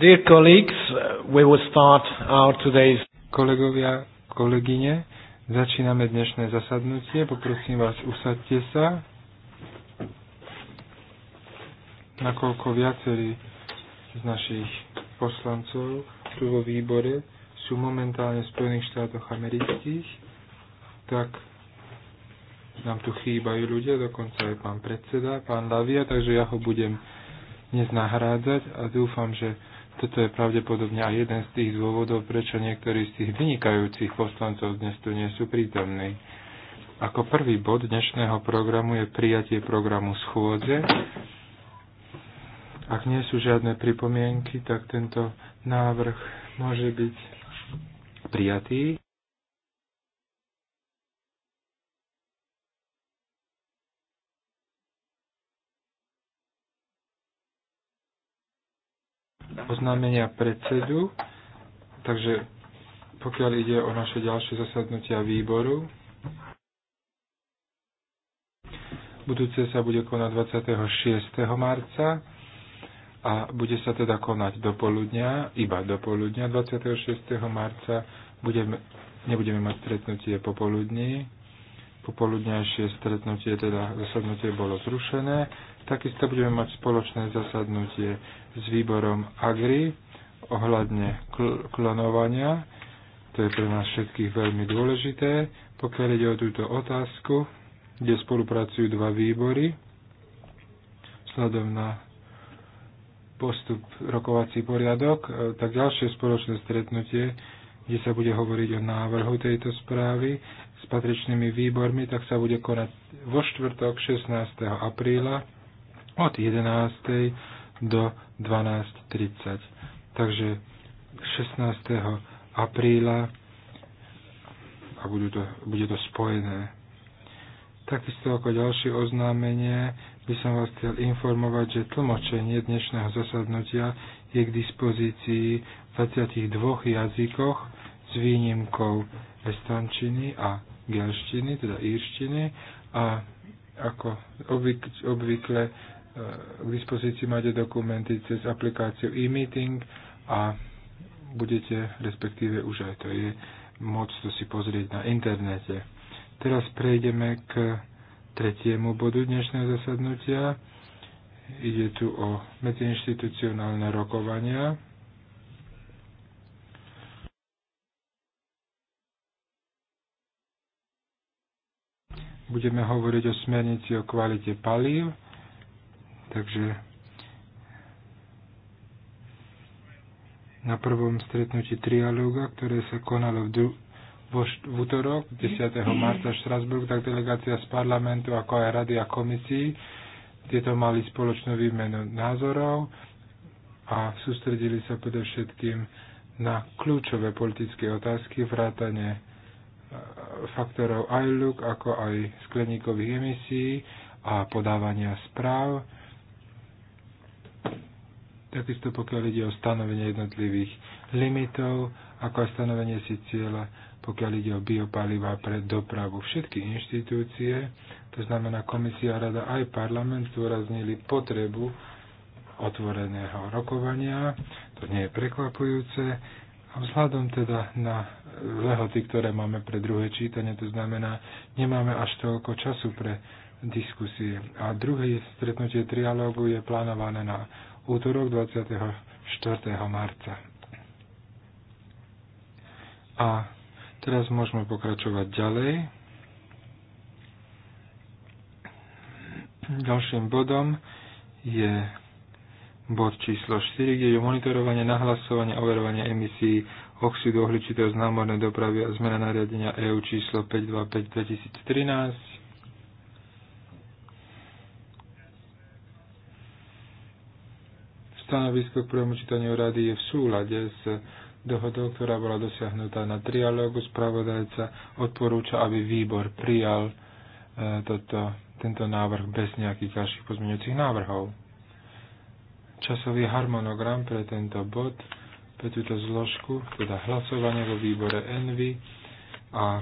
Dear colleagues, we will start our today's... Kolegovia, kolegyne, začíname dnešné zasadnutie. Poprosím vás, usadte sa. Nakoľko viacerí z našich poslancov tu vo výbore sú momentálne v Spojených štátoch amerických, tak nám tu chýbajú ľudia, dokonca aj pán predseda, pán Lavia, takže ja ho budem dnes nahrádzať a dúfam, že toto je pravdepodobne aj jeden z tých dôvodov, prečo niektorí z tých vynikajúcich poslancov dnes tu nie sú prítomní. Ako prvý bod dnešného programu je prijatie programu schôdze. Ak nie sú žiadne pripomienky, tak tento návrh môže byť prijatý. oznámenia predsedu, takže pokiaľ ide o naše ďalšie zasadnutia výboru, budúce sa bude konať 26. marca a bude sa teda konať do poludnia, iba do poludnia 26. marca. Budeme, nebudeme mať stretnutie popoludní. Popoludnejšie stretnutie, teda zasadnutie bolo zrušené. Takisto budeme mať spoločné zasadnutie s výborom Agri ohľadne kl- klonovania. To je pre nás všetkých veľmi dôležité. Pokiaľ ide o túto otázku, kde spolupracujú dva výbory, vzhľadom na postup rokovací poriadok, e, tak ďalšie spoločné stretnutie, kde sa bude hovoriť o návrhu tejto správy s patričnými výbormi, tak sa bude konať vo štvrtok 16. apríla od 11. do 12.30. Takže 16. apríla a budú to, bude to spojené. Takisto ako ďalšie oznámenie by som vás chcel informovať, že tlmočenie dnešného zasadnutia je k dispozícii v 22 jazykoch s výnimkou estančiny a gelštiny, teda írštiny a ako obvykle Eh, k dispozícii máte dokumenty cez aplikáciu e-meeting a budete, respektíve už aj to je, môcť to si pozrieť na internete. Teraz prejdeme k tretiemu bodu dnešného zasadnutia. Ide tu o medziinstitucionálne rokovania. Budeme hovoriť o smernici o kvalite palív Takže na prvom stretnutí trialóga, ktoré sa konalo v, dru- vo v útorok 10. marca v Štrasburg, tak delegácia z parlamentu, ako aj rady a komisí, tieto mali spoločnú výmenu názorov a sústredili sa predovšetkým na kľúčové politické otázky, vrátane e, faktorov ILUK, ako aj skleníkových emisí a podávania správ takisto pokiaľ ide o stanovenie jednotlivých limitov, ako aj stanovenie si cieľa, pokiaľ ide o biopaliva pre dopravu. Všetky inštitúcie, to znamená komisia, rada aj parlament, zúraznili potrebu otvoreného rokovania. To nie je prekvapujúce. A vzhľadom teda na lehoty, ktoré máme pre druhé čítanie, to znamená, nemáme až toľko času pre diskusie. A druhé stretnutie trialógu je plánované na útorok 24. marca. A teraz môžeme pokračovať ďalej. Ďalším bodom je bod číslo 4, kde je monitorovanie, nahlasovanie, overovanie emisí oxidu uhličitého z námornej dopravy a zmena nariadenia EU číslo 525 2013 Stanovisko k prvému čítaniu rady je v súlade s dohodou, ktorá bola dosiahnutá na trialógu. Spravodajca odporúča, aby výbor prijal e, toto, tento návrh bez nejakých ďalších pozmeňujúcich návrhov. Časový harmonogram pre tento bod, pre túto zložku, teda hlasovanie vo výbore ENVY a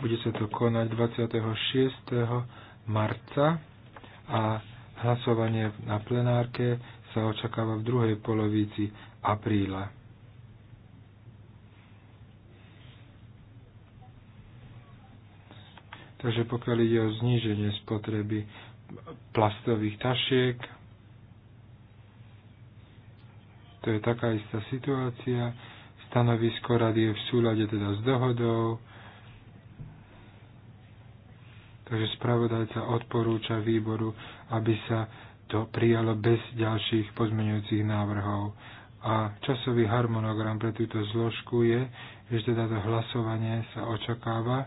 bude sa to konať 26. marca a Hlasovanie na plenárke sa očakáva v druhej polovici apríla. Takže pokiaľ ide o zníženie spotreby plastových tašiek, to je taká istá situácia. Stanovisko rady je v súlade teda s dohodou Takže spravodajca odporúča výboru, aby sa to prijalo bez ďalších pozmeňujúcich návrhov. A časový harmonogram pre túto zložku je, že teda to hlasovanie sa očakáva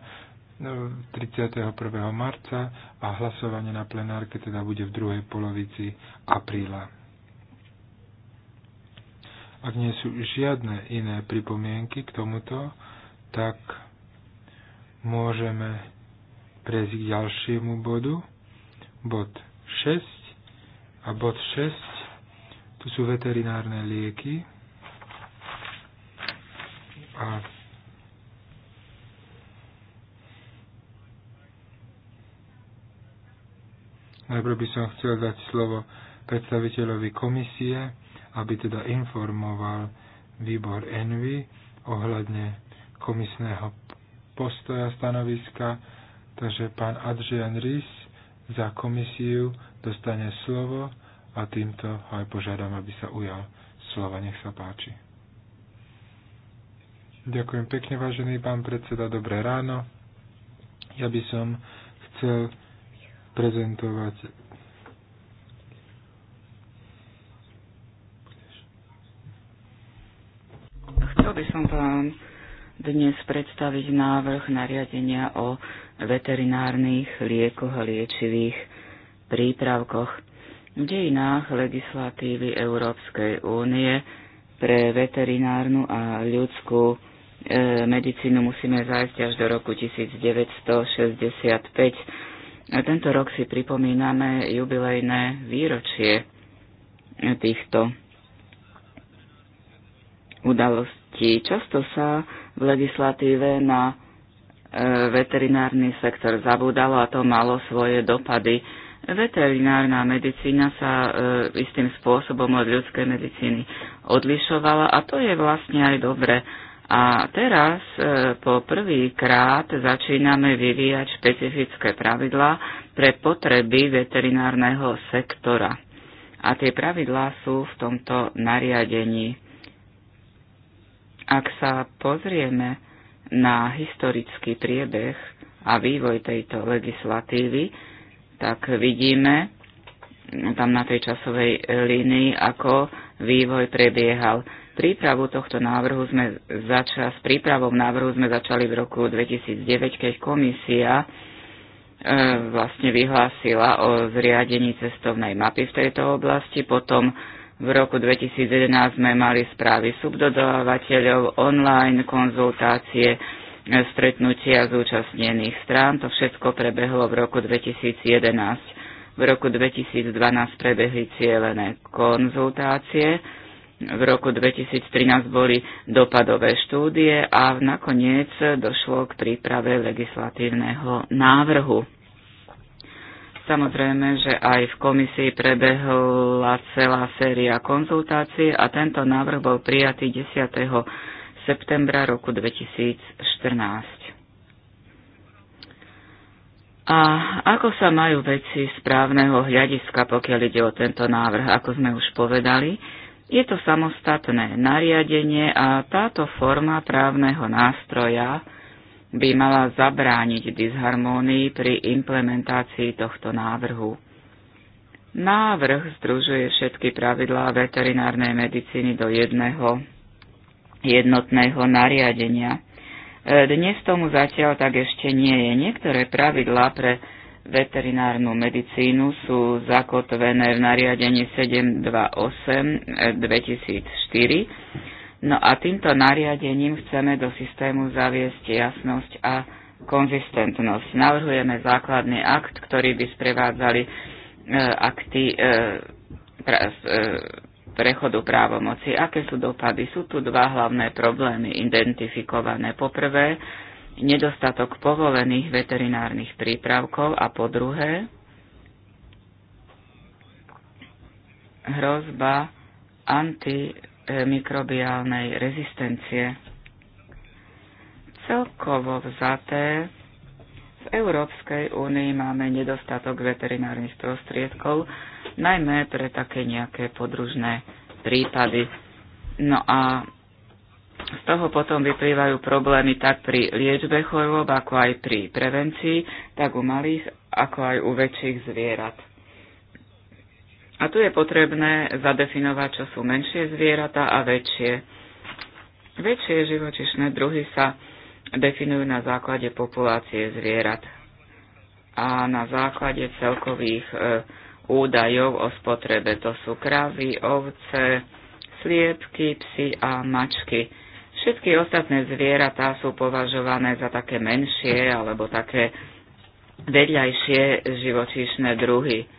31. No, marca a hlasovanie na plenárke teda bude v druhej polovici apríla. Ak nie sú žiadne iné pripomienky k tomuto, tak môžeme prejsť k ďalšiemu bodu. Bod 6 a bod 6 tu sú veterinárne lieky a najprv by som chcel dať slovo predstaviteľovi komisie, aby teda informoval výbor Envy ohľadne komisného postoja stanoviska Takže pán Adrian Rys za komisiu dostane slovo a týmto aj požiadam, aby sa ujal slova. Nech sa páči. Ďakujem pekne, vážený pán predseda. Dobré ráno. Ja by som chcel prezentovať Chcel by som vám dnes predstaviť návrh nariadenia o veterinárnych liekoch a liečivých prípravkoch. V dejinách legislatívy Európskej únie pre veterinárnu a ľudskú e, medicínu musíme zájsť až do roku 1965. A tento rok si pripomíname jubilejné výročie týchto udalostí. Často sa v legislatíve na E, veterinárny sektor zabúdalo, a to malo svoje dopady. Veterinárna medicína sa e, istým spôsobom od ľudskej medicíny odlišovala a to je vlastne aj dobre. A teraz e, po prvý krát začíname vyvíjať špecifické pravidlá pre potreby veterinárneho sektora. A tie pravidlá sú v tomto nariadení. Ak sa pozrieme, na historický priebeh a vývoj tejto legislatívy, tak vidíme tam na tej časovej e, línii, ako vývoj prebiehal. Prípravu tohto návrhu sme začali, s prípravou návrhu sme začali v roku 2009, keď komisia e, vlastne vyhlásila o zriadení cestovnej mapy v tejto oblasti, potom v roku 2011 sme mali správy subdodávateľov, online konzultácie, stretnutia zúčastnených strán. To všetko prebehlo v roku 2011. V roku 2012 prebehli cieľené konzultácie, v roku 2013 boli dopadové štúdie a nakoniec došlo k príprave legislatívneho návrhu. Samozrejme, že aj v komisii prebehla celá séria konzultácií a tento návrh bol prijatý 10. septembra roku 2014. A ako sa majú veci správneho hľadiska, pokiaľ ide o tento návrh, ako sme už povedali, je to samostatné nariadenie a táto forma právneho nástroja by mala zabrániť disharmónii pri implementácii tohto návrhu. Návrh združuje všetky pravidlá veterinárnej medicíny do jedného jednotného nariadenia. E, dnes tomu zatiaľ tak ešte nie je. Niektoré pravidlá pre veterinárnu medicínu sú zakotvené v nariadení 728 2004 No a týmto nariadením chceme do systému zaviesť jasnosť a konzistentnosť. Navrhujeme základný akt, ktorý by sprevádzali e, akty e, pra, e, prechodu právomoci. Aké sú dopady? Sú tu dva hlavné problémy identifikované. Poprvé, nedostatok povolených veterinárnych prípravkov a po druhé, hrozba anti mikrobiálnej rezistencie. Celkovo vzaté v Európskej únii máme nedostatok veterinárnych prostriedkov, najmä pre také nejaké podružné prípady. No a z toho potom vyplývajú problémy tak pri liečbe chorôb, ako aj pri prevencii, tak u malých, ako aj u väčších zvierat. A tu je potrebné zadefinovať, čo sú menšie zvieratá a väčšie. Väčšie živočišné druhy sa definujú na základe populácie zvierat a na základe celkových e, údajov o spotrebe. To sú kravy, ovce, sliepky, psy a mačky. Všetky ostatné zvieratá sú považované za také menšie alebo také vedľajšie živočíšne druhy.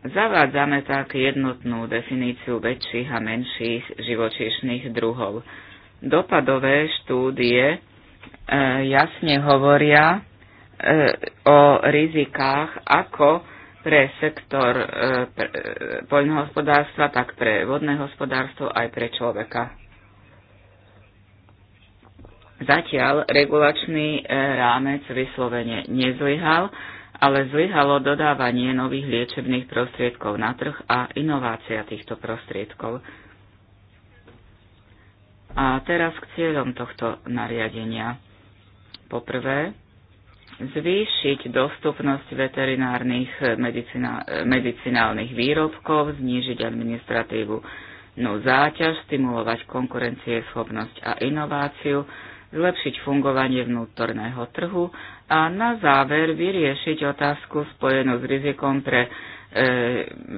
Zavádzame tak jednotnú definíciu väčších a menších živočíšnych druhov. Dopadové štúdie e, jasne hovoria e, o rizikách ako pre sektor e, e poľnohospodárstva, tak pre vodné hospodárstvo aj pre človeka. Zatiaľ regulačný e, rámec vyslovene nezlyhal, ale zlyhalo dodávanie nových liečebných prostriedkov na trh a inovácia týchto prostriedkov. A teraz k cieľom tohto nariadenia. Poprvé, zvýšiť dostupnosť veterinárnych medicina, medicinálnych výrobkov, znížiť administratívu no záťaž, stimulovať konkurencieschopnosť a inováciu, zlepšiť fungovanie vnútorného trhu a na záver vyriešiť otázku spojenú s rizikom pre e,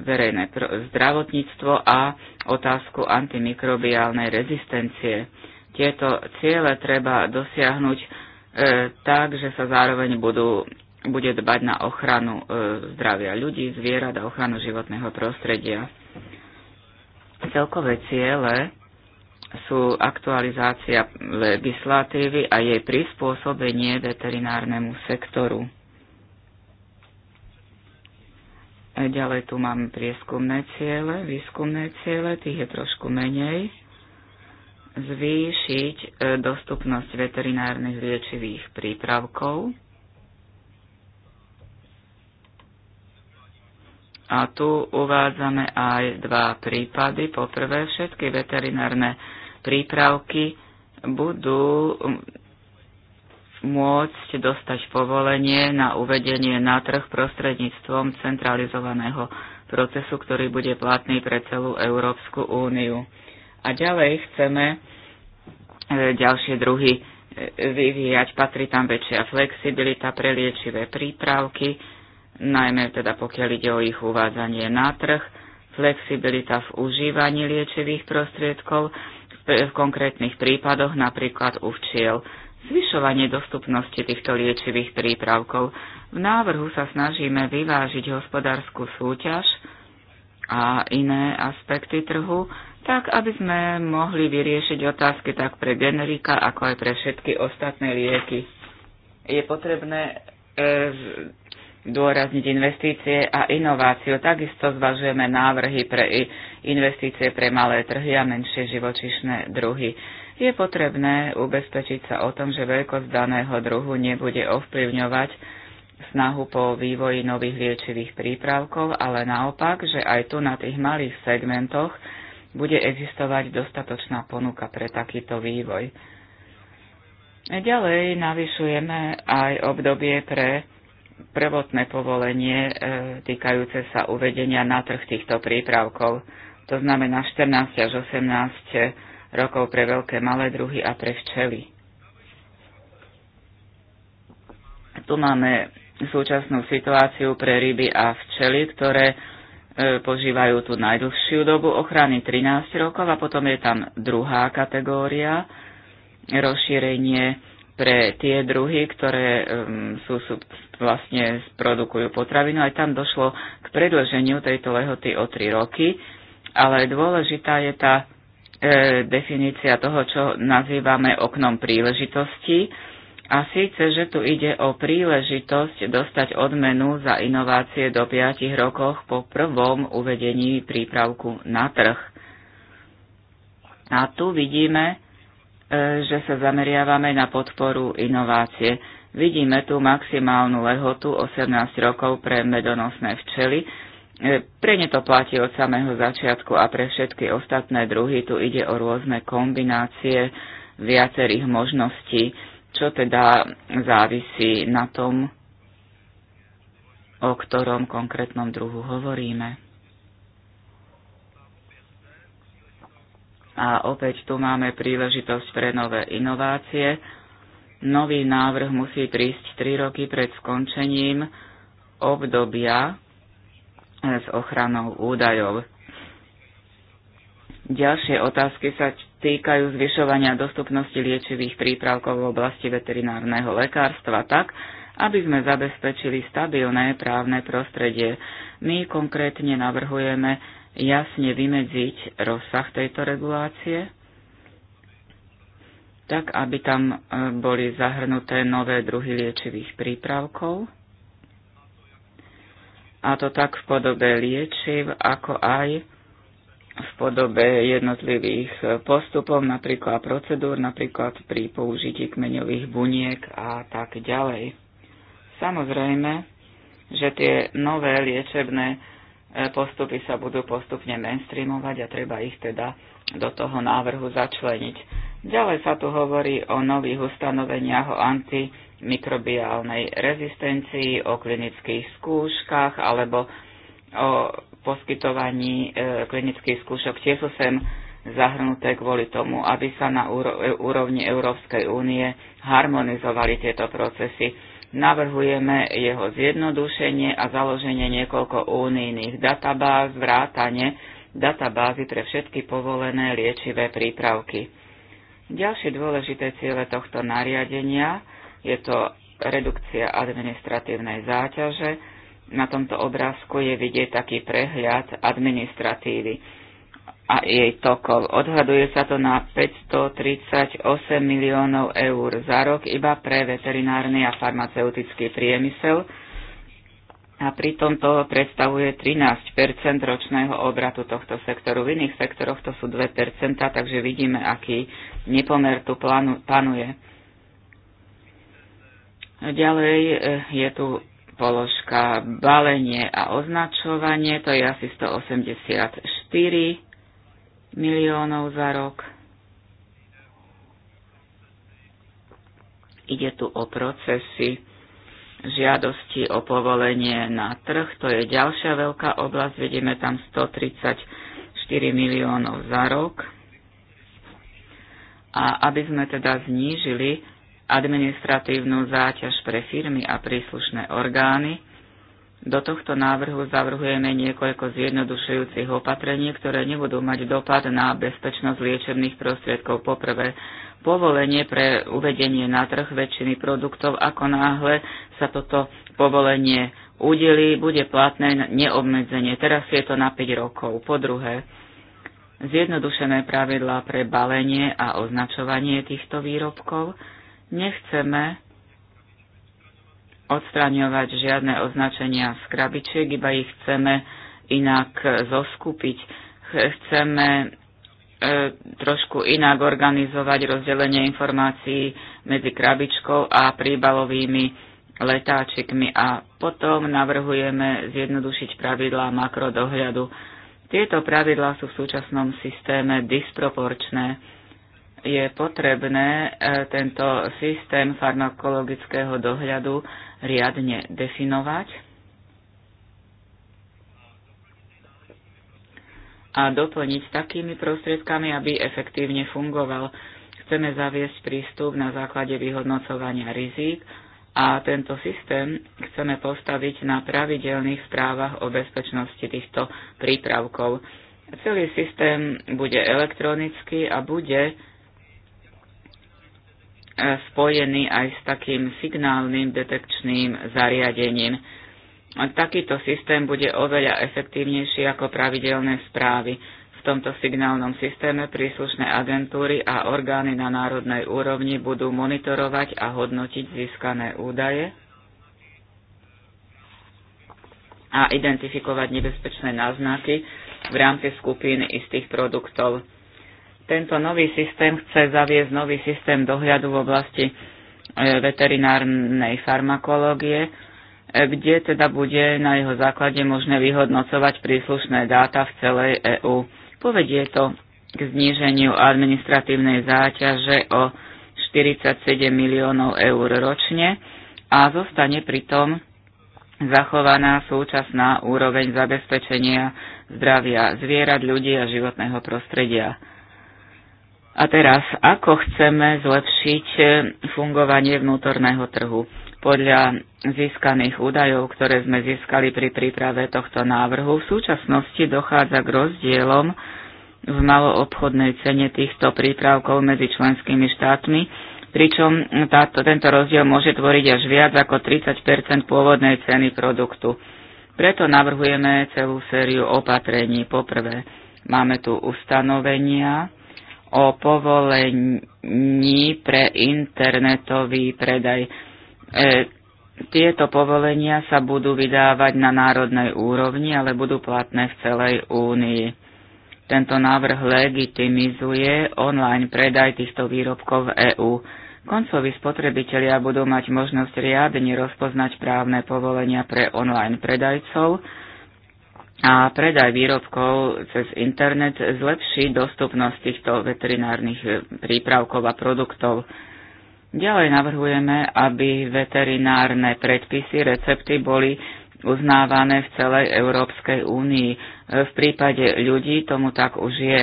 verejné zdravotníctvo a otázku antimikrobiálnej rezistencie. Tieto ciele treba dosiahnuť e, tak, že sa zároveň budú, bude dbať na ochranu e, zdravia ľudí, zvierat a ochranu životného prostredia. Celkové ciele sú aktualizácia legislatívy a jej prispôsobenie veterinárnemu sektoru. Ďalej tu máme prieskumné ciele, výskumné ciele, tých je trošku menej. Zvýšiť e, dostupnosť veterinárnych liečivých prípravkov. A tu uvádzame aj dva prípady. Poprvé, všetky veterinárne prípravky budú môcť dostať povolenie na uvedenie na trh prostredníctvom centralizovaného procesu, ktorý bude platný pre celú Európsku úniu. A ďalej chceme e, ďalšie druhy e, vyvíjať. Patrí tam väčšia flexibilita pre liečivé prípravky, najmä teda pokiaľ ide o ich uvádzanie na trh, flexibilita v užívaní liečivých prostriedkov E, v konkrétnych prípadoch, napríklad u včiel. Zvyšovanie dostupnosti týchto liečivých prípravkov. V návrhu sa snažíme vyvážiť hospodárskú súťaž a iné aspekty trhu, tak aby sme mohli vyriešiť otázky tak pre generika, ako aj pre všetky ostatné lieky. Je potrebné e, dôrazniť investície a inováciu. Takisto zvažujeme návrhy pre investície pre malé trhy a menšie živočišné druhy. Je potrebné ubezpečiť sa o tom, že veľkosť daného druhu nebude ovplyvňovať snahu po vývoji nových liečivých prípravkov, ale naopak, že aj tu na tých malých segmentoch bude existovať dostatočná ponuka pre takýto vývoj. Ďalej navyšujeme aj obdobie pre prvotné povolenie e, týkajúce sa uvedenia na trh týchto prípravkov. To znamená 14 až 18 rokov pre veľké malé druhy a pre včely. Tu máme súčasnú situáciu pre ryby a včely, ktoré e, požívajú tú najdlhšiu dobu ochrany 13 rokov a potom je tam druhá kategória, rozšírenie pre tie druhy, ktoré um, sú, sú, vlastne produkujú potravinu. Aj tam došlo k predlženiu tejto lehoty o 3 roky, ale dôležitá je tá e, definícia toho, čo nazývame oknom príležitosti. A síce, že tu ide o príležitosť dostať odmenu za inovácie do 5 rokoch po prvom uvedení prípravku na trh. A tu vidíme, E, že sa zameriavame na podporu inovácie. Vidíme tu maximálnu lehotu 18 rokov pre medonosné včely. E, pre ne to platí od samého začiatku a pre všetky ostatné druhy tu ide o rôzne kombinácie viacerých možností, čo teda závisí na tom, o ktorom konkrétnom druhu hovoríme. A opäť tu máme príležitosť pre nové inovácie. Nový návrh musí prísť 3 roky pred skončením obdobia e, s ochranou údajov. Ďalšie otázky sa týkajú zvyšovania dostupnosti liečivých prípravkov v oblasti veterinárneho lekárstva tak, aby sme zabezpečili stabilné právne prostredie. My konkrétne navrhujeme jasne vymedziť rozsah tejto regulácie, tak aby tam e, boli zahrnuté nové druhy liečivých prípravkov, a to tak v podobe liečiv, ako aj v podobe jednotlivých postupov, napríklad procedúr, napríklad pri použití kmeňových buniek a tak ďalej. Samozrejme, že tie nové liečebné E, postupy sa budú postupne mainstreamovať a treba ich teda do toho návrhu začleniť. Ďalej sa tu hovorí o nových ustanoveniach o antimikrobiálnej rezistencii, o klinických skúškach alebo o poskytovaní e, klinických skúšok. Tie sú sem zahrnuté kvôli tomu, aby sa na úrovni Európskej únie harmonizovali tieto procesy Navrhujeme jeho zjednodušenie a založenie niekoľko únijných databáz, vrátane databázy pre všetky povolené liečivé prípravky. Ďalšie dôležité ciele tohto nariadenia je to redukcia administratívnej záťaže. Na tomto obrázku je vidieť taký prehľad administratívy a jej tokov. Odhaduje sa to na 538 miliónov eur za rok iba pre veterinárny a farmaceutický priemysel a pritom to predstavuje 13 ročného obratu tohto sektoru. V iných sektoroch to sú 2 takže vidíme, aký nepomer tu panuje. Ďalej eh, je tu položka balenie a označovanie, to je asi 184 miliónov za rok. Ide tu o procesy žiadosti o povolenie na trh, to je ďalšia veľká oblasť, vidíme tam 134 miliónov za rok. A aby sme teda znížili administratívnu záťaž pre firmy a príslušné orgány, do tohto návrhu zavrhujeme niekoľko zjednodušujúcich opatrení, ktoré nebudú mať dopad na bezpečnosť liečebných prostriedkov. Poprvé, povolenie pre uvedenie na trh väčšiny produktov, ako náhle sa toto povolenie udelí, bude platné neobmedzenie. Teraz je to na 5 rokov. Po druhé, zjednodušené pravidlá pre balenie a označovanie týchto výrobkov. Nechceme odstraňovať žiadne označenia z krabičiek, iba ich chceme inak zoskupiť. Chceme e, trošku inak organizovať rozdelenie informácií medzi krabičkou a príbalovými letáčikmi a potom navrhujeme zjednodušiť pravidlá makrodohľadu. Tieto pravidlá sú v súčasnom systéme disproporčné. Je potrebné e, tento systém farmakologického dohľadu riadne definovať. a doplniť takými prostriedkami, aby efektívne fungoval. Chceme zaviesť prístup na základe vyhodnocovania rizík a tento systém chceme postaviť na pravidelných správach o bezpečnosti týchto prípravkov. Celý systém bude elektronický a bude spojený aj s takým signálnym detekčným zariadením. Takýto systém bude oveľa efektívnejší ako pravidelné správy. V tomto signálnom systéme príslušné agentúry a orgány na národnej úrovni budú monitorovať a hodnotiť získané údaje a identifikovať nebezpečné náznaky v rámci skupín istých produktov. Tento nový systém chce zaviesť nový systém dohľadu v oblasti e, veterinárnej farmakológie, e, kde teda bude na jeho základe možné vyhodnocovať príslušné dáta v celej EÚ. Povedie to k zníženiu administratívnej záťaže o 47 miliónov eur ročne a zostane pritom zachovaná súčasná úroveň zabezpečenia zdravia zvierat, ľudí a životného prostredia. A teraz, ako chceme zlepšiť e, fungovanie vnútorného trhu? Podľa získaných údajov, ktoré sme získali pri príprave tohto návrhu, v súčasnosti dochádza k rozdielom v maloobchodnej cene týchto prípravkov medzi členskými štátmi, pričom táto, tento rozdiel môže tvoriť až viac ako 30 pôvodnej ceny produktu. Preto navrhujeme celú sériu opatrení. Poprvé, máme tu ustanovenia, o povolení pre internetový predaj. E, tieto povolenia sa budú vydávať na národnej úrovni, ale budú platné v celej únii. Tento návrh legitimizuje online predaj týchto výrobkov v EÚ. Koncoví spotrebitelia budú mať možnosť riadne rozpoznať právne povolenia pre online predajcov, a predaj výrobkov cez internet zlepší dostupnosť týchto veterinárnych e, prípravkov a produktov. Ďalej navrhujeme, aby veterinárne predpisy, recepty boli uznávané v celej Európskej únii. E, v prípade ľudí tomu tak už je.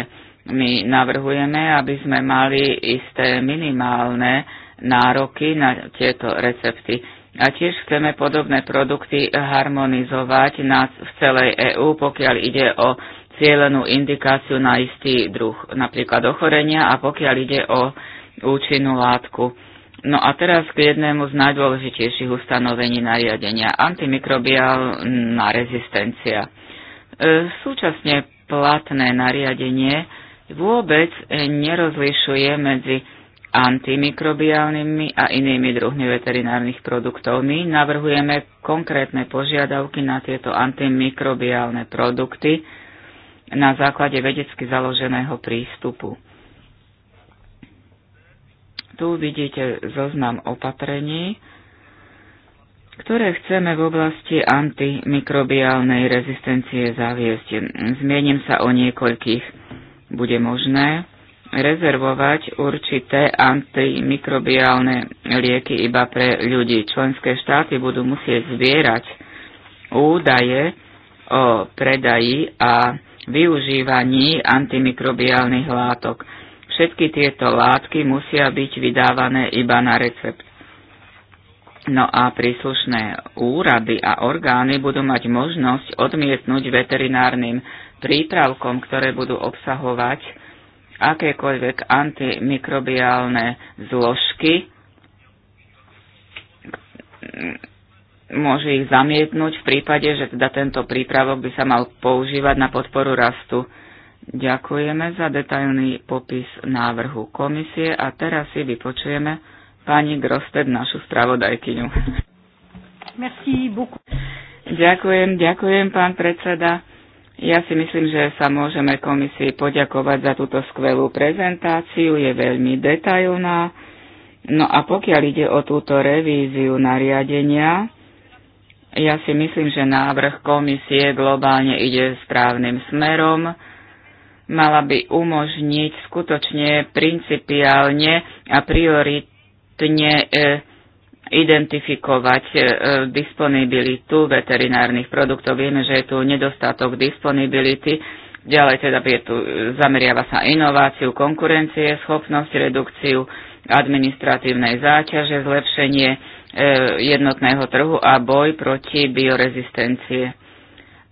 My navrhujeme, aby sme mali isté minimálne nároky na tieto recepty. A tiež chceme podobné produkty harmonizovať nás v celej EÚ, pokiaľ ide o cieľenú indikáciu na istý druh, napríklad ochorenia a pokiaľ ide o účinnú látku. No a teraz k jednému z najdôležitejších ustanovení nariadenia antimikrobiálna rezistencia. E, súčasne platné nariadenie vôbec nerozlišuje medzi antimikrobiálnymi a inými druhmi veterinárnych produktov. My navrhujeme konkrétne požiadavky na tieto antimikrobiálne produkty na základe vedecky založeného prístupu. Tu vidíte zoznam opatrení, ktoré chceme v oblasti antimikrobiálnej rezistencie zaviesť. Zmienim sa o niekoľkých. Bude možné rezervovať určité antimikrobiálne lieky iba pre ľudí. Členské štáty budú musieť zbierať údaje o predaji a využívaní antimikrobiálnych látok. Všetky tieto látky musia byť vydávané iba na recept. No a príslušné úrady a orgány budú mať možnosť odmietnúť veterinárnym prípravkom, ktoré budú obsahovať akékoľvek antimikrobiálne zložky, môže ich zamietnúť v prípade, že teda tento prípravok by sa mal používať na podporu rastu. Ďakujeme za detailný popis návrhu komisie a teraz si vypočujeme pani Grosted, našu spravodajkyňu. Merci beaucoup. Ďakujem, ďakujem, pán predseda. Ja si myslím, že sa môžeme komisii poďakovať za túto skvelú prezentáciu, je veľmi detailná. No a pokiaľ ide o túto revíziu nariadenia, ja si myslím, že návrh komisie globálne ide správnym smerom. Mala by umožniť skutočne principiálne a prioritne e, identifikovať e, disponibilitu veterinárnych produktov. Vieme, že je tu nedostatok disponibility, ďalej teda je tu, e, zameriava sa inováciu, konkurencie, schopnosť, redukciu administratívnej záťaže, zlepšenie e, jednotného trhu a boj proti biorezistencie.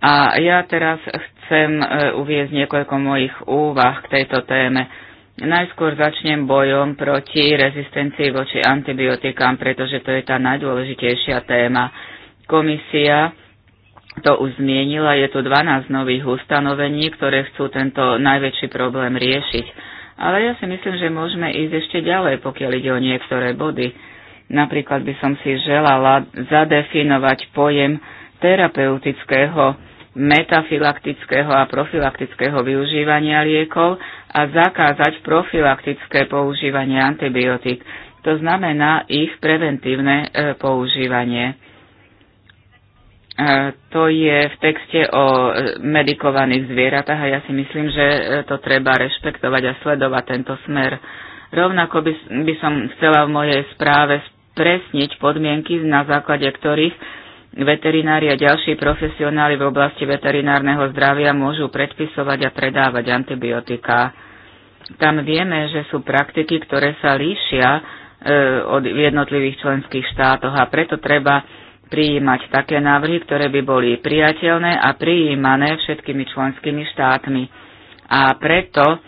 A ja teraz chcem e, uviezť niekoľko mojich úvah k tejto téme. Najskôr začnem bojom proti rezistencii voči antibiotikám, pretože to je tá najdôležitejšia téma. Komisia to už zmienila, je tu 12 nových ustanovení, ktoré chcú tento najväčší problém riešiť. Ale ja si myslím, že môžeme ísť ešte ďalej, pokiaľ ide o niektoré body. Napríklad by som si želala zadefinovať pojem terapeutického metafilaktického a profilaktického využívania liekov a zakázať profilaktické používanie antibiotík, to znamená ich preventívne e, používanie. E, to je v texte o e, medikovaných zvieratách a ja si myslím, že e, to treba rešpektovať a sledovať tento smer. Rovnako by, by som chcela v mojej správe presniť podmienky, na základe ktorých Veterinári a ďalší profesionáli v oblasti veterinárneho zdravia môžu predpisovať a predávať antibiotiká. Tam vieme, že sú praktiky, ktoré sa líšia e, od jednotlivých členských štátoch a preto treba prijímať také návrhy, ktoré by boli priateľné a prijímané všetkými členskými štátmi. A preto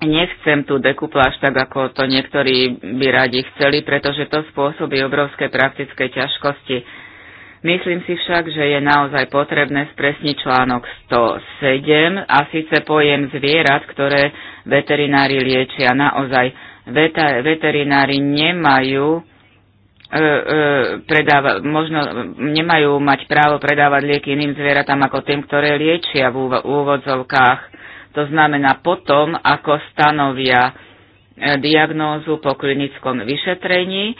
nechcem tu dekupláž tak, ako to niektorí by radi chceli, pretože to spôsobí obrovské praktické ťažkosti Myslím si však, že je naozaj potrebné spresniť článok 107 a síce pojem zvierat, ktoré veterinári liečia. Naozaj veterinári nemajú e, e, predáva, možno nemajú mať právo predávať lieky iným zvieratám ako tým, ktoré liečia v úvodzovkách. To znamená potom, ako stanovia e, diagnózu po klinickom vyšetrení,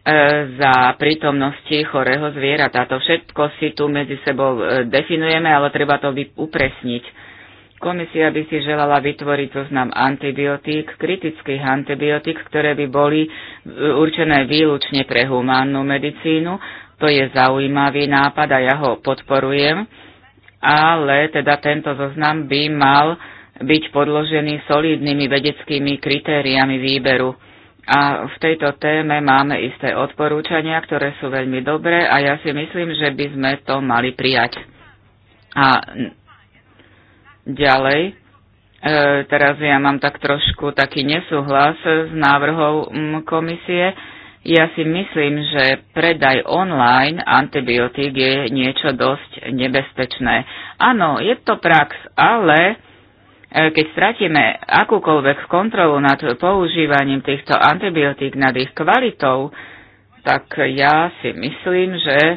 E, za prítomnosti chorého zvierata. To všetko si tu medzi sebou e, definujeme, ale treba to upresniť. Komisia by si želala vytvoriť zoznam antibiotík, kritických antibiotík, ktoré by boli e, určené výlučne pre humánnu medicínu. To je zaujímavý nápad a ja ho podporujem, ale teda tento zoznam by mal byť podložený solidnými vedeckými kritériami výberu a v tejto téme máme isté odporúčania, ktoré sú veľmi dobré a ja si myslím, že by sme to mali prijať. A ďalej, e, teraz ja mám tak trošku taký nesúhlas s návrhom komisie. Ja si myslím, že predaj online antibiotík je niečo dosť nebezpečné. Áno, je to prax, ale E, keď stratíme akúkoľvek kontrolu nad používaním týchto antibiotík, nad ich kvalitou, tak ja si myslím, že e,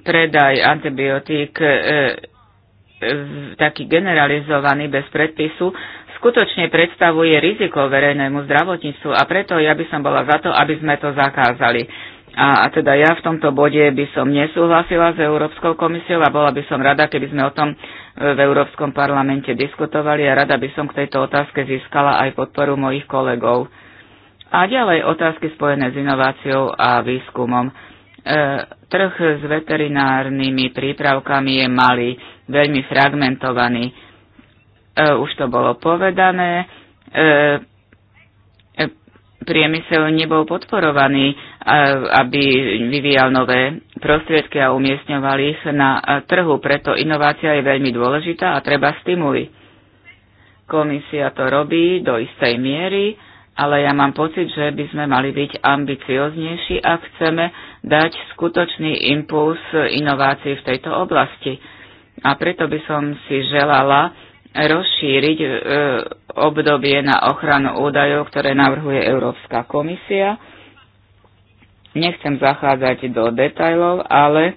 predaj antibiotík e, taký generalizovaný bez predpisu skutočne predstavuje riziko verejnému zdravotníctvu a preto ja by som bola za to, aby sme to zakázali. A, a teda ja v tomto bode by som nesúhlasila s Európskou komisiou a bola by som rada, keby sme o tom e, v Európskom parlamente diskutovali a rada by som k tejto otázke získala aj podporu mojich kolegov. A ďalej otázky spojené s inováciou a výskumom. E, trh s veterinárnymi prípravkami je malý, veľmi fragmentovaný. E, už to bolo povedané. E, e priemysel nebol podporovaný aby vyvíjal nové prostriedky a umiestňoval ich na trhu. Preto inovácia je veľmi dôležitá a treba stimuli. Komisia to robí do istej miery, ale ja mám pocit, že by sme mali byť ambicioznejší a chceme dať skutočný impuls inovácií v tejto oblasti. A preto by som si želala rozšíriť e, obdobie na ochranu údajov, ktoré navrhuje Európska komisia Nechcem zachádzať do detajlov, ale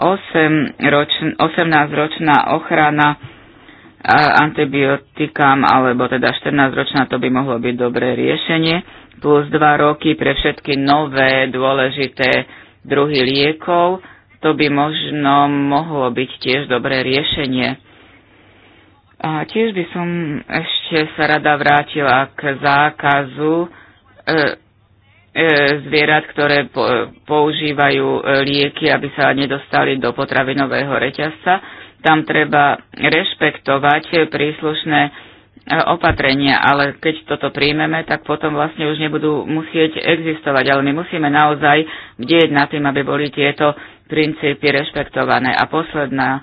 18-ročná ochrana antibiotikám, alebo teda 14-ročná, to by mohlo byť dobré riešenie, plus 2 roky pre všetky nové dôležité druhy liekov, to by možno mohlo byť tiež dobré riešenie. A tiež by som ešte sa rada vrátila k zákazu e, E, zvierat, ktoré používajú e, lieky, aby sa nedostali do potravinového reťazca. Tam treba rešpektovať príslušné e, opatrenia, ale keď toto príjmeme, tak potom vlastne už nebudú musieť existovať. Ale my musíme naozaj bdieť na tým, aby boli tieto princípy rešpektované. A posledná,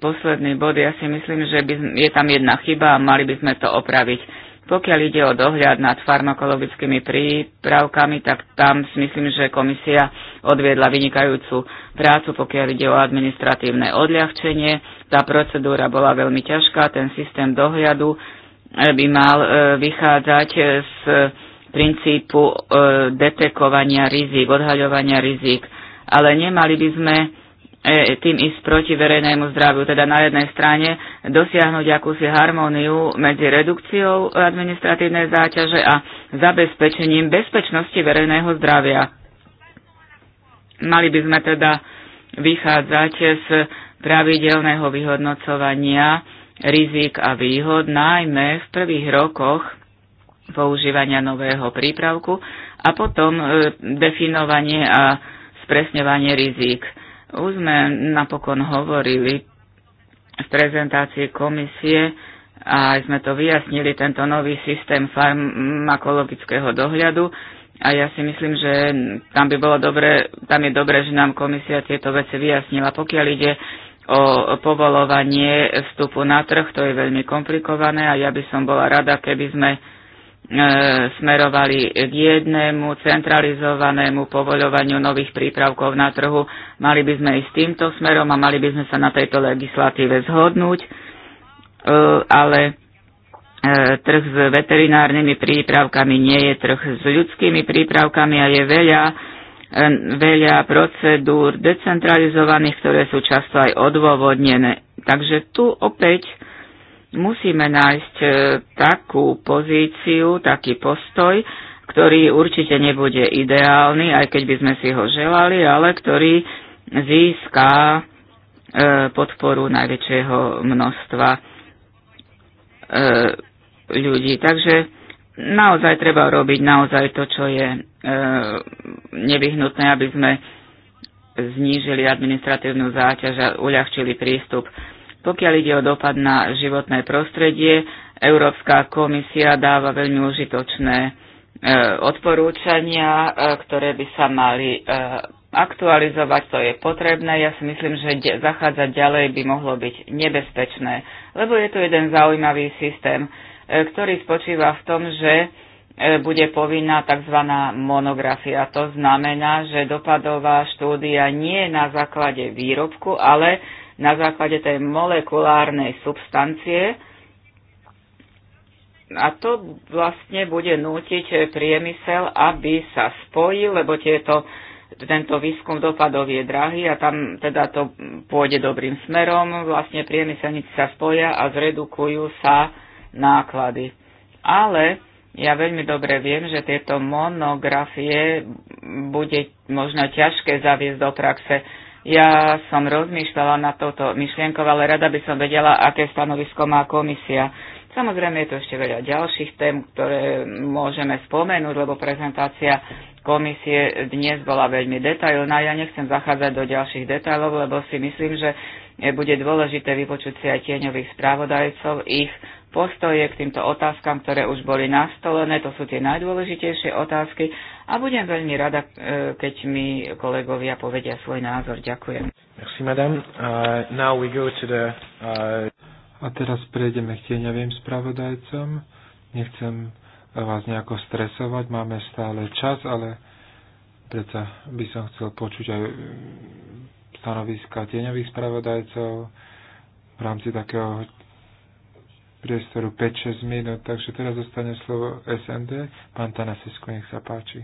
posledný bod, ja si myslím, že by, je tam jedna chyba a mali by sme to opraviť pokiaľ ide o dohľad nad farmakologickými prípravkami, tak tam si myslím, že komisia odviedla vynikajúcu prácu, pokiaľ ide o administratívne odľahčenie. Tá procedúra bola veľmi ťažká, ten systém dohľadu e, by mal e, vychádzať z princípu e, detekovania rizik, odhaľovania rizik, ale nemali by sme E, tým ísť proti verejnému zdraviu. Teda na jednej strane dosiahnuť akúsi harmóniu medzi redukciou administratívnej záťaže a zabezpečením bezpečnosti verejného zdravia. Mali by sme teda vychádzať z pravidelného vyhodnocovania rizik a výhod, najmä v prvých rokoch používania nového prípravku a potom e, definovanie a spresňovanie rizik už sme napokon hovorili v prezentácii komisie a aj sme to vyjasnili, tento nový systém farmakologického dohľadu. A ja si myslím, že tam by bolo dobre, tam je dobre, že nám komisia tieto veci vyjasnila. Pokiaľ ide o povolovanie vstupu na trh, to je veľmi komplikované a ja by som bola rada, keby sme E, smerovali k jednému centralizovanému povoľovaniu nových prípravkov na trhu. Mali by sme ísť týmto smerom a mali by sme sa na tejto legislatíve zhodnúť, e, ale e, trh s veterinárnymi prípravkami nie je trh s ľudskými prípravkami a je veľa, veľa procedúr decentralizovaných, ktoré sú často aj odôvodnené. Takže tu opäť Musíme nájsť e, takú pozíciu, taký postoj, ktorý určite nebude ideálny, aj keď by sme si ho želali, ale ktorý získa e, podporu najväčšieho množstva e, ľudí. Takže naozaj treba robiť naozaj to, čo je nevyhnutné, aby sme znížili administratívnu záťaž a uľahčili prístup pokiaľ ide o dopad na životné prostredie, Európska komisia dáva veľmi užitočné e, odporúčania, e, ktoré by sa mali e, aktualizovať, to je potrebné. Ja si myslím, že de- zachádzať ďalej by mohlo byť nebezpečné, lebo je tu jeden zaujímavý systém, e, ktorý spočíva v tom, že e, bude povinná tzv. monografia. To znamená, že dopadová štúdia nie je na základe výrobku, ale na základe tej molekulárnej substancie. A to vlastne bude nútiť priemysel, aby sa spojil, lebo tieto, tento výskum dopadov je drahý a tam teda to pôjde dobrým smerom. Vlastne priemyselníci sa spoja a zredukujú sa náklady. Ale ja veľmi dobre viem, že tieto monografie bude možno ťažké zaviesť do praxe. Ja som rozmýšľala na touto myšlienkou, ale rada by som vedela, aké stanovisko má komisia. Samozrejme je tu ešte veľa ďalších tém, ktoré môžeme spomenúť, lebo prezentácia komisie dnes bola veľmi detailná. Ja nechcem zachádzať do ďalších detailov, lebo si myslím, že bude dôležité vypočuť si aj tieňových správodajcov, ich postoje k týmto otázkam, ktoré už boli nastolené. To sú tie najdôležitejšie otázky a budem veľmi rada, e, keď mi kolegovia povedia svoj názor. Ďakujem. Merci, madame. Uh, now we go to the, uh... A teraz prejdeme k tieňovým spravodajcom. Nechcem vás nejako stresovať, máme stále čas, ale predsa by som chcel počuť aj mm, stanoviska tieňových spravodajcov v rámci takého priestoru 5-6 minút, takže teraz zostane slovo SND. Pán Tanasisko, nech sa páči.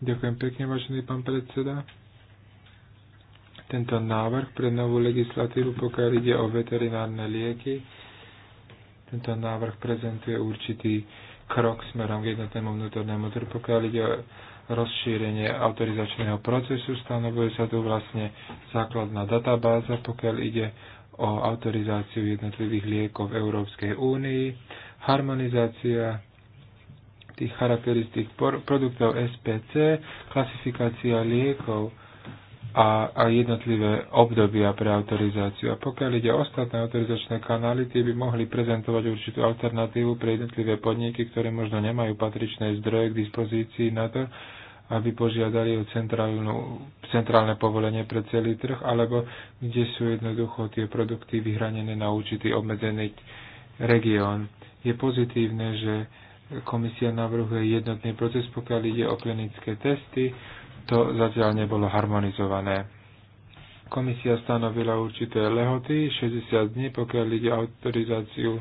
Ďakujem pekne, vážený pán predseda. Tento návrh pre novú legislatívu, pokiaľ ide o veterinárne lieky, tento návrh prezentuje určitý krok smerom k jednotnému vnútornému trhu, pokiaľ ide o rozšírenie autorizačného procesu, stanovuje sa tu vlastne základná databáza, pokiaľ ide o autorizáciu jednotlivých liekov v Európskej únii, harmonizácia tých charakteristík produktov SPC, klasifikácia liekov a, a jednotlivé obdobia pre autorizáciu. A pokiaľ ide o ostatné autorizačné kanály, tie by mohli prezentovať určitú alternatívu pre jednotlivé podniky, ktoré možno nemajú patričné zdroje k dispozícii na to, aby požiadali o centrálne povolenie pre celý trh, alebo kde sú jednoducho tie produkty vyhranené na určitý obmedzený región. Je pozitívne, že komisia navrhuje jednotný proces, pokiaľ ide o klinické testy. To zatiaľ nebolo harmonizované. Komisia stanovila určité lehoty, 60 dní, pokiaľ ide o autorizáciu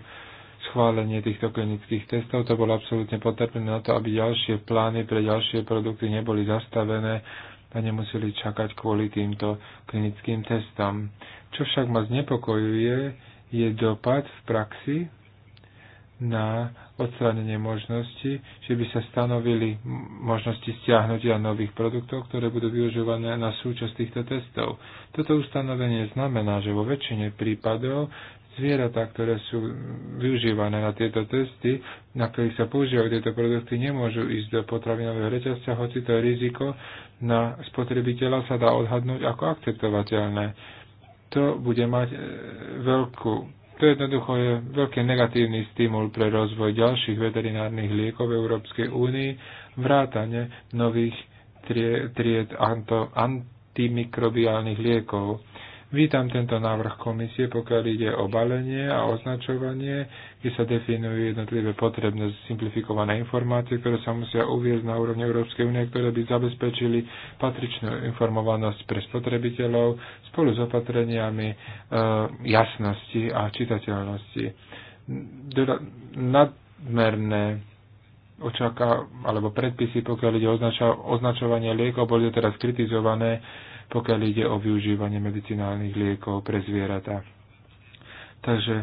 schválenie týchto klinických testov. To bolo absolútne potrebné na to, aby ďalšie plány pre ďalšie produkty neboli zastavené a nemuseli čakať kvôli týmto klinickým testom. Čo však ma znepokojuje, je dopad v praxi na odstránenie možnosti, že by sa stanovili možnosti stiahnutia nových produktov, ktoré budú využívané na súčasť týchto testov. Toto ustanovenie znamená, že vo väčšine prípadov zvieratá, ktoré sú využívané na tieto testy, na ktorých sa používajú tieto produkty, nemôžu ísť do potravinového reťazca, hoci to riziko na spotrebiteľa sa dá odhadnúť ako akceptovateľné. To bude mať e, veľkú to jednoducho je veľký negatívny stimul pre rozvoj ďalších veterinárnych liekov v Európskej únii, vrátane nových tried, tried anto, antimikrobiálnych liekov. Vítam tento návrh komisie, pokiaľ ide o balenie a označovanie, kde sa definujú jednotlivé potrebné simplifikované informácie, ktoré sa musia uviezť na úrovni Európskej únie, ktoré by zabezpečili patričnú informovanosť pre spotrebiteľov spolu s opatreniami e, jasnosti a čitateľnosti. nadmerné očaká, alebo predpisy, pokiaľ ide označovanie liekov, boli teraz kritizované pokiaľ ide o využívanie medicinálnych liekov pre zvieratá. Takže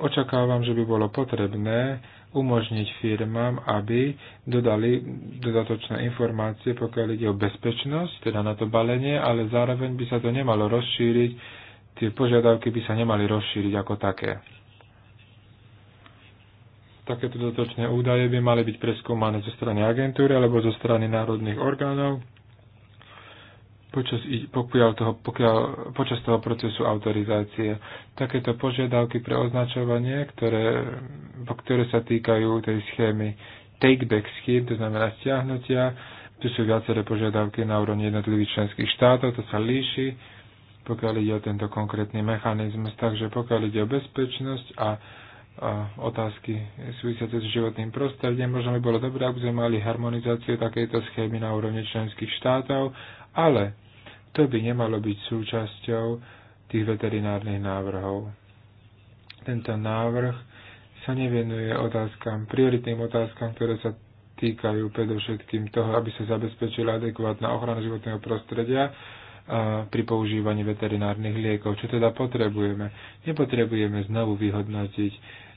očakávam, že by bolo potrebné umožniť firmám, aby dodali dodatočné informácie, pokiaľ ide o bezpečnosť, teda na to balenie, ale zároveň by sa to nemalo rozšíriť, tie požiadavky by sa nemali rozšíriť ako také. Takéto dodatočné údaje by mali byť preskúmané zo strany agentúry alebo zo strany národných orgánov počas, pokiaľ toho, pokiaľ, počas toho procesu autorizácie. Takéto požiadavky pre označovanie, ktoré, ktoré sa týkajú tej schémy take-back schém, to znamená stiahnutia, tu sú viaceré požiadavky na úrovni jednotlivých členských štátov, to sa líši, pokiaľ ide o tento konkrétny mechanizmus. Takže pokiaľ ide o bezpečnosť a, a otázky súvisiace s životným prostredím, možno by bolo dobré, aby sme mali harmonizáciu takejto schémy na úrovni členských štátov ale to by nemalo byť súčasťou tých veterinárnych návrhov. Tento návrh sa nevenuje otázkam, prioritným otázkam, ktoré sa týkajú predovšetkým toho, aby sa zabezpečila adekvátna ochrana životného prostredia pri používaní veterinárnych liekov. Čo teda potrebujeme? Nepotrebujeme znovu vyhodnotiť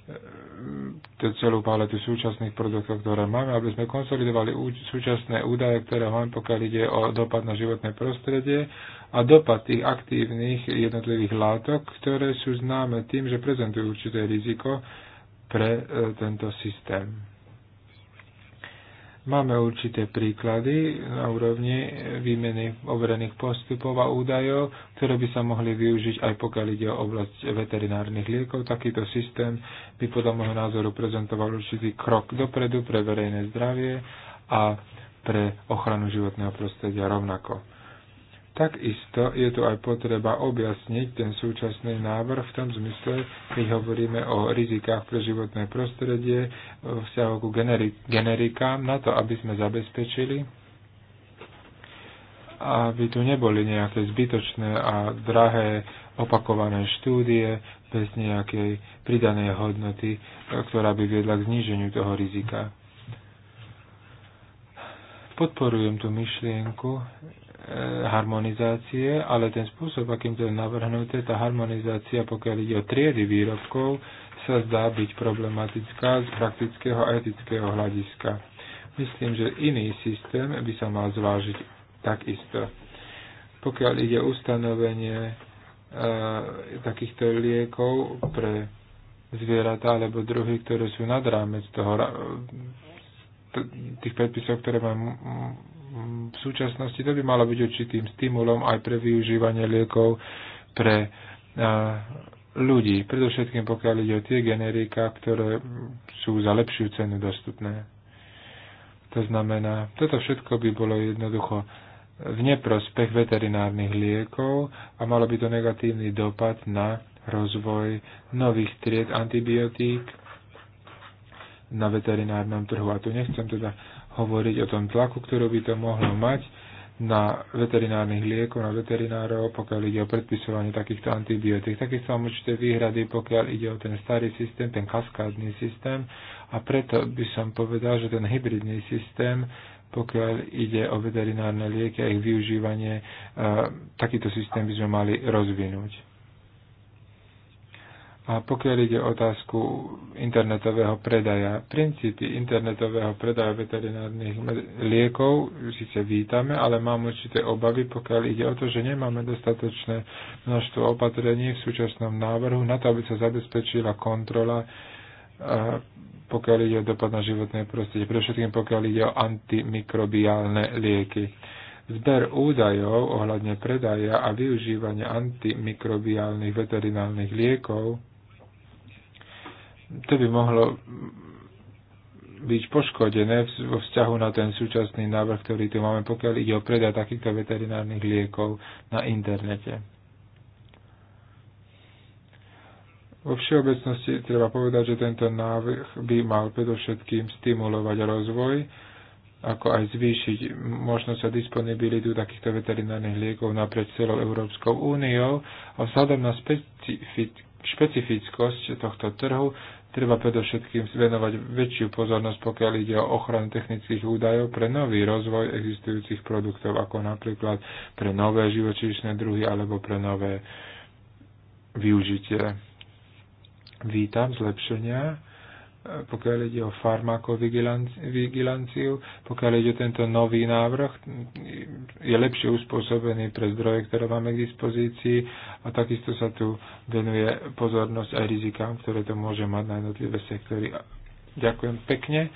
tú e, e, celú paletu súčasných produktov, ktoré máme, aby sme konsolidovali súčasné údaje, ktoré máme, pokiaľ ide o dopad na životné prostredie a dopad tých aktívnych jednotlivých látok, ktoré sú známe tým, že prezentujú určité riziko pre e, tento systém. Máme určité príklady na úrovni výmeny overených postupov a údajov, ktoré by sa mohli využiť aj pokiaľ ide o oblasť veterinárnych liekov. Takýto systém by podľa môjho názoru prezentoval určitý krok dopredu pre verejné zdravie a pre ochranu životného prostredia rovnako. Takisto je tu aj potreba objasniť ten súčasný návrh v tom zmysle, keď hovoríme o rizikách pre životné prostredie vzťahu ku generikám, na to, aby sme zabezpečili, aby tu neboli nejaké zbytočné a drahé opakované štúdie bez nejakej pridanej hodnoty, ktorá by viedla k zníženiu toho rizika. Podporujem tú myšlienku, Eh, harmonizácie, ale ten spôsob, akým to je navrhnuté, tá harmonizácia, pokiaľ ide o triedy výrobkov, sa zdá byť problematická z praktického a etického hľadiska. Myslím, že iný systém by sa mal zvážiť takisto. Pokiaľ ide ustanovenie e, takýchto liekov pre zvieratá alebo druhy, ktoré sú nad rámec toho, tých predpisov, ktoré má v súčasnosti to by malo byť určitým stimulom aj pre využívanie liekov pre ľudí, predovšetkým pokiaľ ide o tie generika, ktoré sú za lepšiu cenu dostupné. To znamená, toto všetko by bolo jednoducho v neprospech veterinárnych liekov a malo by to negatívny dopad na rozvoj nových tried antibiotík na veterinárnom trhu. A tu nechcem teda hovoriť o tom tlaku, ktorú by to mohlo mať na veterinárnych liekov, na veterinárov, pokiaľ ide o predpisovanie takýchto antibiotík. Takisto mám určité výhrady, pokiaľ ide o ten starý systém, ten kaskádny systém a preto by som povedal, že ten hybridný systém, pokiaľ ide o veterinárne lieky a ich využívanie, e, takýto systém by sme mali rozvinúť. A pokiaľ ide o otázku internetového predaja, princípy internetového predaja veterinárnych liekov síce vítame, ale mám určité obavy, pokiaľ ide o to, že nemáme dostatočné množstvo opatrení v súčasnom návrhu na to, aby sa zabezpečila kontrola, pokiaľ ide o dopad na životné prostredie, pre všetkým pokiaľ ide o antimikrobiálne lieky. Zber údajov ohľadne predaja a využívania antimikrobiálnych veterinálnych liekov to by mohlo byť poškodené vo vzťahu na ten súčasný návrh, ktorý tu máme, pokiaľ ide o predaj takýchto veterinárnych liekov na internete. Vo všeobecnosti treba povedať, že tento návrh by mal predovšetkým stimulovať rozvoj, ako aj zvýšiť možnosť a disponibilitu takýchto veterinárnych liekov naprieč celou Európskou úniou a vzhľadom na špecifickosť tohto trhu Treba predovšetkým venovať väčšiu pozornosť, pokiaľ ide o ochranu technických údajov pre nový rozvoj existujúcich produktov, ako napríklad pre nové živočíšne druhy alebo pre nové využitie. Vítam zlepšenia pokiaľ ide o farmakovigilanciu, pokiaľ ide o tento nový návrh, je lepšie uspôsobený pre zdroje, ktoré máme k dispozícii a takisto sa tu venuje pozornosť aj rizikám, ktoré to môže mať na jednotlivé sektory. Ďakujem pekne.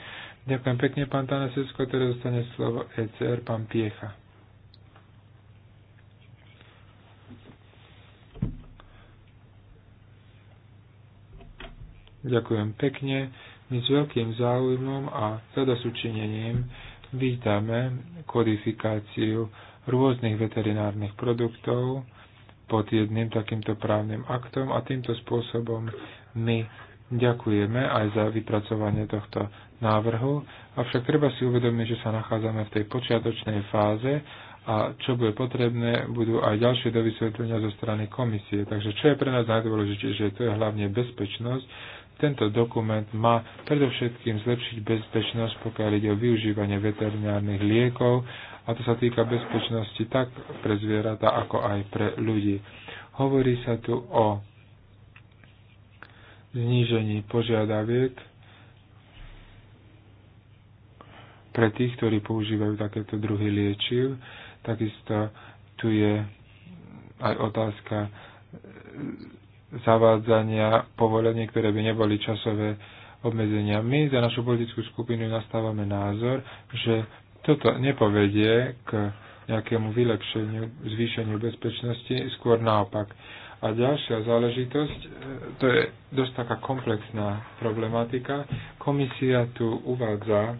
Ďakujem pekne, pán Tanasesko, teraz dostane slovo ECR, pán Piecha. Ďakujem pekne. My s veľkým záujmom a zadosučinením vítame kodifikáciu rôznych veterinárnych produktov pod jedným takýmto právnym aktom a týmto spôsobom my ďakujeme aj za vypracovanie tohto návrhu, avšak treba si uvedomiť, že sa nachádzame v tej počiatočnej fáze a čo bude potrebné, budú aj ďalšie dovysvetlenia zo strany komisie. Takže čo je pre nás najdôležitejšie, to je hlavne bezpečnosť tento dokument má predovšetkým zlepšiť bezpečnosť, pokiaľ ide o využívanie veterinárnych liekov a to sa týka bezpečnosti tak pre zvieratá, ako aj pre ľudí. Hovorí sa tu o znížení požiadaviek pre tých, ktorí používajú takéto druhy liečiv. Takisto tu je aj otázka zavádzania povolenie, ktoré by neboli časové obmedzenia. My za našu politickú skupinu nastávame názor, že toto nepovedie k nejakému vylepšeniu, zvýšeniu bezpečnosti, skôr naopak. A ďalšia záležitosť, e, to je dosť taká komplexná problematika. Komisia tu uvádza,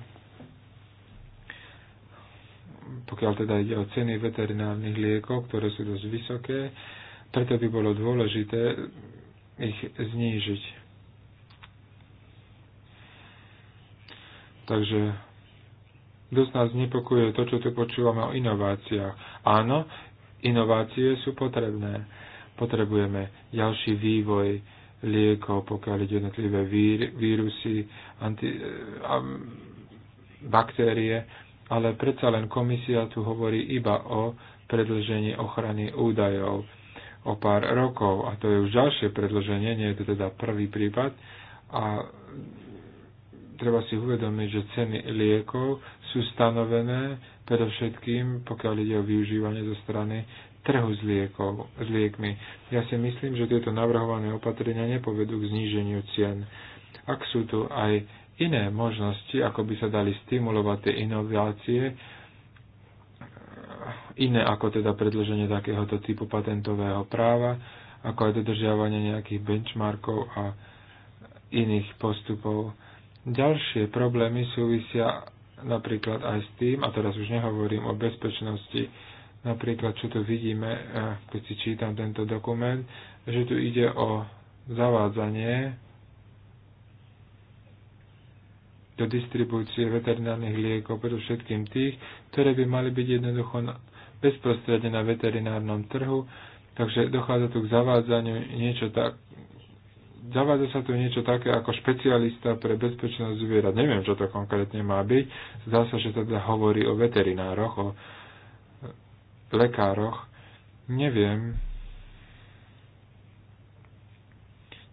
pokiaľ teda ide o ceny veterinárnych liekov, ktoré sú dosť vysoké, preto by bolo dôležité ich znížiť. Takže dosť nás nepokuje to, čo tu počúvame o inováciách. Áno, inovácie sú potrebné. Potrebujeme ďalší vývoj liekov, pokiaľ ide jednotlivé vír, vírusy, anti, e, a, baktérie, ale predsa len komisia tu hovorí iba o predlžení ochrany údajov o pár rokov. A to je už ďalšie predloženie, nie je to teda prvý prípad. A treba si uvedomiť, že ceny liekov sú stanovené predovšetkým, pokiaľ ide o využívanie zo strany trhu s, liekov, s liekmi. Ja si myslím, že tieto navrhované opatrenia nepovedú k zníženiu cien. Ak sú tu aj iné možnosti, ako by sa dali stimulovať tie inovácie, iné ako teda predlženie takéhoto typu patentového práva, ako aj dodržiavanie nejakých benchmarkov a iných postupov. Ďalšie problémy súvisia napríklad aj s tým, a teraz už nehovorím o bezpečnosti, napríklad čo tu vidíme, eh, keď si čítam tento dokument, že tu ide o zavádzanie do distribúcie veterinárnych liekov, všetkým tých, ktoré by mali byť jednoducho bezprostredne na veterinárnom trhu, takže dochádza tu k zavádzaniu niečo tak, zavádza sa tu niečo také ako špecialista pre bezpečnosť zvierat. Neviem, čo to konkrétne má byť. Zdá sa, že teda hovorí o veterinároch, o lekároch. Neviem.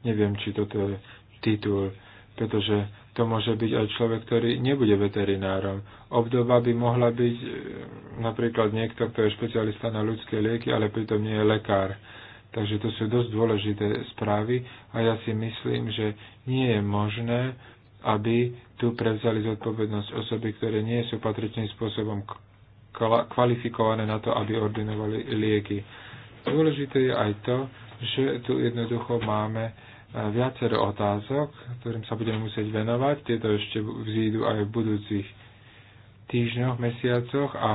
Neviem, či toto je titul, pretože to môže byť aj človek, ktorý nebude veterinárom. Obdoba by mohla byť e, napríklad niekto, kto je špecialista na ľudské lieky, ale pritom nie je lekár. Takže to sú dosť dôležité správy a ja si myslím, že nie je možné, aby tu prevzali zodpovednosť osoby, ktoré nie sú patričným spôsobom kvalifikované na to, aby ordinovali lieky. Dôležité je aj to, že tu jednoducho máme viacero otázok, ktorým sa budeme musieť venovať. Tieto ešte vzídu aj v budúcich týždňoch, mesiacoch a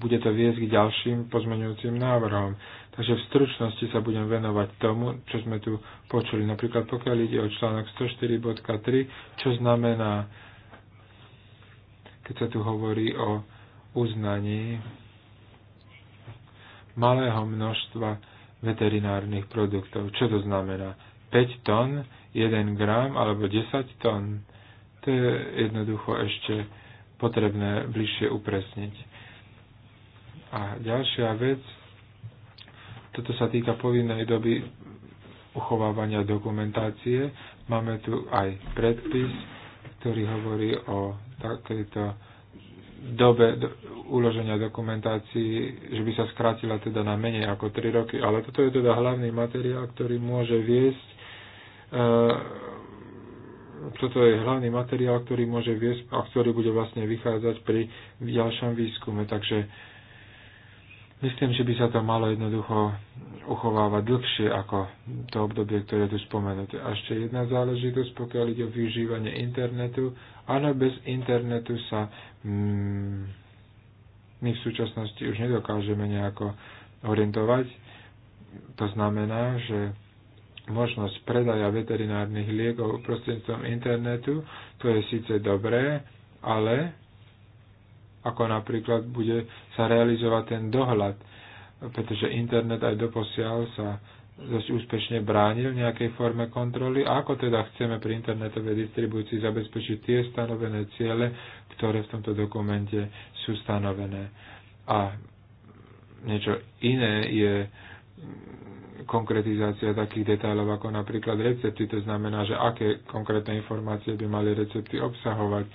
bude to viesť k ďalším pozmeňujúcim návrhom. Takže v stručnosti sa budem venovať tomu, čo sme tu počuli. Napríklad pokiaľ ide o článok 104.3, čo znamená, keď sa tu hovorí o uznaní malého množstva veterinárnych produktov. Čo to znamená? 5 tón, 1 gram alebo 10 tón. To je jednoducho ešte potrebné bližšie upresniť. A ďalšia vec, toto sa týka povinnej doby uchovávania dokumentácie. Máme tu aj predpis, ktorý hovorí o takejto dobe uloženia dokumentácií, že by sa skrátila teda na menej ako 3 roky. Ale toto je teda hlavný materiál, ktorý môže viesť E, toto je hlavný materiál, ktorý môže viesť a ktorý bude vlastne vychádzať pri ďalšom výskume. Takže myslím, že by sa to malo jednoducho uchovávať dlhšie ako to obdobie, ktoré tu spomenuté. A ešte jedna záležitosť, pokiaľ ide o využívanie internetu. Áno, bez internetu sa mm, my v súčasnosti už nedokážeme nejako orientovať. To znamená, že možnosť predaja veterinárnych liekov prostredníctvom internetu, to je síce dobré, ale ako napríklad bude sa realizovať ten dohľad, pretože internet aj doposiaľ sa dosť úspešne bránil v nejakej forme kontroly a ako teda chceme pri internetovej distribúcii zabezpečiť tie stanovené ciele, ktoré v tomto dokumente sú stanovené. A niečo iné je konkretizácia takých detailov ako napríklad recepty, to znamená, že aké konkrétne informácie by mali recepty obsahovať.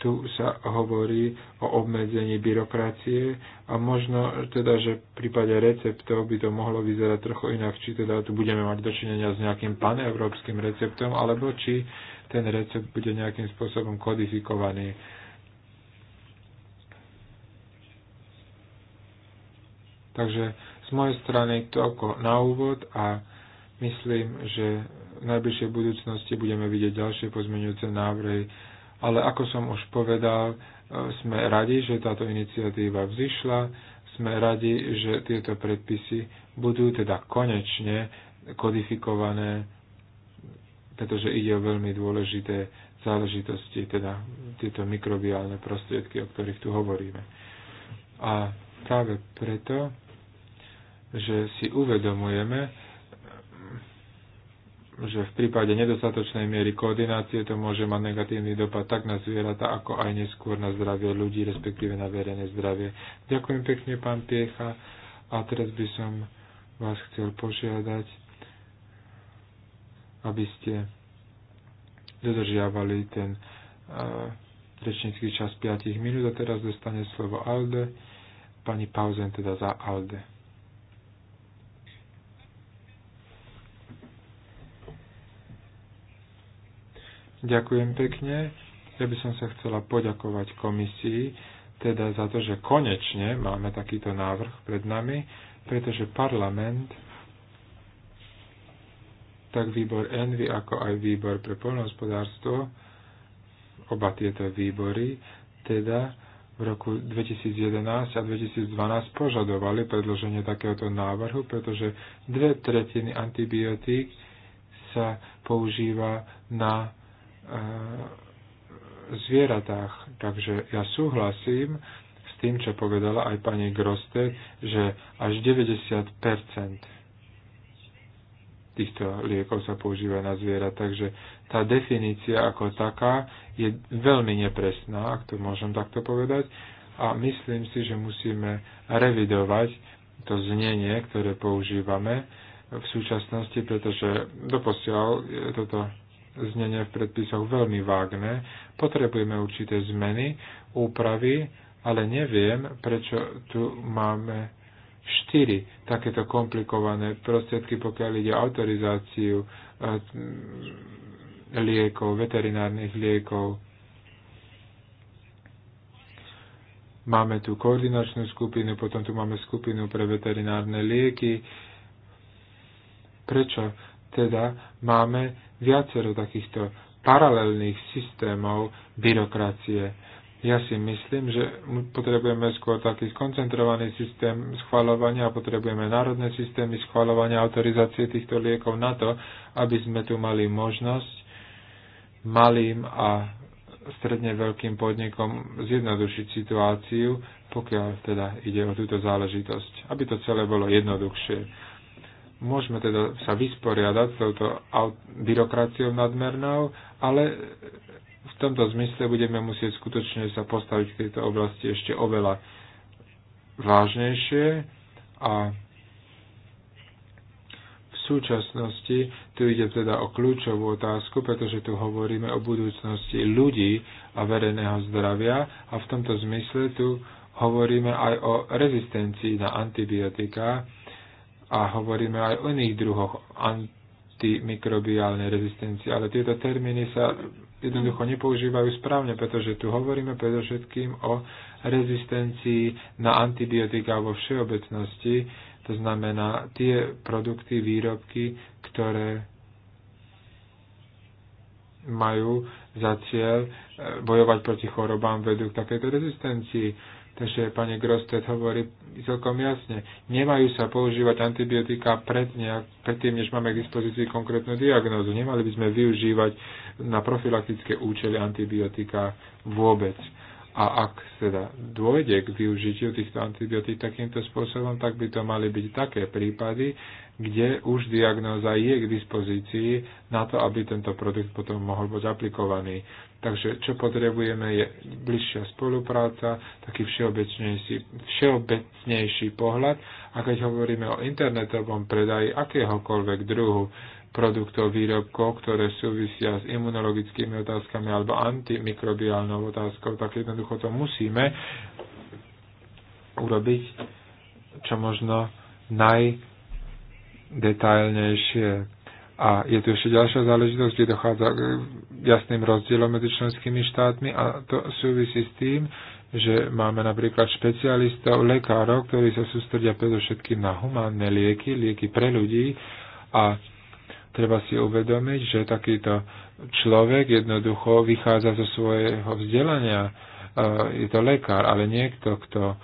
Tu sa hovorí o obmedzení byrokracie a možno teda, že v prípade receptov by to mohlo vyzerať trochu inak, či teda tu budeme mať dočinenia s nejakým paneurópskym receptom, alebo či ten recept bude nejakým spôsobom kodifikovaný. Takže z mojej strany toľko na úvod a myslím, že v najbližšej budúcnosti budeme vidieť ďalšie pozmeňujúce návrhy, ale ako som už povedal, e, sme radi, že táto iniciatíva vzýšla, sme radi, že tieto predpisy budú teda konečne kodifikované, pretože ide o veľmi dôležité záležitosti, teda tieto mikrobiálne prostriedky, o ktorých tu hovoríme. A práve preto že si uvedomujeme, že v prípade nedostatočnej miery koordinácie to môže mať negatívny dopad tak na zvieratá, ako aj neskôr na zdravie ľudí, respektíve na verejné zdravie. Ďakujem pekne, pán Piecha. A teraz by som vás chcel požiadať, aby ste dodržiavali ten uh, rečnícky čas 5 minút a teraz dostane slovo Alde, pani Pauzen teda za Alde. Ďakujem pekne. Ja by som sa chcela poďakovať komisii, teda za to, že konečne máme takýto návrh pred nami, pretože parlament, tak výbor Envy, ako aj výbor pre poľnohospodárstvo, oba tieto výbory, teda v roku 2011 a 2012 požadovali predloženie takéhoto návrhu, pretože dve tretiny antibiotík sa používa na Eh, zvieratách. Takže ja súhlasím s tým, čo povedala aj pani Groste, že až 90 týchto liekov sa používa na zviera. Takže tá definícia ako taká je veľmi nepresná, ak to môžem takto povedať. A myslím si, že musíme revidovať to znenie, ktoré používame v súčasnosti, pretože doposiaľ toto znenie v predpisoch veľmi vágne. Potrebujeme určité zmeny, úpravy, ale neviem, prečo tu máme štyri takéto komplikované prostriedky, pokiaľ ide autorizáciu e, liekov, veterinárnych liekov. Máme tu koordinačnú skupinu, potom tu máme skupinu pre veterinárne lieky. Prečo teda máme viacero takýchto paralelných systémov byrokracie. Ja si myslím, že potrebujeme skôr taký skoncentrovaný systém schvaľovania a potrebujeme národné systémy schvaľovania autorizácie týchto liekov na to, aby sme tu mali možnosť malým a stredne veľkým podnikom zjednodušiť situáciu, pokiaľ teda ide o túto záležitosť, aby to celé bolo jednoduchšie. Môžeme teda sa vysporiadať s touto byrokraciou nadmernou, ale v tomto zmysle budeme musieť skutočne sa postaviť k tejto oblasti ešte oveľa vážnejšie a v súčasnosti tu ide teda o kľúčovú otázku, pretože tu hovoríme o budúcnosti ľudí a verejného zdravia a v tomto zmysle tu hovoríme aj o rezistencii na antibiotika, a hovoríme aj o iných druhoch antimikrobiálnej rezistencie. Ale tieto termíny sa jednoducho nepoužívajú správne, pretože tu hovoríme predovšetkým o rezistencii na antibiotika vo všeobecnosti, to znamená tie produkty, výrobky, ktoré majú za cieľ eh, bojovať proti chorobám vedú k takejto rezistencii Takže pani Grosted hovorí celkom jasne, nemajú sa používať antibiotika pred nejak, predtým, než máme k dispozícii konkrétnu diagnózu. Nemali by sme využívať na profilaktické účely antibiotika vôbec. A ak teda dôjde k využitiu týchto antibiotík takýmto spôsobom, tak by to mali byť také prípady, kde už diagnóza je k dispozícii na to, aby tento produkt potom mohol byť aplikovaný. Takže čo potrebujeme je bližšia spolupráca, taký všeobecnejší, všeobecnejší pohľad. A keď hovoríme o internetovom predaji akéhokoľvek druhu produktov, výrobkov, ktoré súvisia s imunologickými otázkami alebo antimikrobiálnou otázkou, tak jednoducho to musíme urobiť čo možno najdetailnejšie a je tu ešte ďalšia záležitosť, kde dochádza k jasným rozdielom medzi členskými štátmi a to súvisí s tým, že máme napríklad špecialistov, lekárov, ktorí sa sústredia predovšetkým na humánne lieky, lieky pre ľudí a treba si uvedomiť, že takýto človek jednoducho vychádza zo svojho vzdelania. E, je to lekár, ale niekto, kto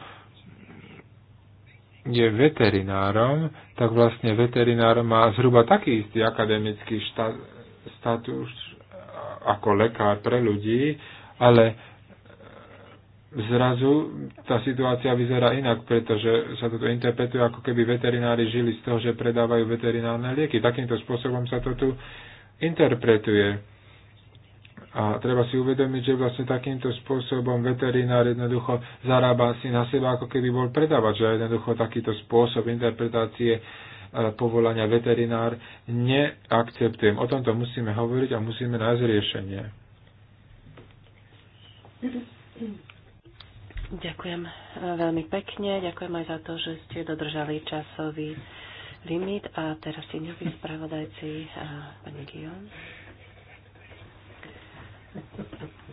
je veterinárom, tak vlastne veterinár má zhruba taký istý akademický šta- status ako lekár pre ľudí, ale zrazu tá situácia vyzerá inak, pretože sa toto interpretuje, ako keby veterinári žili z toho, že predávajú veterinárne lieky. Takýmto spôsobom sa to tu interpretuje. A treba si uvedomiť, že vlastne takýmto spôsobom veterinár jednoducho zarába si na seba, ako keby bol predávať, že jednoducho takýto spôsob interpretácie e, povolania veterinár neakceptujem. O tomto musíme hovoriť a musíme nájsť riešenie. Ďakujem e, veľmi pekne. Ďakujem aj za to, že ste dodržali časový limit. A teraz si nevy spravodajci pani Guillaume.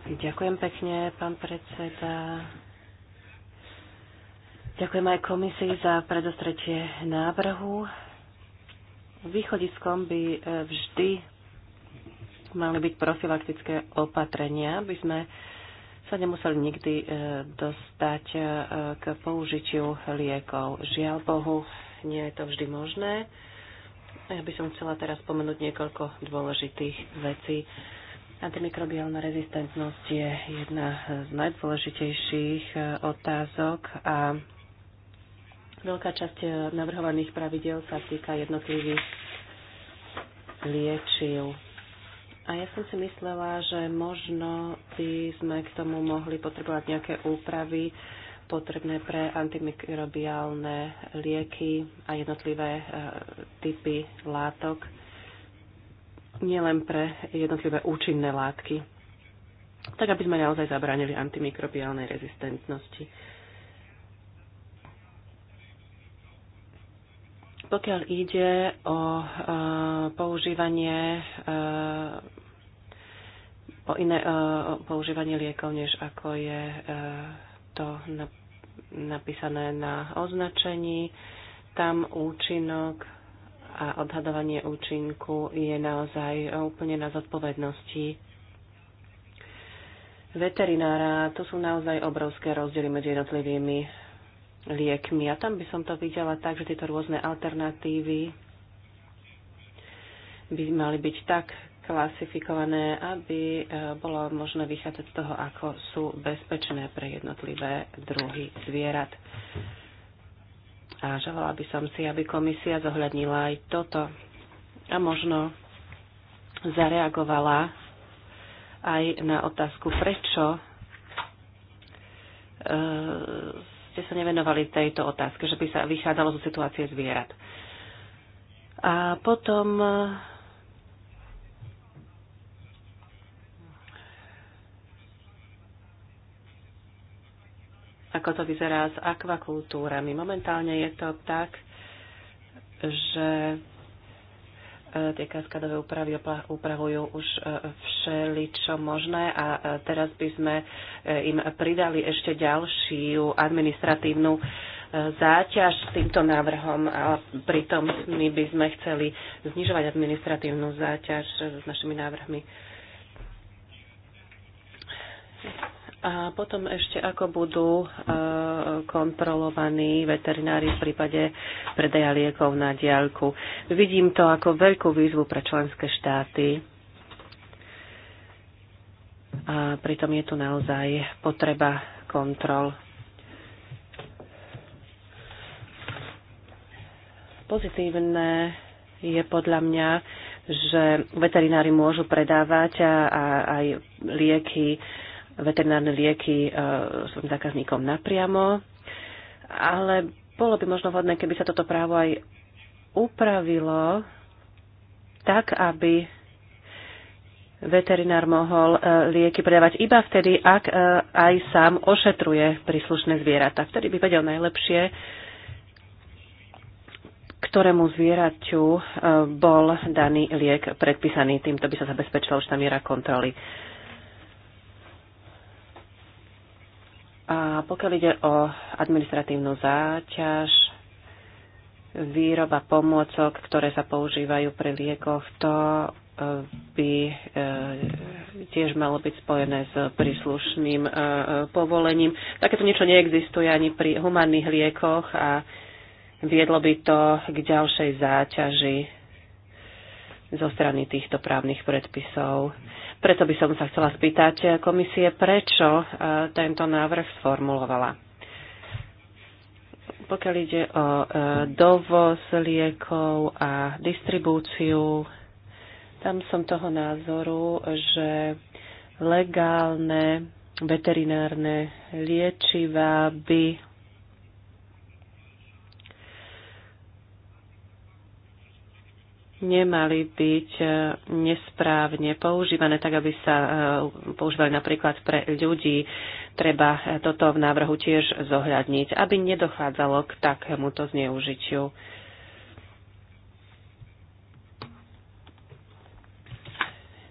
Ďakujem pekne, pán predseda. Ďakujem aj komisii za predostretie návrhu. Východiskom by e, vždy mali byť profilaktické opatrenia, aby sme sa nemuseli nikdy e, dostať e, k použitiu liekov. Žiaľ Bohu, nie je to vždy možné. Ja by som chcela teraz spomenúť niekoľko dôležitých vecí. Antimikrobiálna rezistentnosť je jedna z najdôležitejších eh, otázok a veľká časť eh, navrhovaných pravidel sa týka jednotlivých liečiv. A ja som si myslela, že možno by sme k tomu mohli potrebovať nejaké úpravy potrebné pre antimikrobiálne lieky a jednotlivé eh, typy látok nielen pre jednotlivé účinné látky, tak aby sme naozaj zabránili antimikrobiálnej rezistentnosti. Pokiaľ ide o e, používanie e, o iné e, používanie liekov, než ako je e, to na, napísané na označení, tam účinok a odhadovanie účinku je naozaj úplne na zodpovednosti veterinára. To sú naozaj obrovské rozdiely medzi jednotlivými liekmi. A tam by som to videla tak, že tieto rôzne alternatívy by mali byť tak klasifikované, aby e, bolo možné vychádzať z toho, ako sú bezpečné pre jednotlivé druhy zvierat. A želala by som si, aby komisia zohľadnila aj toto a možno zareagovala aj na otázku, prečo eh, ste sa nevenovali tejto otázke, že by sa vychádzalo zo situácie zvierat. A potom eh, ako to vyzerá s akvakultúrami. Momentálne je to tak, že e, tie kaskadové úpravy upravujú už e, čo možné a e, teraz by sme im pridali ešte ďalšiu administratívnu záťaž s týmto návrhom a pritom my by sme chceli znižovať administratívnu záťaž s našimi návrhmi. A potom ešte, ako budú e, kontrolovaní veterinári v prípade predaja liekov na diaľku. Vidím to ako veľkú výzvu pre členské štáty. A pritom je tu naozaj potreba kontrol. Pozitívne je podľa mňa, že veterinári môžu predávať a aj lieky veterinárne lieky e, svojim zákazníkom napriamo, ale bolo by možno vhodné, keby sa toto právo aj upravilo tak, aby veterinár mohol e, lieky predávať iba vtedy, ak e, aj sám ošetruje príslušné zvieratá. Vtedy by vedel najlepšie, ktorému zvieraťu bol daný liek predpísaný. Týmto by sa zabezpečila tá miera kontroly. A pokiaľ ide o administratívnu záťaž, výroba pomôcok, ktoré sa používajú pri liekoch, to e, by e, tiež malo byť spojené s príslušným e, povolením. Takéto niečo neexistuje ani pri humanných liekoch a viedlo by to k ďalšej záťaži zo strany týchto právnych predpisov. Preto by som sa chcela spýtať komisie, prečo e, tento návrh sformulovala. Pokiaľ ide o e, dovoz liekov a distribúciu, tam som toho názoru, že legálne veterinárne liečiva by nemali byť e, nesprávne používané, tak aby sa e, používali napríklad pre ľudí. Treba e, toto v návrhu tiež zohľadniť, aby nedochádzalo k takémuto zneužitiu.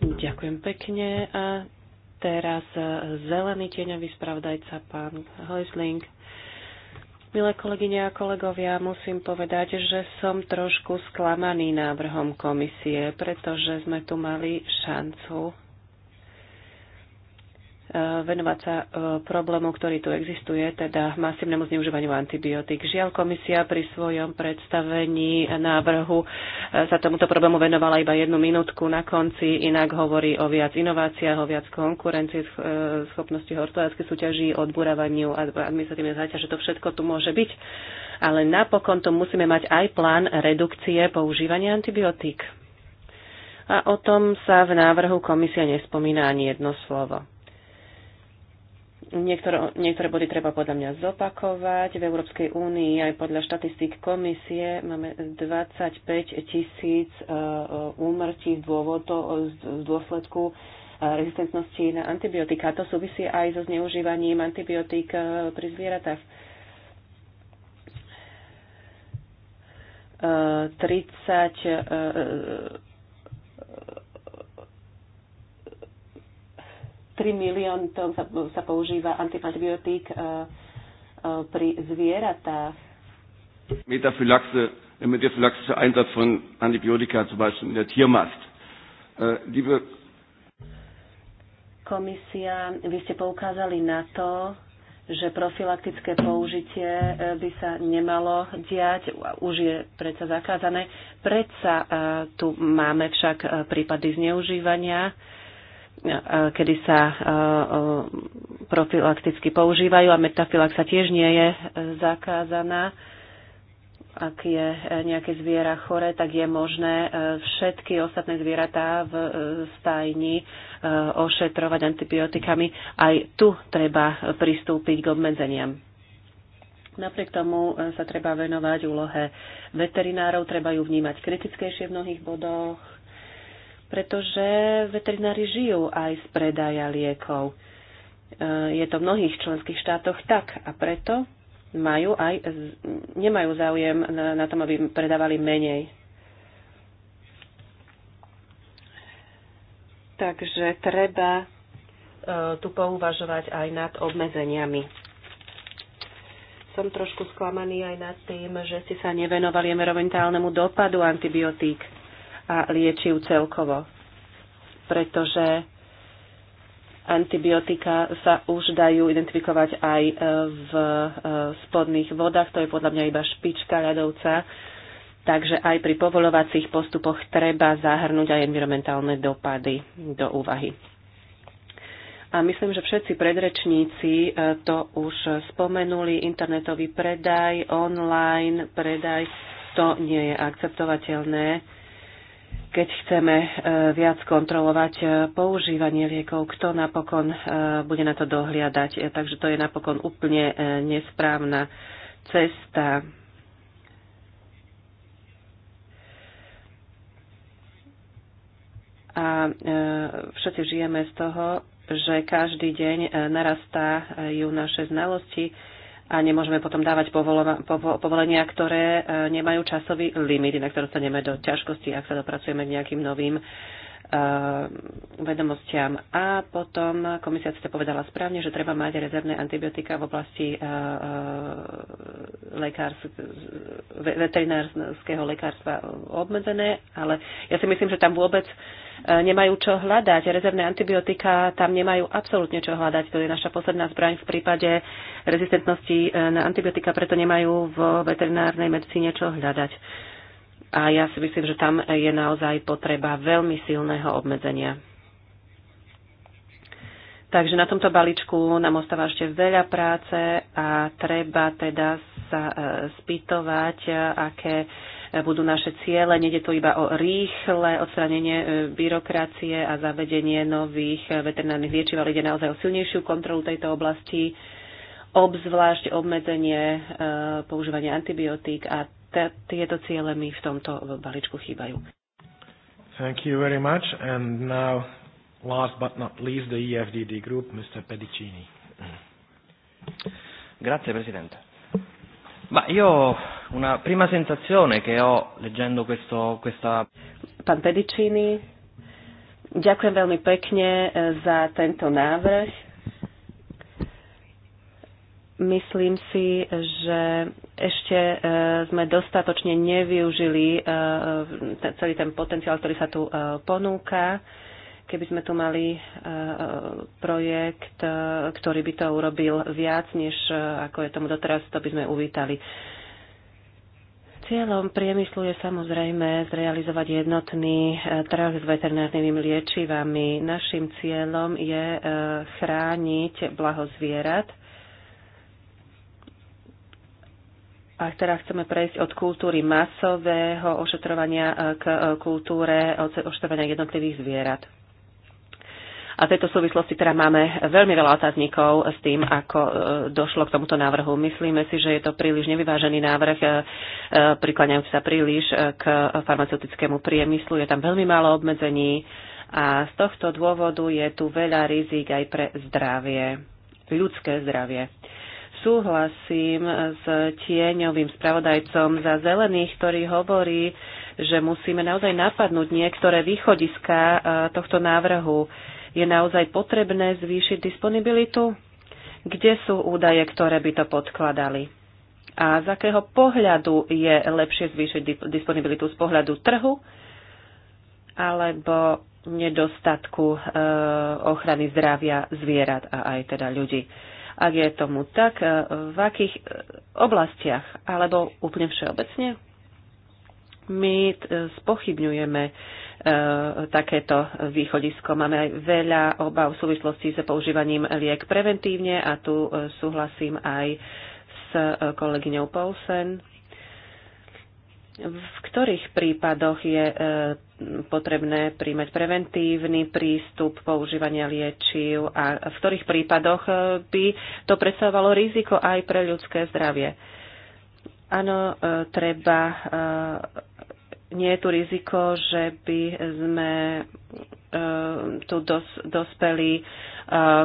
Ďakujem pekne. A teraz zelený tieňový spravodajca, pán Hojsling. Milé kolegyne a kolegovia, musím povedať, že som trošku sklamaný návrhom komisie, pretože sme tu mali šancu venovať sa e, problému, ktorý tu existuje, teda masívnemu zneužívaniu antibiotík. Žiaľ, komisia pri svojom predstavení návrhu e, sa tomuto problému venovala iba jednu minútku na konci, inak hovorí o viac inováciách, o viac konkurencie, e, schopnosti hortovárskej súťaží, odburávaniu administratívne záťaže. To všetko tu môže byť. Ale napokon tu musíme mať aj plán redukcie používania antibiotík. A o tom sa v návrhu komisia nespomína ani jedno slovo. Niektoré, niektoré body treba podľa mňa zopakovať. V Európskej únii aj podľa štatistík komisie máme 25 tisíc e, e, úmrtí z, dôvodu, z dôsledku e, rezistentnosti na antibiotika. To súvisí aj so zneužívaním antibiotík pri zvieratách. 30 3 milión tón sa, sa používa antibiotík uh, uh, pri zvieratách. Metaphylaxe, der äh, metaphylaxische Einsatz von Antibiotika zum Beispiel in der Tiermast. Uh, Liebe Komisia, vy ste poukázali na to, že profilaktické použitie e, by sa nemalo diať, už je predsa zakázané. Predsa tu máme však prípady zneužívania E, kedy sa e, e, profilakticky používajú a metafilax sa tiež nie je zakázaná. Ak je nejaké zviera chore, tak je možné všetky ostatné zvieratá v stajni ošetrovať antibiotikami. Aj tu treba pristúpiť k obmedzeniam. Napriek tomu sa treba venovať úlohe veterinárov, treba ju vnímať kritickejšie v mnohých bodoch, pretože veterinári žijú aj z predaja liekov. E, je to v mnohých členských štátoch tak a preto majú aj, nemajú záujem na, tom, aby predávali menej. Takže treba e, tu pouvažovať aj nad obmedzeniami. Som trošku sklamaný aj nad tým, že ste sa nevenovali environmentálnemu dopadu antibiotík a liečiv celkovo. Pretože antibiotika sa už dajú identifikovať aj e, v e, spodných vodách, to je podľa mňa iba špička ľadovca, takže aj pri povolovacích postupoch treba zahrnúť aj environmentálne dopady do úvahy. A myslím, že všetci predrečníci e, to už spomenuli, internetový predaj, online predaj, to nie je akceptovateľné keď chceme e, viac kontrolovať e, používanie liekov, kto napokon e, bude na to dohliadať. Takže to je napokon úplne nesprávna cesta. A všetci žijeme z toho, že každý deň narastajú naše znalosti, a nemôžeme potom dávať povolenia, ktoré e, nemajú časový limit, na ktoré dostaneme do ťažkosti, ak sa dopracujeme k nejakým novým e, vedomostiam. A potom komisia ste povedala správne, že treba mať rezervné antibiotika v oblasti e, lekárs, veterinárskeho lekárstva obmedzené, ale ja si myslím, že tam vôbec E, nemajú čo hľadať. Rezervné antibiotika tam nemajú absolútne čo hľadať. To je naša posledná zbraň v prípade rezistentnosti e, na antibiotika, preto nemajú v veterinárnej medicíne čo hľadať. A ja si myslím, že tam je naozaj potreba veľmi silného obmedzenia. Takže na tomto balíčku nám ostáva ešte veľa práce a treba teda sa e, spýtovať, aké budú naše ciele. Nede to iba o rýchle odstranenie e, byrokracie a zavedenie nových e, veterinárnych liečiv, ale ide naozaj o silnejšiu kontrolu tejto oblasti, obzvlášť obmedzenie e, používania antibiotík a tieto ciele mi v tomto balíčku chýbajú. Thank you very much. And now, last but not least, the EFDD group, Mr. Pedicini. Grazie, Presidente. Ma io una prima sensazione che ho leggendo questo, questa... Pán Pedicini, ďakujem veľmi pekne eh, za tento návrh. Myslím si, že ešte eh, sme dostatočne nevyužili eh, celý ten potenciál, ktorý sa tu ponúka keby sme tu mali e, e, projekt, e, ktorý by to urobil viac, než ako je tomu doteraz, to by sme uvítali. Cieľom priemyslu je samozrejme zrealizovať jednotný trh s veterinárnymi liečivami. Našim cieľom je chrániť blaho zvierat. A teraz chceme prejsť od kultúry masového ošetrovania k kultúre ošetrovania jednotlivých zvierat. A v tejto súvislosti teda máme veľmi veľa otáznikov s tým, ako e, došlo k tomuto návrhu. Myslíme si, že je to príliš nevyvážený návrh, e, e, prikláňajúci sa príliš k farmaceutickému priemyslu. Je tam veľmi málo obmedzení a z tohto dôvodu je tu veľa rizik aj pre zdravie, ľudské zdravie súhlasím s tieňovým spravodajcom za zelených, ktorý hovorí, že musíme naozaj napadnúť niektoré východiska tohto návrhu. Je naozaj potrebné zvýšiť disponibilitu? Kde sú údaje, ktoré by to podkladali? A z akého pohľadu je lepšie zvýšiť disponibilitu? Z pohľadu trhu alebo nedostatku e, ochrany zdravia zvierat a aj teda ľudí? Ak je tomu tak, e, v akých e, oblastiach alebo úplne všeobecne? My spochybňujeme E, takéto východisko. Máme aj veľa obav v súvislosti s používaním liek preventívne a tu e, súhlasím aj s e, kolegyňou Paulsen v ktorých prípadoch je potrebné príjmať preventívny prístup používania liečiv a v ktorých prípadoch by to predstavovalo riziko aj pre ľudské zdravie. Áno, treba nie je tu riziko, že by sme eh, tu dos, dospeli eh,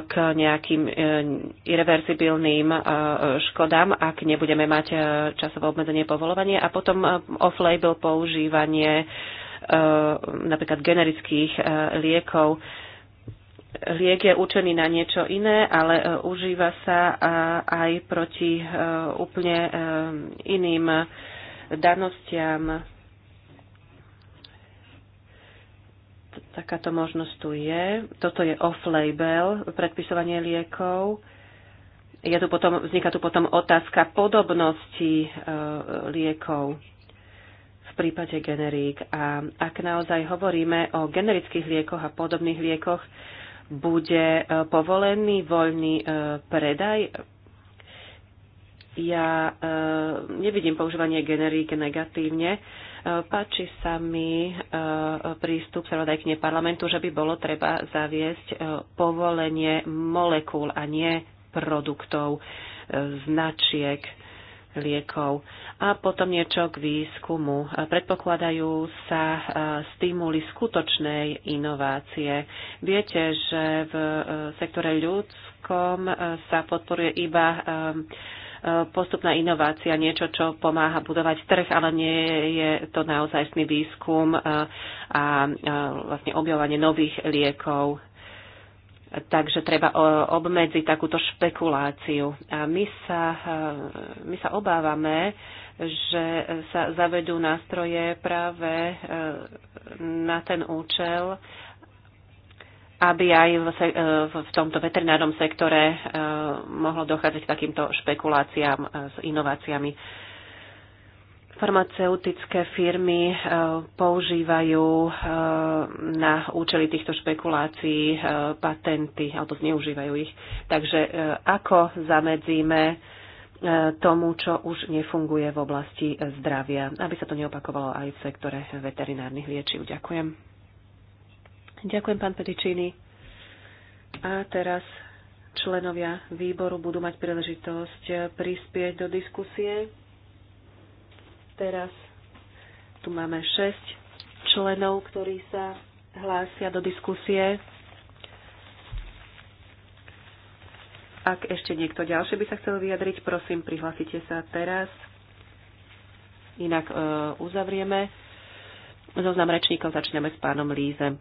k nejakým eh, irreverzibilným škodám, ak nebudeme mať časové obmedzenie povolovanie a potom off-label používanie napríklad generických liekov. Liek je určený na niečo iné, ale užíva sa aj proti úplne iným danostiam Takáto možnosť tu je. Toto je off-label, predpisovanie liekov. Je tu potom, vzniká tu potom otázka podobnosti e, liekov v prípade generík. A ak naozaj hovoríme o generických liekoch a podobných liekoch, bude e, povolený voľný e, predaj. Ja e, nevidím používanie generík negatívne, Páči sa mi e, prístup spravodajkne parlamentu, že by bolo treba zaviesť e, povolenie molekúl a nie produktov, e, značiek, liekov a potom niečo k výskumu. Predpokladajú sa stimuly skutočnej inovácie. Viete, že v sektore ľudskom sa podporuje iba postupná inovácia niečo, čo pomáha budovať trh, ale nie je to naozajstný výskum e, a e, vlastne objavovanie nových liekov. Takže treba e, obmedziť takúto špekuláciu. A my sa, my sa obávame, že sa zavedú nástroje práve na ten účel, aby aj e, v, v tomto veterinárnom sektore e, mohlo dochádzať k takýmto špekuláciám e, s inováciami. Farmaceutické firmy používajú na účely týchto špekulácií patenty alebo zneužívajú ich. Takže ako zamedzíme tomu, čo už nefunguje v oblasti zdravia, aby sa to neopakovalo aj v sektore veterinárnych liečiv. Ďakujem. Ďakujem, pán Petičíny. A teraz členovia výboru budú mať príležitosť prispieť do diskusie. Teraz tu máme 6 členov, ktorí sa hlásia do diskusie. Ak ešte niekto ďalší by sa chcel vyjadriť, prosím, prihlásite sa teraz. Inak e, uzavrieme. Zoznam rečníkov začneme s pánom Lízem.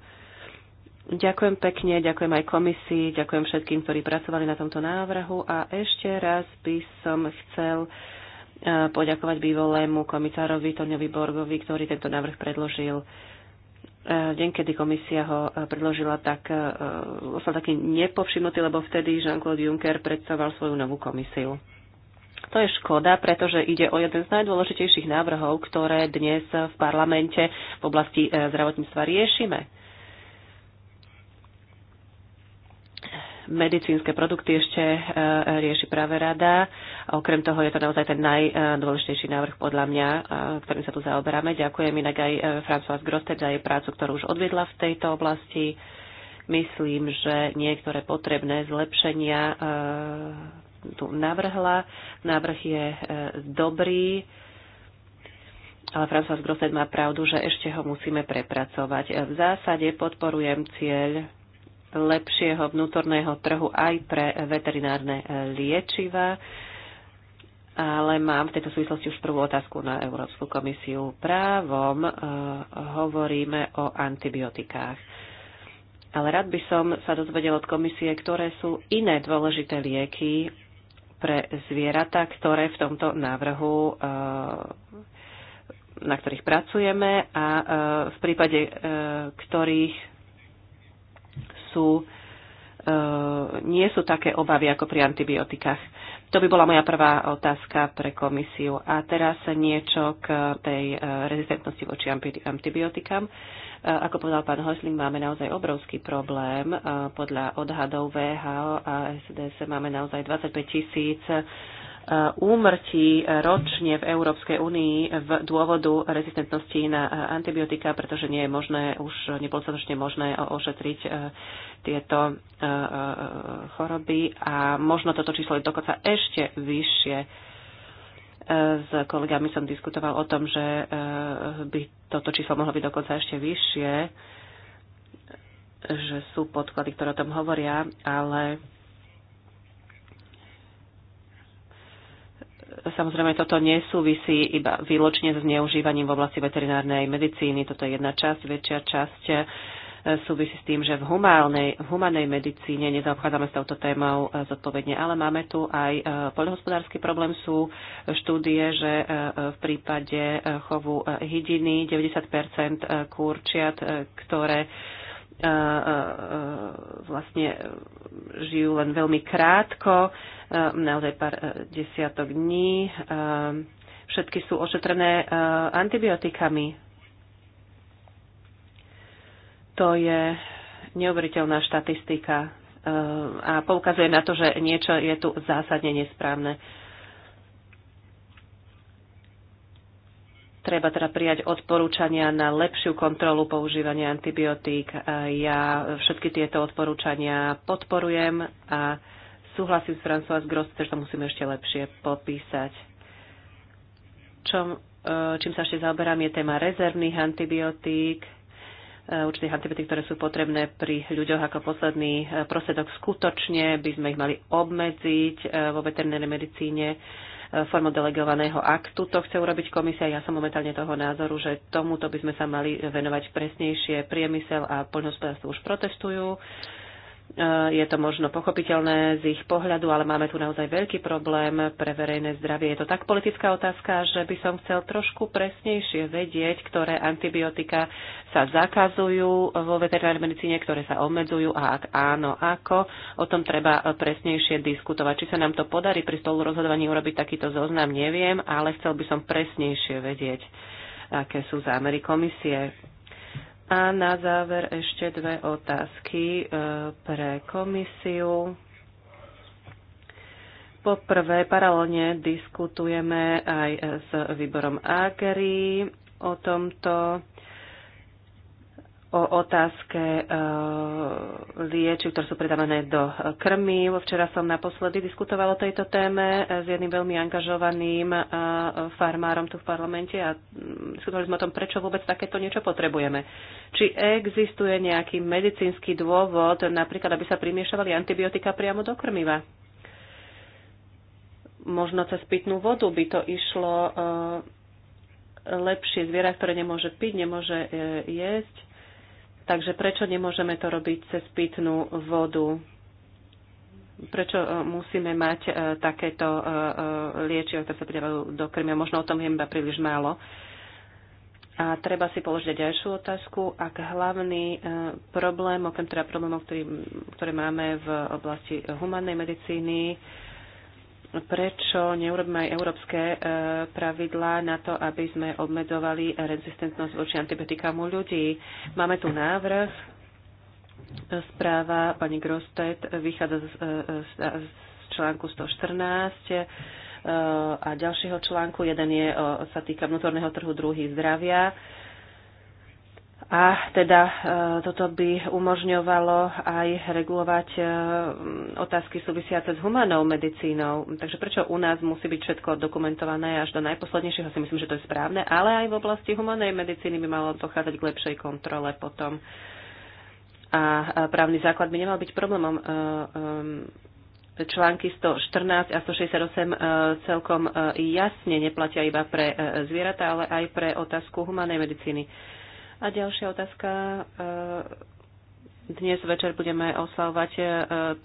Ďakujem pekne, ďakujem aj komisii, ďakujem všetkým, ktorí pracovali na tomto návrhu a ešte raz by som chcel e, poďakovať bývolému komisárovi Toňovi Borgovi, ktorý tento návrh predložil. E, deň, kedy komisia ho e, predložila, tak ostal taký nepovšimnutý, lebo vtedy Jean-Claude Juncker predstavoval svoju novú komisiu. To je škoda, pretože ide o jeden z najdôležitejších návrhov, ktoré dnes v parlamente v oblasti zdravotníctva riešime medicínske produkty ešte e, rieši práve rada. Okrem toho je to naozaj ten najdôležitejší návrh podľa mňa, e, ktorým sa tu zaoberáme. Ďakujem inak aj e, François Grostet za jej prácu, ktorú už odvedla v tejto oblasti. Myslím, že niektoré potrebné zlepšenia tu navrhla. Návrh je dobrý. Ale François Grosset má pravdu, že ešte ho musíme prepracovať. V zásade podporujem cieľ lepšieho vnútorného trhu aj pre veterinárne e, liečiva. Ale mám v tejto súvislosti už prvú otázku na Európsku komisiu. Právom e, hovoríme o antibiotikách. Ale rád by som sa dozvedel od komisie, ktoré sú iné dôležité lieky pre zvieratá, ktoré v tomto návrhu e, na ktorých pracujeme a v prípade ktorých sú, e, nie sú také obavy ako pri antibiotikách. To by bola moja prvá otázka pre komisiu. A teraz niečo k tej e, rezistentnosti voči antibiotikám. E, ako povedal pán Hosling, máme naozaj obrovský problém. Podľa odhadov VHO a SDS máme naozaj 25 tisíc úmrtí ročne v Európskej únii v dôvodu rezistentnosti na antibiotika, pretože nie je možné, už nebolo dostatočne možné ošetriť e, tieto e, e, choroby a možno toto číslo je dokonca ešte vyššie s kolegami som diskutoval o tom, že by toto číslo mohlo byť dokonca ešte vyššie, že sú podklady, ktoré o tom hovoria, ale Samozrejme, toto nesúvisí iba výločne s zneužívaním v oblasti veterinárnej medicíny. Toto je jedna časť, väčšia časť e, súvisí s tým, že v, humánej, v humánej medicíne nezaobchádzame s touto témou e, zodpovedne, ale máme tu aj e, poľnohospodársky problém. Sú štúdie, že v prípade chovu hydiny 90 kurčiat, ktoré vlastne žijú len veľmi krátko, naozaj pár e, desiatok dní. Všetky sú ošetrené e, antibiotikami. To je neuveriteľná štatistika e, a poukazuje na to, že niečo je tu zásadne nesprávne. Treba teda prijať odporúčania na lepšiu kontrolu používania antibiotík. Ja všetky tieto odporúčania podporujem a súhlasím s François Gross, že to musíme ešte lepšie popísať. Čom, e, čím sa ešte zaoberám je téma rezervných antibiotík, e, určitých antibiotík, ktoré sú potrebné pri ľuďoch ako posledný e, prosedok. Skutočne by sme ich mali obmedziť vo veterinárnej medicíne formou delegovaného aktu. To chce urobiť komisia. Ja som momentálne toho názoru, že tomuto by sme sa mali venovať presnejšie. Priemysel a poľnohospodárstvo už protestujú je to možno pochopiteľné z ich pohľadu, ale máme tu naozaj veľký problém pre verejné zdravie. Je to tak politická otázka, že by som chcel trošku presnejšie vedieť, ktoré antibiotika sa zakazujú vo veterinárnej medicíne, ktoré sa obmedzujú a ak áno, ako. O tom treba presnejšie diskutovať. Či sa nám to podarí pri stolu rozhodovaní urobiť takýto zoznam, neviem, ale chcel by som presnejšie vedieť, aké sú zámery komisie a na záver ešte dve otázky e, pre komisiu. Poprvé, paralelne diskutujeme aj s výborom AGRI o tomto o otázke e, liečiv, ktoré sú predávané do krmy. Včera som naposledy diskutovala o tejto téme s jedným veľmi angažovaným e, farmárom tu v parlamente a mm, diskutovali sme o tom, prečo vôbec takéto niečo potrebujeme. Či existuje nejaký medicínsky dôvod, napríklad, aby sa primiešavali antibiotika priamo do krmiva? Možno cez pitnú vodu by to išlo e, lepšie. Zviera, ktoré nemôže piť, nemôže jesť, Takže prečo nemôžeme to robiť cez pitnú vodu? Prečo e, musíme mať e, takéto e, liečivo, ktoré sa pridávajú do krmia? Možno o tom je iba príliš málo. A treba si položiť ďalšiu otázku. Ak hlavný problém, okrem teda problémov, ktoré máme v oblasti humannej medicíny, prečo neurobíme aj európske e, pravidlá na to, aby sme obmedzovali rezistentnosť voči antibiotikám u ľudí. Máme tu návrh. Správa pani Grostet vychádza z, e, e, z, z článku 114 a ďalšieho článku. Jeden je, sa týka vnútorného trhu, druhý zdravia. A teda e, toto by umožňovalo aj regulovať e, otázky súvisiace s humanou medicínou. Takže prečo u nás musí byť všetko dokumentované až do najposlednejšieho, si myslím, že to je správne, ale aj v oblasti humanej medicíny by malo dochádzať k lepšej kontrole potom. A právny základ by nemal byť problémom. E, články 114 a 168 celkom jasne neplatia iba pre zvieratá, ale aj pre otázku humanej medicíny. A ďalšia otázka. E, dnes večer budeme oslavovať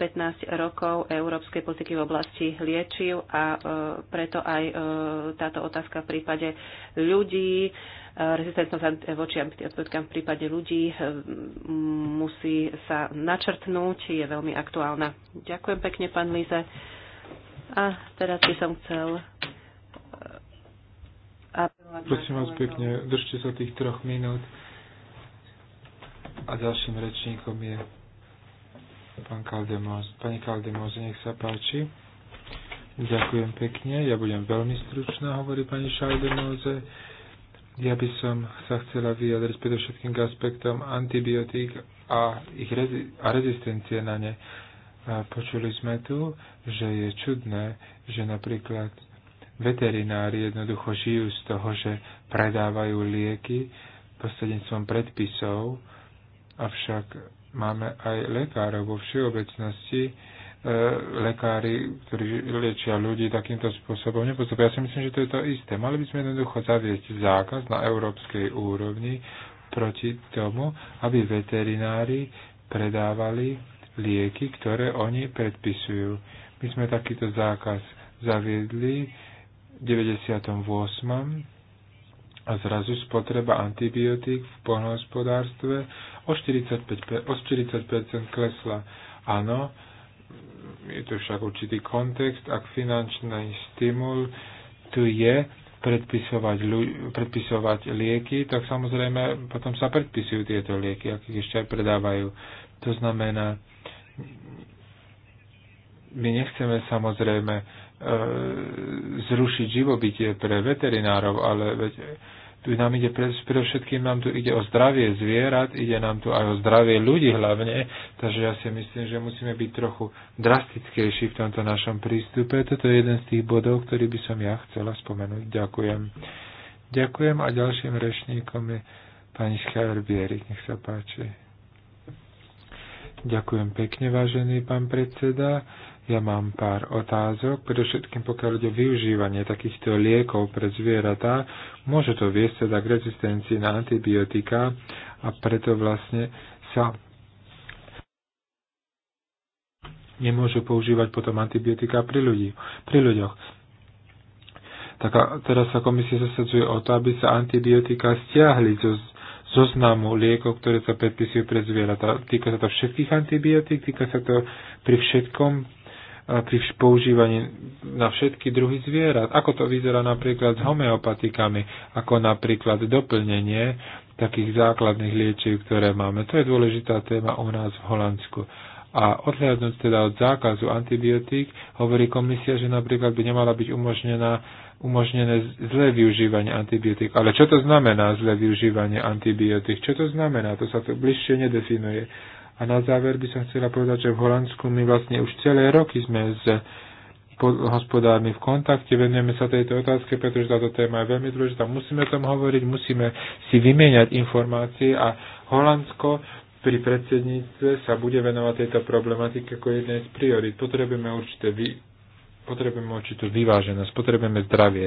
15 e, rokov európskej politiky v oblasti liečiv a e, preto aj táto otázka v prípade ľudí, rezistentnosť voči antibiotikám v prípade ľudí musí sa načrtnúť, je veľmi aktuálna. Ďakujem pekne, pán Lize. A teraz by som chcel Prosím vás pekne, držte sa tých troch minút. A ďalším rečníkom je pán Kaldemoz. Pani Kaldemoz, nech sa páči. Ďakujem pekne. Ja budem veľmi stručná, hovorí pani Šaldemóze. Ja by som sa chcela vyjadriť predovšetkým k aspektom antibiotík a, ich rezi- a rezistencie na ne. A počuli sme tu, že je čudné, že napríklad veterinári jednoducho žijú z toho, že predávajú lieky prostredníctvom predpisov, Avšak máme aj lekárov vo všeobecnosti, e, lekári, ktorí liečia ľudí takýmto spôsobom Nepostupujú. Ja si myslím, že to je to isté. Mali by sme jednoducho zaviesť zákaz na európskej úrovni proti tomu, aby veterinári predávali lieky, ktoré oni predpisujú. My sme takýto zákaz zaviedli v 98 a zrazu spotreba antibiotík v poľnohospodárstve o 45, o 45 klesla. Áno, je to však určitý kontext, ak finančný stimul tu je predpisovať, predpisovať lieky, tak samozrejme potom sa predpisujú tieto lieky, ak ich ešte aj predávajú. To znamená, my nechceme samozrejme E, zrušiť živobytie pre veterinárov, ale veď tu nám ide pre, pre všetkým nám tu ide o zdravie zvierat, ide nám tu aj o zdravie ľudí hlavne, takže ja si myslím, že musíme byť trochu drastickejší v tomto našom prístupe. Toto je jeden z tých bodov, ktorý by som ja chcela spomenúť. Ďakujem. Ďakujem a ďalším rečníkom je pani Schaer bierik nech sa páči. Ďakujem pekne, vážený pán predseda. Ja mám pár otázok, predovšetkým pokiaľ ide o využívanie takýchto liekov pre zvieratá, môže to viesť teda k rezistencii na antibiotika a preto vlastne sa nemôžu používať potom antibiotika pri, ľudí, pri ľuďoch. Tak a teraz sa komisia zasadzuje o to, aby sa antibiotika stiahli zo zoznamu liekov, ktoré sa predpisujú pre zvieratá. Týka sa to všetkých antibiotík, týka sa to pri všetkom, pri používaní na všetky druhy zvierat. Ako to vyzerá napríklad s homeopatikami, ako napríklad doplnenie takých základných liečiv, ktoré máme. To je dôležitá téma u nás v Holandsku. A odhľadnúť teda od zákazu antibiotík, hovorí komisia, že napríklad by nemala byť umožnená, umožnené zlé využívanie antibiotík. Ale čo to znamená zlé využívanie antibiotík? Čo to znamená? To sa tu bližšie nedefinuje. A na záver by som chcela povedať, že v Holandsku my vlastne už celé roky sme s hospodármi v kontakte, venujeme sa tejto otázke, pretože táto téma je veľmi dôležitá. Musíme o tom hovoriť, musíme si vymieňať informácie a Holandsko pri predsedníctve sa bude venovať tejto problematike ako jednej z priorit. Potrebujeme určité vy, potrebujeme určitú vyváženosť, potrebujeme zdravie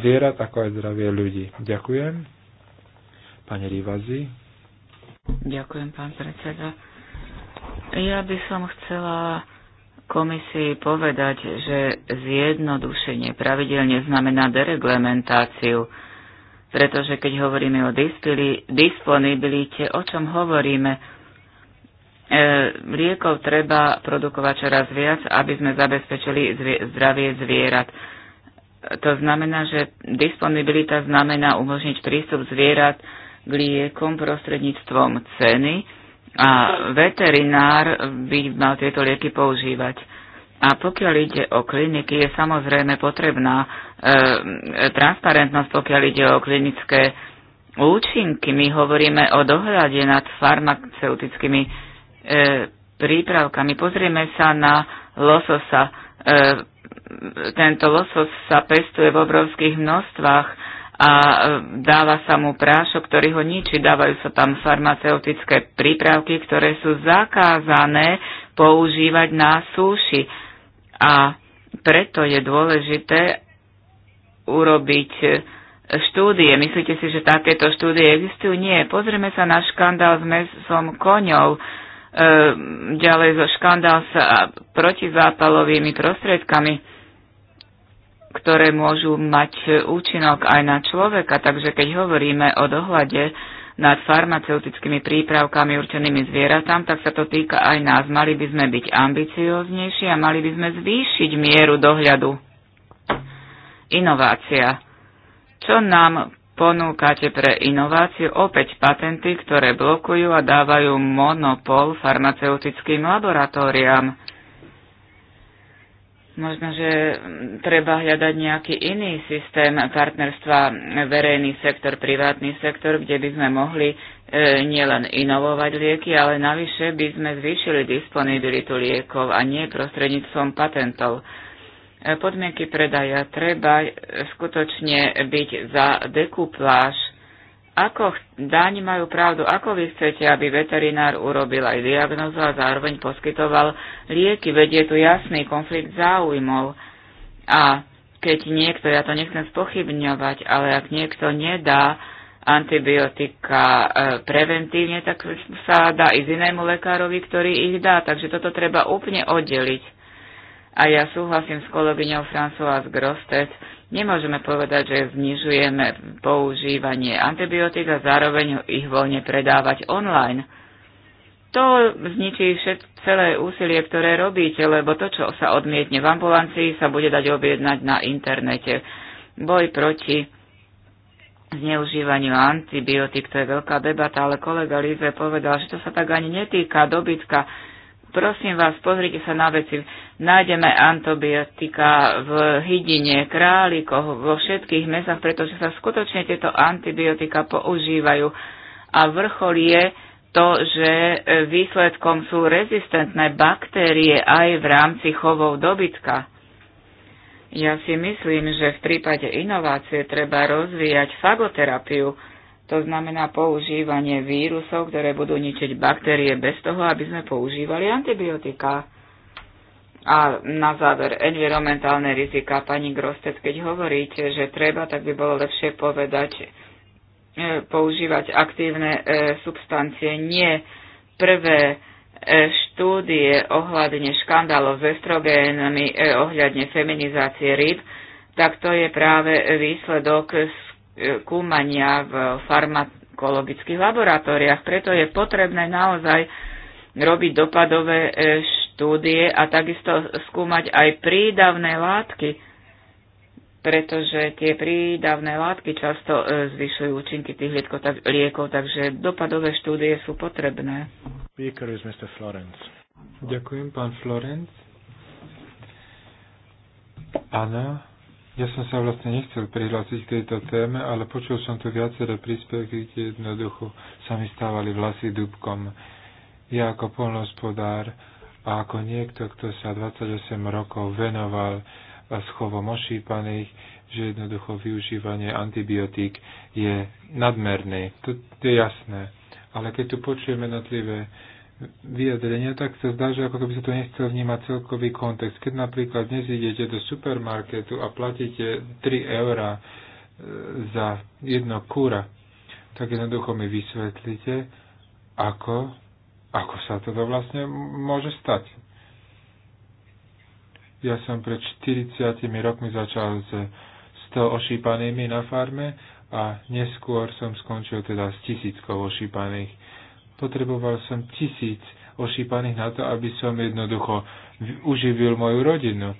zvierat, ako aj zdravie ľudí. Ďakujem. Pane Rivazi. Ďakujem, pán predseda. Ja by som chcela komisii povedať, že zjednodušenie pravidelne znamená dereglementáciu, pretože keď hovoríme o disponibilite, o čom hovoríme, e, liekov treba produkovať čoraz viac, aby sme zabezpečili zvie- zdravie zvierat. To znamená, že disponibilita znamená umožniť prístup zvierat k liekom prostredníctvom ceny a veterinár by mal tieto lieky používať. A pokiaľ ide o kliniky, je samozrejme potrebná e, transparentnosť, pokiaľ ide o klinické účinky. My hovoríme o dohľade nad farmaceutickými e, prípravkami. Pozrieme sa na lososa. E, tento losos sa pestuje v obrovských množstvách a e, dáva sa mu prášok, ktorý ho ničí. Dávajú sa tam farmaceutické prípravky, ktoré sú zakázané používať na súši. A preto je dôležité urobiť e, štúdie. Myslíte si, že takéto štúdie existujú? Nie. Pozrieme sa na škandál s mesom koňov, e, ďalej zo škandál s protizápalovými prostriedkami ktoré môžu mať e, účinok aj na človeka. Takže keď hovoríme o dohľade nad farmaceutickými prípravkami určenými zvieratám, tak sa to týka aj nás. Mali by sme byť ambicioznejší a mali by sme zvýšiť mieru dohľadu. Inovácia. Čo nám ponúkate pre inováciu? Opäť patenty, ktoré blokujú a dávajú monopol farmaceutickým laboratóriám Možno, že mm, treba hľadať nejaký iný systém partnerstva verejný sektor, privátny sektor, kde by sme mohli e, nielen inovovať lieky, ale navyše by sme zvýšili disponibilitu liekov a nie prostredníctvom patentov. E, podmienky predaja treba e, skutočne byť za dekupláž ako dáni majú pravdu, ako vy chcete, aby veterinár urobil aj diagnozu a zároveň poskytoval lieky, vedie tu jasný konflikt záujmov. A keď niekto, ja to nechcem spochybňovať, ale ak niekto nedá antibiotika e, preventívne, tak sa dá i z inému lekárovi, ktorý ich dá. Takže toto treba úplne oddeliť. A ja súhlasím s kolegyňou François Grostet, Nemôžeme povedať, že znižujeme používanie antibiotík a zároveň ich voľne predávať online. To zničí všet, celé úsilie, ktoré robíte, lebo to, čo sa odmietne v ambulancii, sa bude dať objednať na internete. Boj proti zneužívaniu antibiotík, to je veľká debata, ale kolega Líze povedal, že to sa tak ani netýka dobytka, Prosím vás, pozrite sa na veci. Nájdeme antibiotika v hydine, králikoch, vo všetkých mesách, pretože sa skutočne tieto antibiotika používajú. A vrchol je to, že e, výsledkom sú rezistentné baktérie aj v rámci chovov dobytka. Ja si myslím, že v prípade inovácie treba rozvíjať fagoterapiu, to znamená používanie vírusov, ktoré budú ničiť baktérie bez toho, aby sme používali antibiotika. A na záver, environmentálne rizika. Pani Grostec, keď hovoríte, že treba, tak by bolo lepšie povedať, e, používať aktívne e, substancie, nie prvé e, štúdie ohľadne škandálov s estrogénmi, ohľadne feminizácie rýb, tak to je práve výsledok skúmania e, v farmakologických laboratóriách. Preto je potrebné naozaj robiť dopadové e, štúdie a takisto skúmať aj prídavné látky, pretože tie prídavné látky často e, zvyšujú účinky tých liekov, liekov takže dopadové štúdie sú potrebné. Ďakujem, pán Florence. Anna ja som sa vlastne nechcel prihlásiť k tejto téme, ale počul som tu viaceré príspevky, kde jednoducho sa mi stávali vlasy dúbkom. Ja ako polnospodár a ako niekto, kto sa 28 rokov venoval schovom ošípaných, že jednoducho využívanie antibiotík je nadmerné. To je jasné. Ale keď tu počujeme jednotlivé vyjadrenia, tak sa zdá, že ako keby sa to nechcel vnímať celkový kontext. Keď napríklad dnes idete do supermarketu a platíte 3 eurá e, za jedno kúra, tak jednoducho mi vysvetlíte, ako, ako sa toto vlastne môže stať. Ja som pred 40 rokmi začal s 100 ošípanými na farme a neskôr som skončil teda s tisíckou ošípaných Potreboval som tisíc ošípaných na to, aby som jednoducho uživil moju rodinu.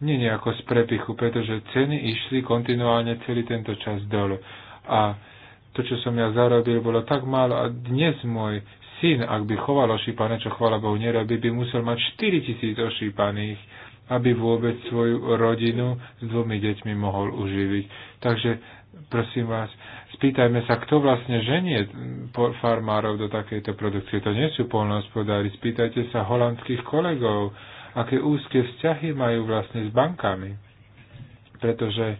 Nie nejako z prepichu, pretože ceny išli kontinuálne celý tento čas dole. A to, čo som ja zarobil, bolo tak málo a dnes môj syn, ak by choval ošípané, čo chvala Bohu nerobí, by musel mať 4 tisíc ošípaných, aby vôbec svoju rodinu s dvomi deťmi mohol uživiť. Takže prosím vás, spýtajme sa, kto vlastne ženie farmárov do takejto produkcie. To nie sú polnohospodári. Spýtajte sa holandských kolegov, aké úzke vzťahy majú vlastne s bankami. Pretože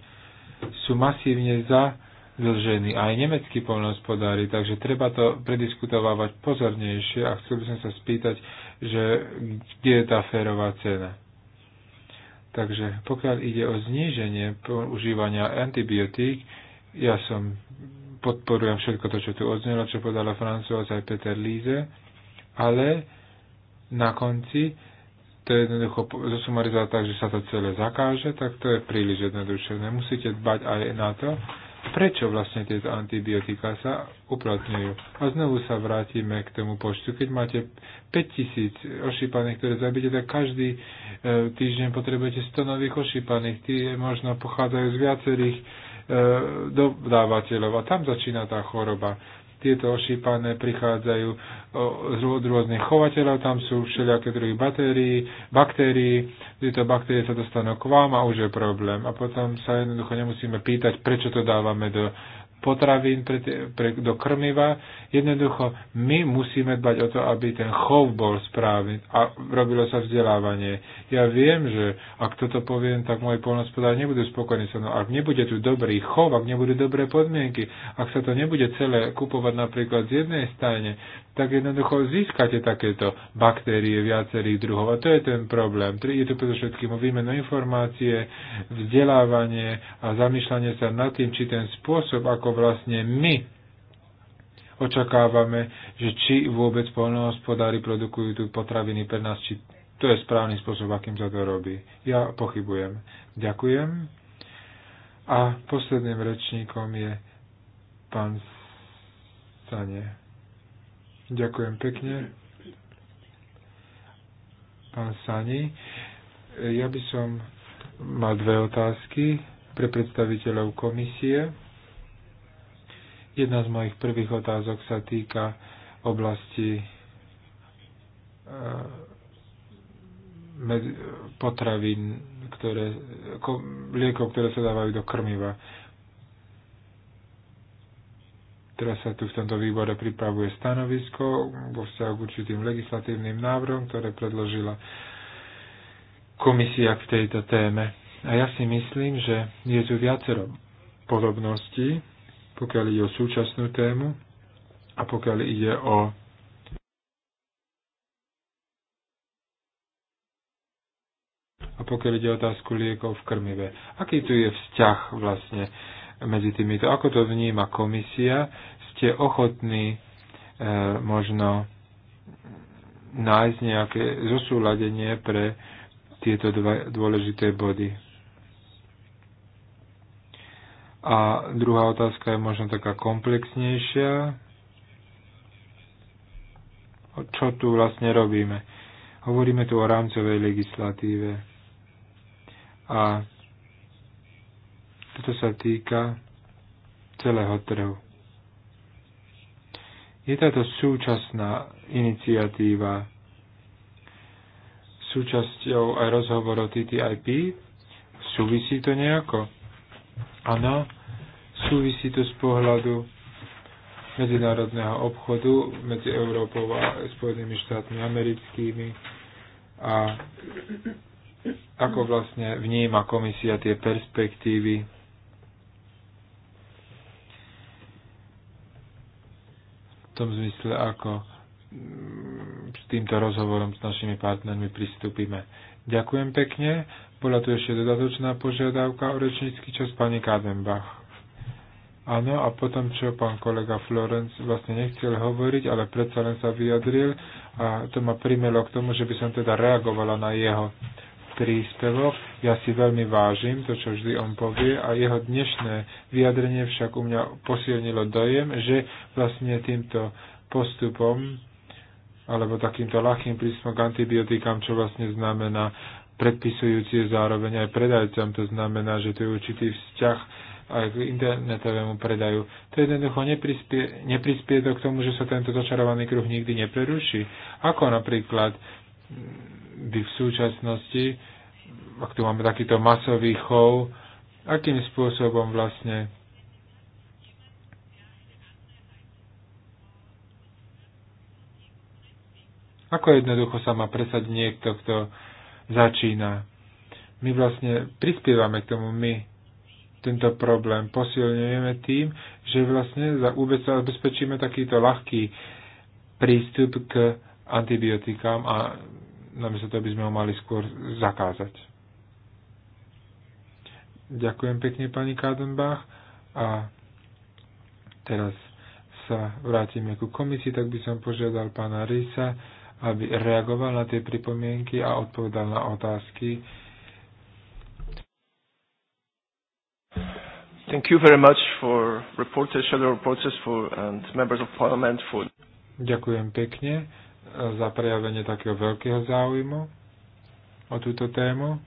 sú masívne zadlžení aj nemeckí polnohospodári, takže treba to prediskutovávať pozornejšie a chcel by som sa spýtať, že kde je tá férová cena. Takže pokiaľ ide o zníženie používania antibiotík, ja som podporujem všetko to, čo tu odznelo, čo podala Francúz aj Peter Líze, ale na konci to je jednoducho zosumarizovať tak, že sa to celé zakáže, tak to je príliš jednoduché. Musíte dbať aj na to, prečo vlastne tieto antibiotika sa uplatňujú. A znovu sa vrátime k tomu počtu. Keď máte 5000 ošípaných, ktoré zabíte, tak každý e, týždeň potrebujete 100 nových ošípaných. Tí možno pochádzajú z viacerých E, dodávateľov. A tam začína tá choroba. Tieto ošípané prichádzajú od rôznych chovateľov, tam sú všelijaké druhy batérií, baktérií, tieto baktérie sa dostanú k vám a už je problém. A potom sa jednoducho nemusíme pýtať, prečo to dávame do potravín pre, pre, do krmiva. Jednoducho, my musíme dbať o to, aby ten chov bol správny a robilo sa vzdelávanie. Ja viem, že ak toto poviem, tak moje polnospodári nebudú spokojní sa. mnou. Ak nebude tu dobrý chov, ak nebudú dobré podmienky, ak sa to nebude celé kupovať napríklad z jednej stajne, tak jednoducho získate takéto baktérie viacerých druhov. A to je ten problém. Je to predovšetkým o výmenu informácie, vzdelávanie a zamýšľanie sa nad tým, či ten spôsob, ako vlastne my očakávame, že či vôbec polnohospodári produkujú tu potraviny pre nás, či to je správny spôsob, akým sa to robí. Ja pochybujem. Ďakujem. A posledným rečníkom je pán Sane. Ďakujem pekne. Pán Sani, ja by som mal dve otázky pre predstaviteľov komisie. Jedna z mojich prvých otázok sa týka oblasti eh, potravín, ktoré, liekov, ktoré sa dávajú do krmiva. Teraz sa tu v tomto výbore pripravuje stanovisko vo vzťahu k určitým legislatívnym návrhom, ktoré predložila komisia k tejto téme. A ja si myslím, že je tu viacero podobností, pokiaľ ide o súčasnú tému a pokiaľ ide o a pokiaľ ide o otázku liekov v krmive. Aký tu je vzťah vlastne medzi týmito. Ako to vníma komisia? Ste ochotní e, možno nájsť nejaké zosúladenie pre tieto dva dôležité body. A druhá otázka je možno taká komplexnejšia. Čo tu vlastne robíme? Hovoríme tu o rámcovej legislatíve. A toto sa týka celého trhu. Je táto súčasná iniciatíva súčasťou aj rozhovoru TTIP? Súvisí to nejako? Áno, súvisí to z pohľadu medzinárodného obchodu medzi Európou a Spojenými štátmi americkými a ako vlastne vníma komisia tie perspektívy tom zmysle, ako mm, s týmto rozhovorom s našimi partnermi pristúpime. Ďakujem pekne. Bola tu ešte dodatočná požiadavka o rečnícky čas pani Kadenbach. Áno, a potom, čo pán kolega Florence vlastne nechcel hovoriť, ale predsa len sa vyjadril a to ma primelo k tomu, že by som teda reagovala na jeho príspevok. Ja si veľmi vážim to, čo vždy on povie a jeho dnešné vyjadrenie však u mňa posilnilo dojem, že vlastne týmto postupom alebo takýmto ľahkým prísmom k antibiotikám, čo vlastne znamená predpisujúci je zároveň aj predajcom, to znamená, že to je určitý vzťah aj k internetovému predaju. To jednoducho neprispie, neprispie to k tomu, že sa tento začarovaný kruh nikdy nepreruší. Ako napríklad by v súčasnosti, ak tu máme takýto masový chov, akým spôsobom vlastne Ako jednoducho sa má presať niekto, kto začína? My vlastne prispievame k tomu my, tento problém posilňujeme tým, že vlastne za vôbec sa zabezpečíme takýto ľahký prístup k antibiotikám a namiesto toho by sme ho mali skôr zakázať. Ďakujem pekne pani Kadenbach a teraz sa vrátime ku komisii, tak by som požiadal pána Risa, aby reagoval na tie pripomienky a odpovedal na otázky. Thank you very much for reporters, shadow reporters for, and members of parliament for... Ďakujem pekne za prejavenie takého veľkého záujmu o túto tému.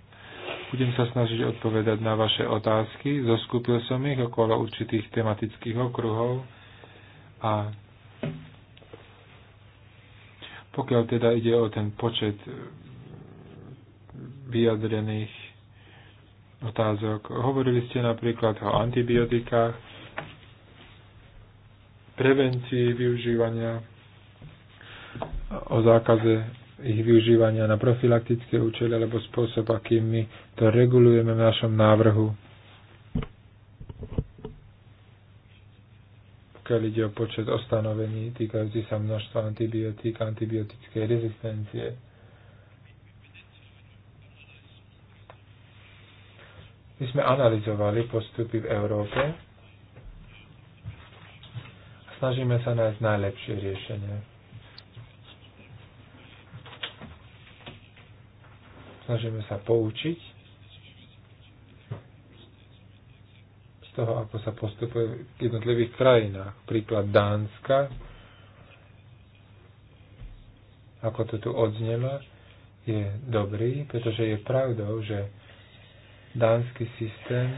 Budem sa snažiť odpovedať na vaše otázky. Zoskúpil som ich okolo určitých tematických okruhov a pokiaľ teda ide o ten počet vyjadrených otázok, hovorili ste napríklad o antibiotikách, prevencii využívania o zákaze ich využívania na profilaktické účely alebo spôsob, akým my to regulujeme v našom návrhu. Pokiaľ ide o počet ostanovení týkajúci sa množstva antibiotík a antibiotickej rezistencie. My sme analyzovali postupy v Európe a snažíme sa nájsť najlepšie riešenie. snažíme sa poučiť z toho, ako sa postupuje v jednotlivých krajinách. Príklad Dánska, ako to tu odznelo, je dobrý, pretože je pravdou, že dánsky systém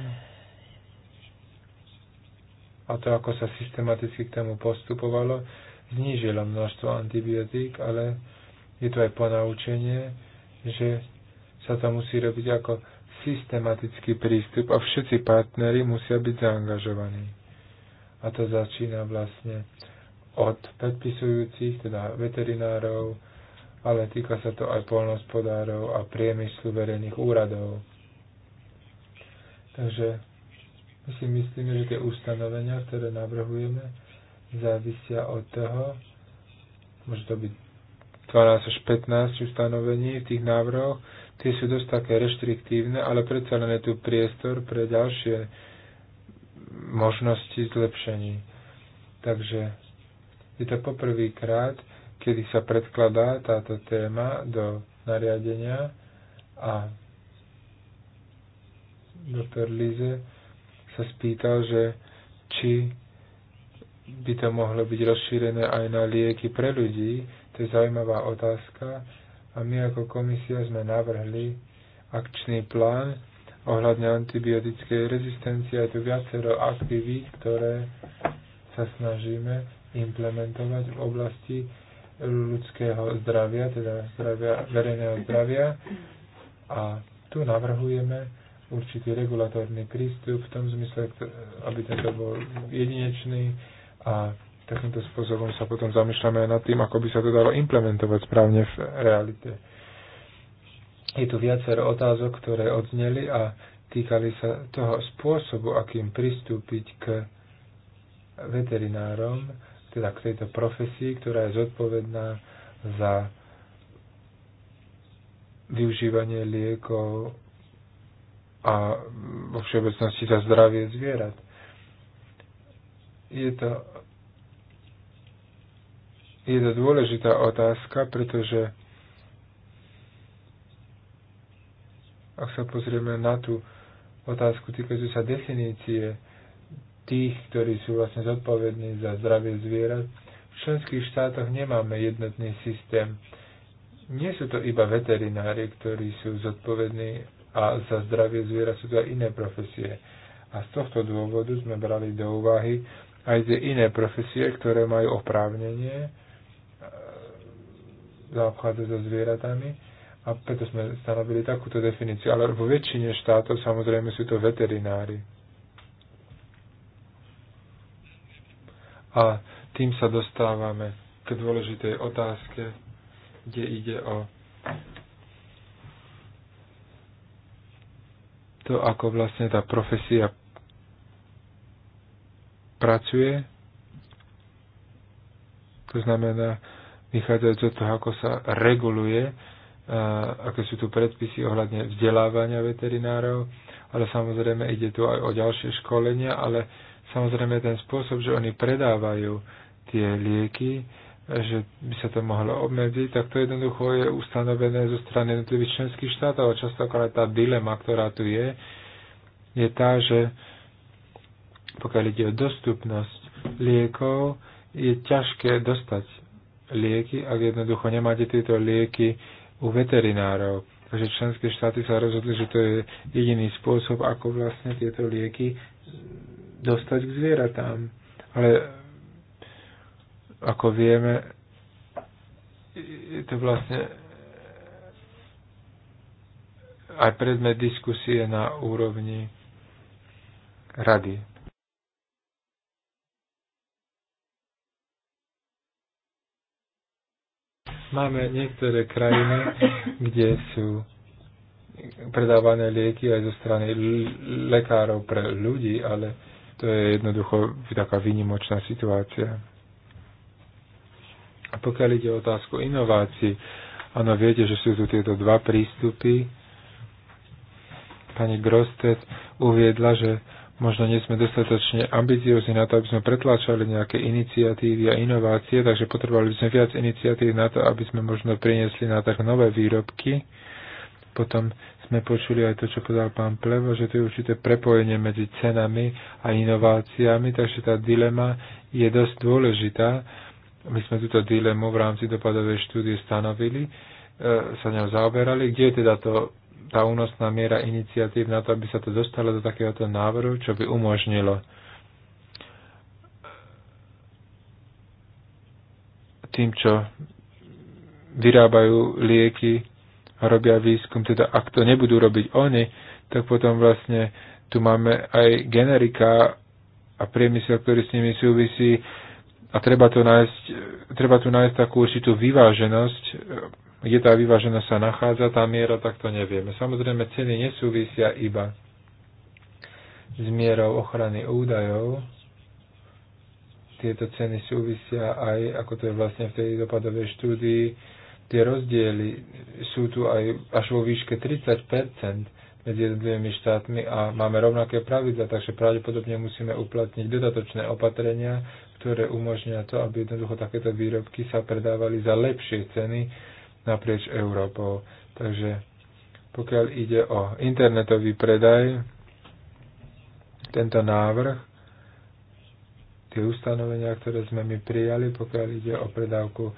a to, ako sa systematicky k tomu postupovalo, znížilo množstvo antibiotík, ale je to aj ponaučenie, že sa to musí robiť ako systematický prístup a všetci partnery musia byť zaangažovaní. A to začína vlastne od predpisujúcich, teda veterinárov, ale týka sa to aj polnospodárov a priemyslu verejných úradov. Takže my si myslíme, že tie ustanovenia, ktoré navrhujeme, závisia od toho, môže to byť 12 až 15 ustanovení v tých návrhoch, tie sú dosť také reštriktívne, ale predsa len je tu priestor pre ďalšie možnosti zlepšení. Takže je to poprvýkrát, kedy sa predkladá táto téma do nariadenia a doktor Lize sa spýtal, že či by to mohlo byť rozšírené aj na lieky pre ľudí. To je zaujímavá otázka a my ako komisia sme navrhli akčný plán ohľadne antibiotickej rezistencie. Je tu viacero aktivít, ktoré sa snažíme implementovať v oblasti ľudského zdravia, teda zdravia, verejného zdravia. A tu navrhujeme určitý regulatórny prístup v tom zmysle, aby tento bol jedinečný a Takýmto spôsobom sa potom zamýšľame aj nad tým, ako by sa to dalo implementovať správne v realite. Je tu viacero otázok, ktoré odzneli a týkali sa toho spôsobu, akým pristúpiť k veterinárom, teda k tejto profesii, ktorá je zodpovedná za využívanie liekov a vo všeobecnosti za zdravie zvierat. Je to je to dôležitá otázka, pretože ak sa pozrieme na tú otázku týkajúcu sa definície tých, ktorí sú vlastne zodpovední za zdravie zvierat, v členských štátoch nemáme jednotný systém. Nie sú to iba veterinári, ktorí sú zodpovední a za zdravie zvierat sú to aj iné profesie. A z tohto dôvodu sme brali do úvahy aj tie iné profesie, ktoré majú oprávnenie zaobchádzať so zvieratami a preto sme stanovili takúto definíciu. Ale vo väčšine štátov samozrejme sú to veterinári. A tým sa dostávame k dôležitej otázke, kde ide o to, ako vlastne tá profesia pracuje. To znamená, vychádzajúc od toho, ako sa reguluje, e, aké sú tu predpisy ohľadne vzdelávania veterinárov, ale samozrejme ide tu aj o ďalšie školenia, ale samozrejme ten spôsob, že oni predávajú tie lieky, že by sa to mohlo obmedziť, tak to jednoducho je ustanovené zo strany jednotlivých členských štátov a častokrát tá dilema, ktorá tu je, je tá, že pokiaľ ide o dostupnosť liekov, je ťažké dostať lieky, ak jednoducho nemáte tieto lieky u veterinárov. Takže členské štáty sa rozhodli, že to je jediný spôsob, ako vlastne tieto lieky dostať k zvieratám. Ale ako vieme, je to vlastne aj predmet diskusie na úrovni rady. Máme niektoré krajiny, kde sú predávané lieky aj zo strany lekárov pre ľudí, ale to je jednoducho taká výnimočná situácia. A pokiaľ ide o otázku inovácií, áno, viete, že sú tu tieto dva prístupy. Pani Grostet uviedla, že možno nie sme dostatočne ambiciozni na to, aby sme pretláčali nejaké iniciatívy a inovácie, takže potrebovali by sme viac iniciatív na to, aby sme možno priniesli na tak nové výrobky. Potom sme počuli aj to, čo povedal pán Plevo, že to je určité prepojenie medzi cenami a inováciami, takže tá dilema je dosť dôležitá. My sme túto dilemu v rámci dopadovej štúdie stanovili, e, sa ňou zaoberali, kde je teda to tá únosná miera iniciatív na to, aby sa to dostalo do takéhoto návrhu, čo by umožnilo tým, čo vyrábajú lieky a robia výskum, teda ak to nebudú robiť oni, tak potom vlastne tu máme aj generika a priemysel, ktorý s nimi súvisí a treba, tu nájsť, treba tu nájsť takú určitú vyváženosť kde tá vyváženosť sa nachádza, tá miera, tak to nevieme. Samozrejme, ceny nesúvisia iba s mierou ochrany údajov. Tieto ceny súvisia aj, ako to je vlastne v tej dopadovej štúdii, tie rozdiely sú tu aj až vo výške 30 medzi jednotlivými štátmi a máme rovnaké pravidla, takže pravdepodobne musíme uplatniť dodatočné opatrenia, ktoré umožnia to, aby jednoducho takéto výrobky sa predávali za lepšie ceny, naprieč Európou. Takže pokiaľ ide o internetový predaj, tento návrh, tie ustanovenia, ktoré sme my prijali, pokiaľ ide o predávku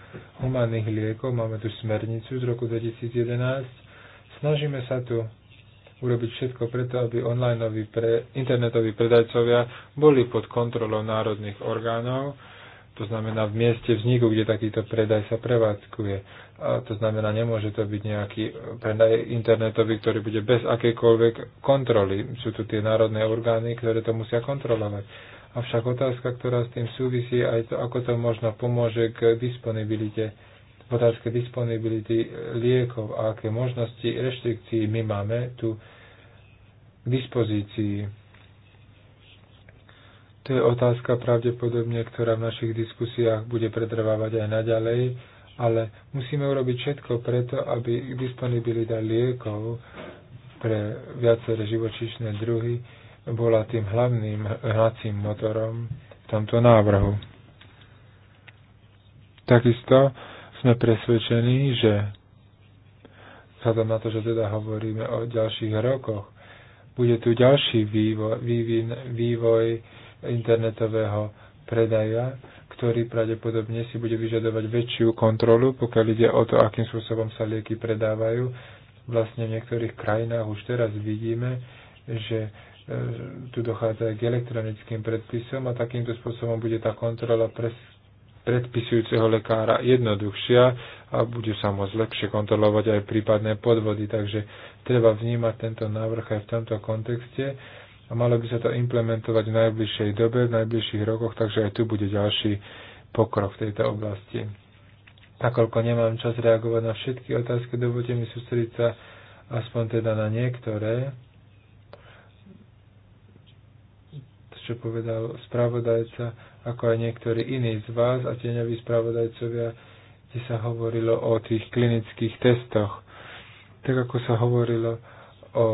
humanných liekov, máme tu smernicu z roku 2011, snažíme sa tu urobiť všetko preto, aby online pre, internetoví predajcovia boli pod kontrolou národných orgánov, to znamená v mieste vzniku, kde takýto predaj sa prevádzkuje. A to znamená, nemôže to byť nejaký predaj internetový, ktorý bude bez akejkoľvek kontroly. Sú tu tie národné orgány, ktoré to musia kontrolovať. Avšak otázka, ktorá s tým súvisí, aj to, ako to možno pomôže k disponibilite, v otázke disponibility e, liekov a aké možnosti reštrikcií my máme tu k dispozícii. To je otázka pravdepodobne, ktorá v našich diskusiách bude pretrvávať aj naďalej ale musíme urobiť všetko preto, aby disponibilita liekov pre viaceré živočíšne druhy bola tým hlavným hnacím motorom v tomto návrhu. Takisto sme presvedčení, že vzhľadom na to, že teda hovoríme o ďalších rokoch, bude tu ďalší vývoj, vývin, vývoj internetového predaja, ktorý pravdepodobne si bude vyžadovať väčšiu kontrolu, pokiaľ ide o to, akým spôsobom sa lieky predávajú. Vlastne v niektorých krajinách už teraz vidíme, že e, tu dochádza aj k elektronickým predpisom a takýmto spôsobom bude tá kontrola pres, predpisujúceho lekára jednoduchšia a bude sa môcť lepšie kontrolovať aj prípadné podvody. Takže treba vnímať tento návrh aj v tomto kontexte a malo by sa to implementovať v najbližšej dobe, v najbližších rokoch, takže aj tu bude ďalší pokrok v tejto oblasti. Nakoľko nemám čas reagovať na všetky otázky, dovolte mi sústrediť sa aspoň teda na niektoré. To, čo povedal spravodajca, ako aj niektorí iní z vás a tieňoví spravodajcovia, kde sa hovorilo o tých klinických testoch. Tak ako sa hovorilo o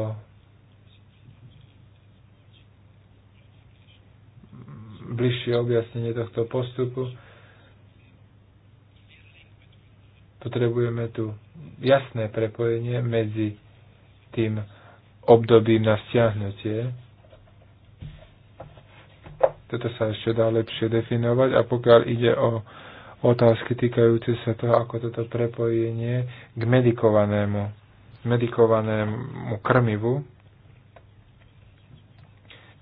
bližšie objasnenie tohto postupu. Potrebujeme tu jasné prepojenie medzi tým obdobím na stiahnutie. Toto sa ešte dá lepšie definovať a pokiaľ ide o otázky týkajúce sa toho, ako toto prepojenie k medikovanému, medikovanému krmivu,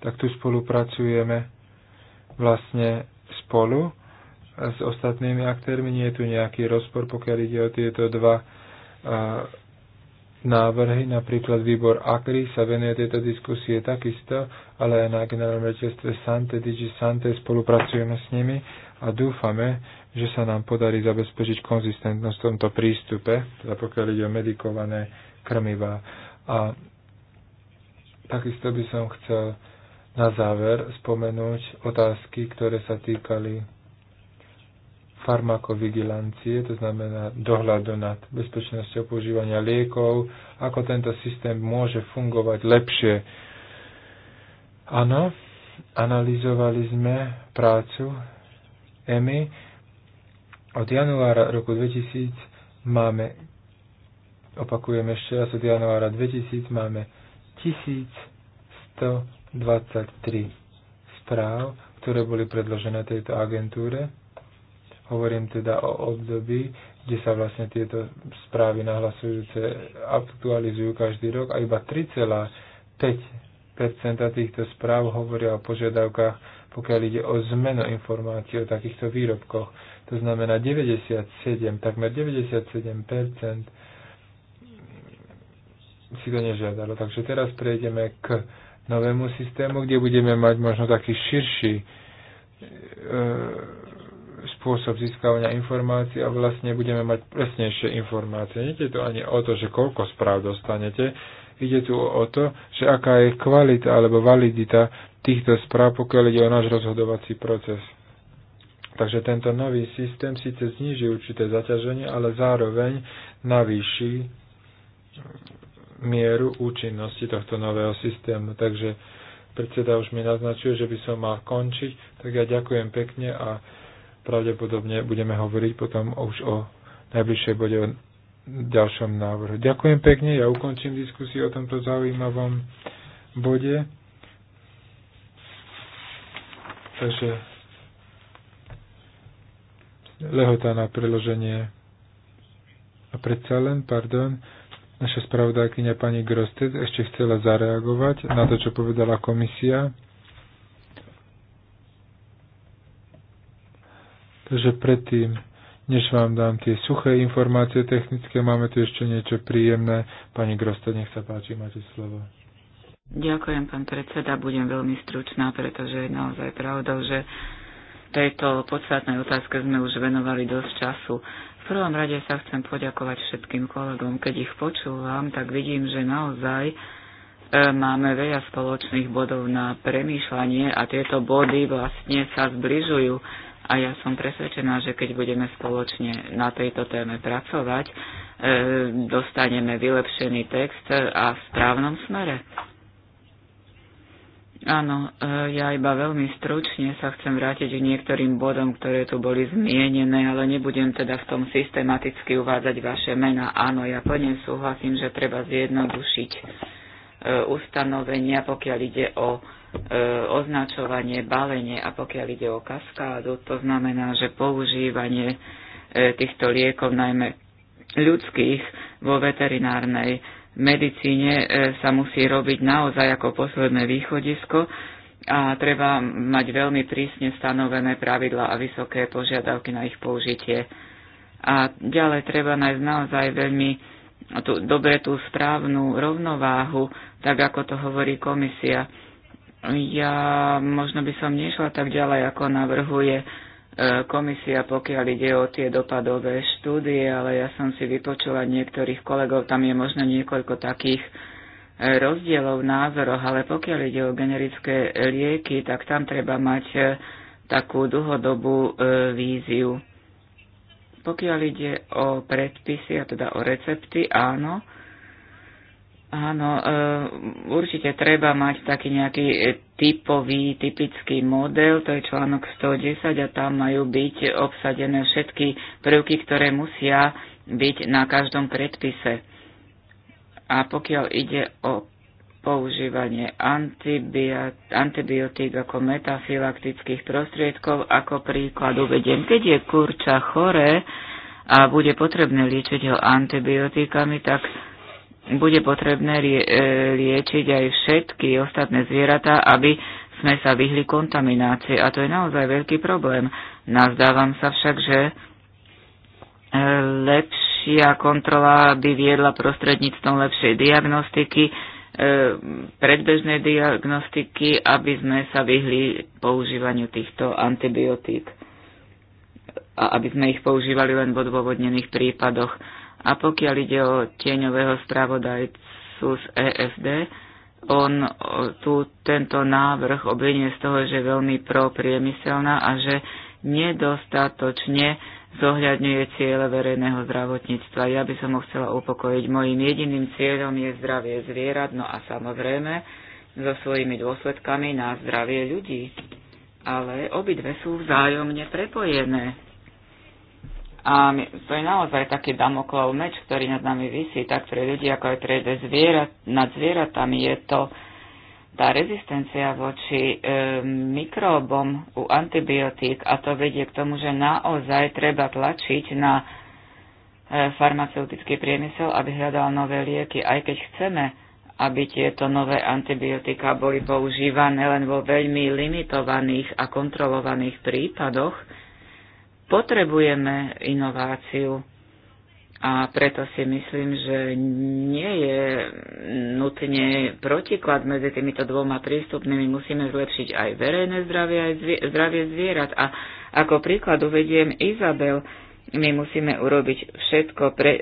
tak tu spolupracujeme vlastne spolu s ostatnými aktérmi. Nie je tu nejaký rozpor, pokiaľ ide o tieto dva návrhy, napríklad výbor AKRI sa venuje tejto diskusie takisto, ale aj na generálnom rečestve Sante, Digi Sante spolupracujeme s nimi a dúfame, že sa nám podarí zabezpečiť konzistentnosť v tomto prístupe, teda pokiaľ ide o medikované krmivá. A takisto by som chcel na záver spomenúť otázky, ktoré sa týkali farmakovigilancie, to znamená dohľadu nad bezpečnosťou používania liekov, ako tento systém môže fungovať lepšie. Áno, analyzovali sme prácu EMI. Od januára roku 2000 máme, opakujem ešte raz, od januára 2000 máme 1100 23 správ, ktoré boli predložené tejto agentúre. Hovorím teda o období, kde sa vlastne tieto správy nahlasujúce aktualizujú každý rok a iba 3,5 týchto správ hovoria o požiadavkách, pokiaľ ide o zmenu informácií o takýchto výrobkoch. To znamená 97, takmer 97 si to nežiadalo. Takže teraz prejdeme k novému systému, kde budeme mať možno taký širší e, spôsob získavania informácií a vlastne budeme mať presnejšie informácie. Nede to ani o to, že koľko správ dostanete, ide tu o to, že aká je kvalita alebo validita týchto správ, pokiaľ ide o náš rozhodovací proces. Takže tento nový systém síce zniží určité zaťaženie, ale zároveň navýši mieru účinnosti tohto nového systému. Takže predseda už mi naznačuje, že by som mal končiť, tak ja ďakujem pekne a pravdepodobne budeme hovoriť potom už o najbližšej bode o ďalšom návrhu. Ďakujem pekne, ja ukončím diskusiu o tomto zaujímavom bode. Takže lehota na preloženie a predsa len, pardon, Naša spravodajkyňa pani Grosted ešte chcela zareagovať na to, čo povedala komisia. Takže predtým, než vám dám tie suché informácie technické, máme tu ešte niečo príjemné. Pani Grosted, nech sa páči, máte slovo. Ďakujem, pán predseda. Budem veľmi stručná, pretože je naozaj pravdou, že tejto podstatnej otázke sme už venovali dosť času prvom rade sa chcem poďakovať všetkým kolegom. Keď ich počúvam, tak vidím, že naozaj e, máme veľa spoločných bodov na premýšľanie a tieto body vlastne sa zbližujú. A ja som presvedčená, že keď budeme spoločne na tejto téme pracovať, e, dostaneme vylepšený text a v správnom smere. Áno, e, ja iba veľmi stručne sa chcem vrátiť k niektorým bodom, ktoré tu boli zmienené, ale nebudem teda v tom systematicky uvádzať vaše mena. Áno, ja plne súhlasím, že treba zjednodušiť e, ustanovenia, pokiaľ ide o e, označovanie, balenie a pokiaľ ide o kaskádu, to znamená, že používanie týchto liekov, najmä ľudských, vo veterinárnej medicíne e, sa musí robiť naozaj ako posledné východisko a treba mať veľmi prísne stanovené pravidla a vysoké požiadavky na ich použitie. A ďalej treba nájsť naozaj veľmi tú, dobre tú správnu rovnováhu, tak ako to hovorí komisia. Ja možno by som nešla tak ďalej, ako navrhuje komisia, pokiaľ ide o tie dopadové štúdie, ale ja som si vypočula niektorých kolegov, tam je možno niekoľko takých e, rozdielov v názoroch, ale pokiaľ ide o generické lieky, tak tam treba mať e, takú dlhodobú e, víziu. Pokiaľ ide o predpisy, a teda o recepty, áno, áno, určite treba mať taký nejaký typový, typický model, to je článok 110 a tam majú byť obsadené všetky prvky, ktoré musia byť na každom predpise. A pokiaľ ide o používanie antibiotík ako metafilaktických prostriedkov, ako príklad uvediem, keď je kurča choré a bude potrebné liečiť ho antibiotikami, tak bude potrebné e, liečiť aj všetky ostatné zvieratá, aby sme sa vyhli kontaminácie A to je naozaj veľký problém. Nazdávam sa však, že e, lepšia kontrola by viedla prostredníctvom lepšej diagnostiky, e, predbežnej diagnostiky, aby sme sa vyhli používaniu týchto antibiotík a aby sme ich používali len v odôvodnených prípadoch. A pokiaľ ide o tieňového spravodajcu z EFD, on e, tu tento návrh obvinie z toho, že je veľmi propriemyselná a že nedostatočne zohľadňuje ciele verejného zdravotníctva. Ja by som ho chcela upokojiť. Mojím jediným cieľom je zdravie zvierat, no a samozrejme so svojimi dôsledkami na zdravie ľudí. Ale obidve sú vzájomne prepojené. A to je naozaj taký damoklov meč, ktorý nad nami vysí, tak pre ľudí, ako aj pre zviera, nad zvieratami je to tá rezistencia voči e, mikróbom u antibiotík a to vedie k tomu, že naozaj treba tlačiť na e, farmaceutický priemysel, aby hľadal nové lieky, aj keď chceme, aby tieto nové antibiotika boli používané len vo veľmi limitovaných a kontrolovaných prípadoch, Potrebujeme inováciu a preto si myslím, že nie je nutne protiklad medzi týmito dvoma prístupnými. Musíme zlepšiť aj verejné zdravie, aj zvie- zdravie zvierat. A ako príklad uvediem Izabel, my musíme urobiť všetko pre,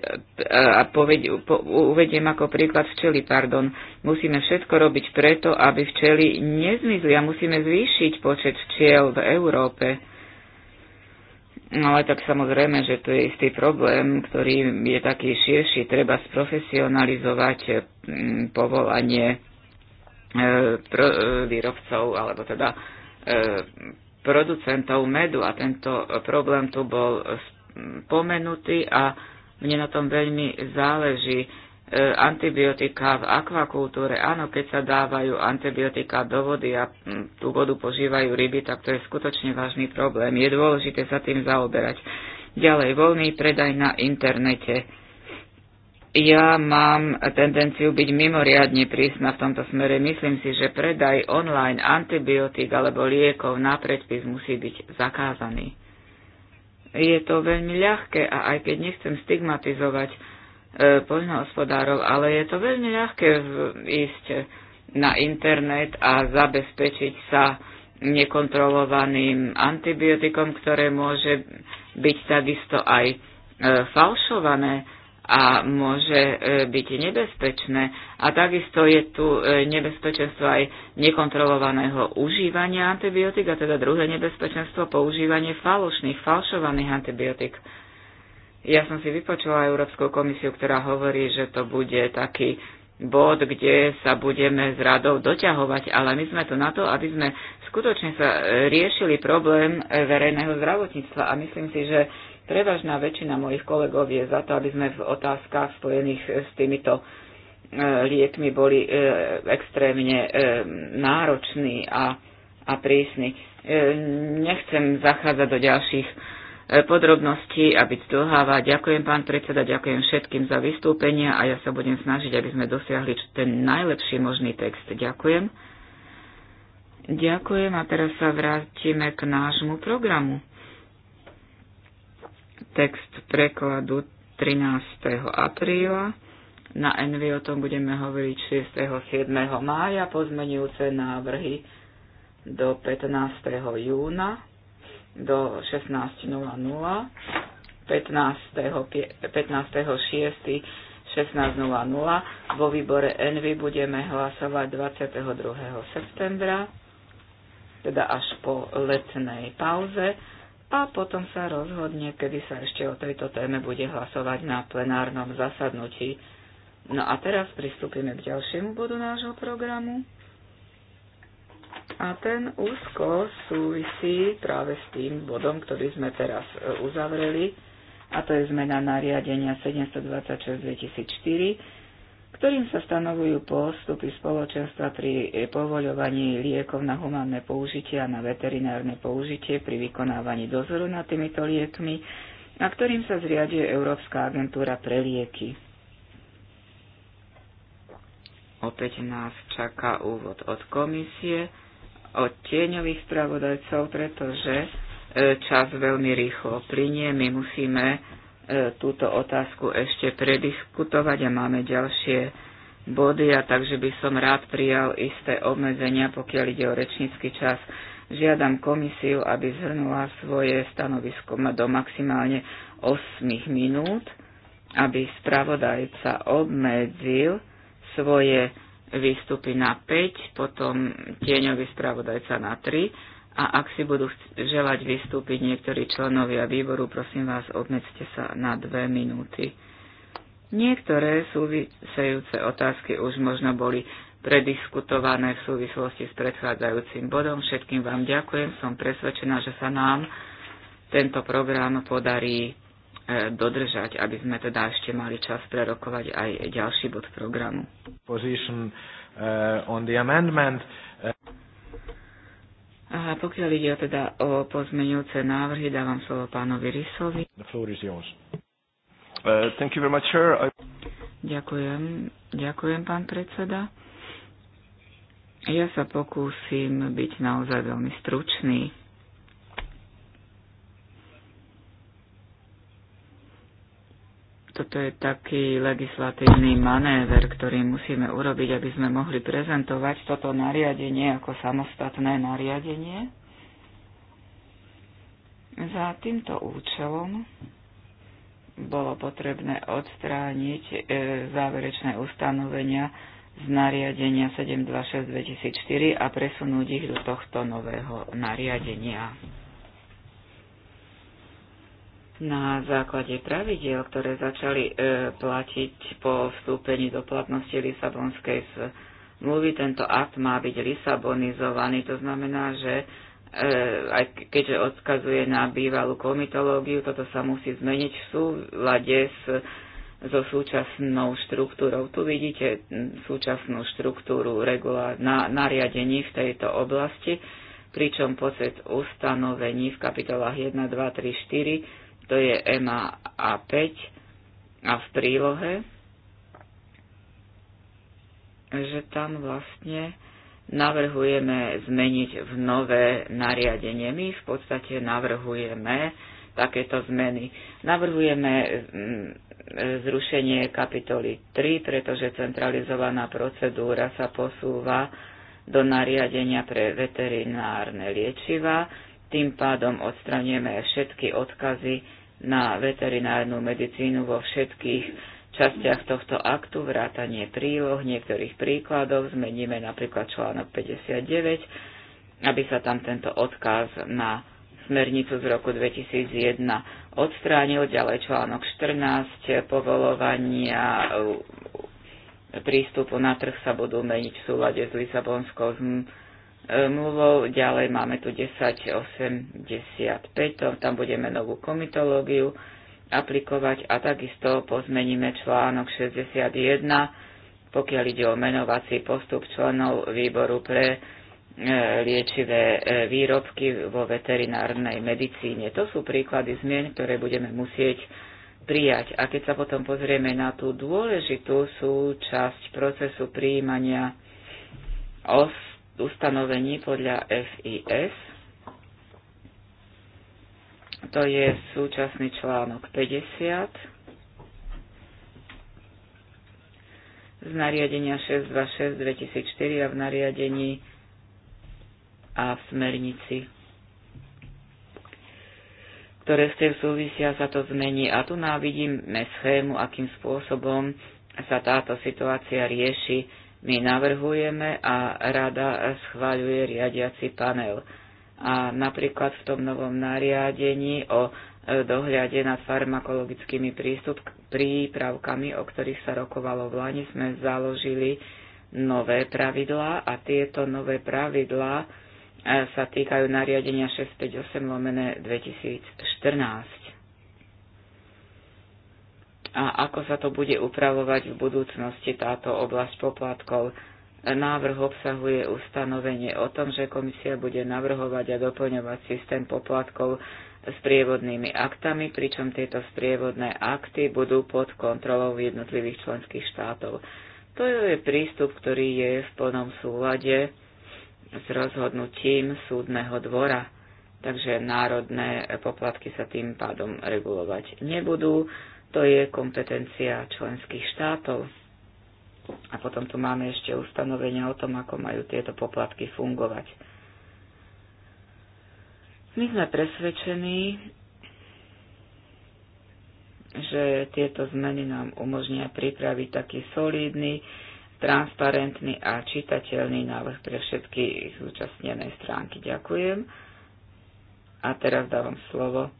a poved, po, uvediem ako príklad včely, pardon. Musíme všetko robiť preto, aby včely nezmizli a musíme zvýšiť počet včiel v Európe. No ale tak samozrejme, že to je istý problém, ktorý je taký širší. Treba sprofesionalizovať mm, povolanie e, e, výrobcov alebo teda e, producentov medu a tento problém tu bol spomenutý a mne na tom veľmi záleží. E, antibiotika v akvakultúre. Áno, keď sa dávajú antibiotika do vody a tú vodu požívajú ryby, tak to je skutočne vážny problém. Je dôležité sa tým zaoberať. Ďalej, voľný predaj na internete. Ja mám tendenciu byť mimoriadne prísna v tomto smere. Myslím si, že predaj online antibiotík alebo liekov na predpis musí byť zakázaný. Je to veľmi ľahké a aj keď nechcem stigmatizovať, E, poľnohospodárov, ale je to veľmi ľahké ísť na internet a zabezpečiť sa nekontrolovaným antibiotikom, ktoré môže byť takisto aj e, falšované a môže e, byť nebezpečné. A takisto je tu nebezpečenstvo aj nekontrolovaného užívania antibiotik a teda druhé nebezpečenstvo používanie falošných, falšovaných antibiotik. Ja som si vypočula Európsku komisiu, ktorá hovorí, že to bude taký bod, kde sa budeme s radou doťahovať, ale my sme to na to, aby sme skutočne sa e, riešili problém e, verejného zdravotníctva a myslím si, že prevažná väčšina mojich kolegov je za to, aby sme v otázkach spojených e, s týmito liekmi boli extrémne nároční a, a prísni. Nechcem zachádzať do ďalších E, podrobnosti a byť zdlháva. Ďakujem, pán predseda, ďakujem všetkým za vystúpenia a ja sa budem snažiť, aby sme dosiahli ten najlepší možný text. Ďakujem. Ďakujem a teraz sa vrátime k nášmu programu. Text prekladu 13. apríla. Na Envy o tom budeme hovoriť 6. 7. mája, pozmenujúce návrhy do 15. júna do 16.00, 15. 15.6. 16.00. Vo výbore Envy budeme hlasovať 22. septembra, teda až po letnej pauze a potom sa rozhodne, kedy sa ešte o tejto téme bude hlasovať na plenárnom zasadnutí. No a teraz pristúpime k ďalšiemu bodu nášho programu. A ten úzko súvisí práve s tým bodom, ktorý sme teraz e, uzavreli, a to je zmena nariadenia 726-2004, ktorým sa stanovujú postupy spoločenstva pri e, povoľovaní liekov na humánne použitie a na veterinárne použitie pri vykonávaní dozoru nad týmito liekmi, a ktorým sa zriaduje Európska agentúra pre lieky. Opäť nás čaká úvod od komisie od tieňových spravodajcov, pretože e, čas veľmi rýchlo plinie. My musíme e, túto otázku ešte prediskutovať a máme ďalšie body a takže by som rád prijal isté obmedzenia, pokiaľ ide o rečnícky čas. Žiadam komisiu, aby zhrnula svoje stanovisko do maximálne 8 minút, aby spravodajca obmedzil svoje výstupy na 5, potom tieňový spravodajca na 3 a ak si budú želať vystúpiť niektorí členovia výboru, prosím vás, obmedzte sa na 2 minúty. Niektoré súvisejúce otázky už možno boli prediskutované v súvislosti s predchádzajúcim bodom. Všetkým vám ďakujem, som presvedčená, že sa nám tento program podarí E, dodržať, aby sme teda ešte mali čas prerokovať aj ďalší bod programu. Position, uh, on the amendment, uh... A pokiaľ ide teda o pozmeňujúce návrhy, dávam slovo pánovi Rysovi. The floor is yours. Uh, thank you very much, sir. I... Ďakujem, ďakujem, pán predseda. Ja sa pokúsim byť naozaj veľmi stručný. toto je taký legislatívny manéver, ktorý musíme urobiť, aby sme mohli prezentovať toto nariadenie ako samostatné nariadenie. Za týmto účelom bolo potrebné odstrániť e, záverečné ustanovenia z nariadenia 726 2004 a presunúť ich do tohto nového nariadenia na základe pravidiel, ktoré začali e, platiť po vstúpení do platnosti Lisabonskej zmluvy, tento akt má byť lisabonizovaný. To znamená, že e, aj keďže odkazuje na bývalú komitológiu, toto sa musí zmeniť v súlade s, so súčasnou štruktúrou. Tu vidíte súčasnú štruktúru na, nariadení v tejto oblasti, pričom počet ustanovení v kapitolách 1, 2, 3, 4 to je EMA A5 a v prílohe, že tam vlastne navrhujeme zmeniť v nové nariadenie. My v podstate navrhujeme takéto zmeny. Navrhujeme mm, zrušenie kapitoly 3, pretože centralizovaná procedúra sa posúva do nariadenia pre veterinárne liečiva. Tým pádom odstranieme všetky odkazy na veterinárnu medicínu vo všetkých častiach tohto aktu, vrátanie príloh, niektorých príkladov, zmeníme napríklad článok 59, aby sa tam tento odkaz na smernicu z roku 2001 odstránil, ďalej článok 14 povolovania prístupu na trh sa budú meniť v súlade s Lisabonskou zmluvou mluvou. Ďalej máme tu 10.85, tam budeme novú komitológiu aplikovať a takisto pozmeníme článok 61, pokiaľ ide o menovací postup členov výboru pre e, liečivé e, výrobky vo veterinárnej medicíne. To sú príklady zmien, ktoré budeme musieť prijať. A keď sa potom pozrieme na tú dôležitú súčasť procesu príjmania os ustanovení podľa FIS. To je súčasný článok 50 z nariadenia 626 2004 a v nariadení a v smernici, ktoré ste v súvisia, sa to zmení. A tu návidíme vidíme schému, akým spôsobom sa táto situácia rieši my navrhujeme a rada schváľuje riadiaci panel. A napríklad v tom novom nariadení o e, dohľade nad farmakologickými prístup, prípravkami, o ktorých sa rokovalo v Lani, sme založili nové pravidlá a tieto nové pravidlá e, sa týkajú nariadenia 658 lomené 2014 a ako sa to bude upravovať v budúcnosti táto oblasť poplatkov. Návrh obsahuje ustanovenie o tom, že komisia bude navrhovať a doplňovať systém poplatkov s prievodnými aktami, pričom tieto sprievodné akty budú pod kontrolou jednotlivých členských štátov. To je prístup, ktorý je v plnom súlade s rozhodnutím súdneho dvora, takže národné poplatky sa tým pádom regulovať nebudú to je kompetencia členských štátov. A potom tu máme ešte ustanovenia o tom, ako majú tieto poplatky fungovať. My sme presvedčení, že tieto zmeny nám umožnia pripraviť taký solídny, transparentný a čitateľný návrh pre všetky zúčastnené stránky. Ďakujem. A teraz dávam slovo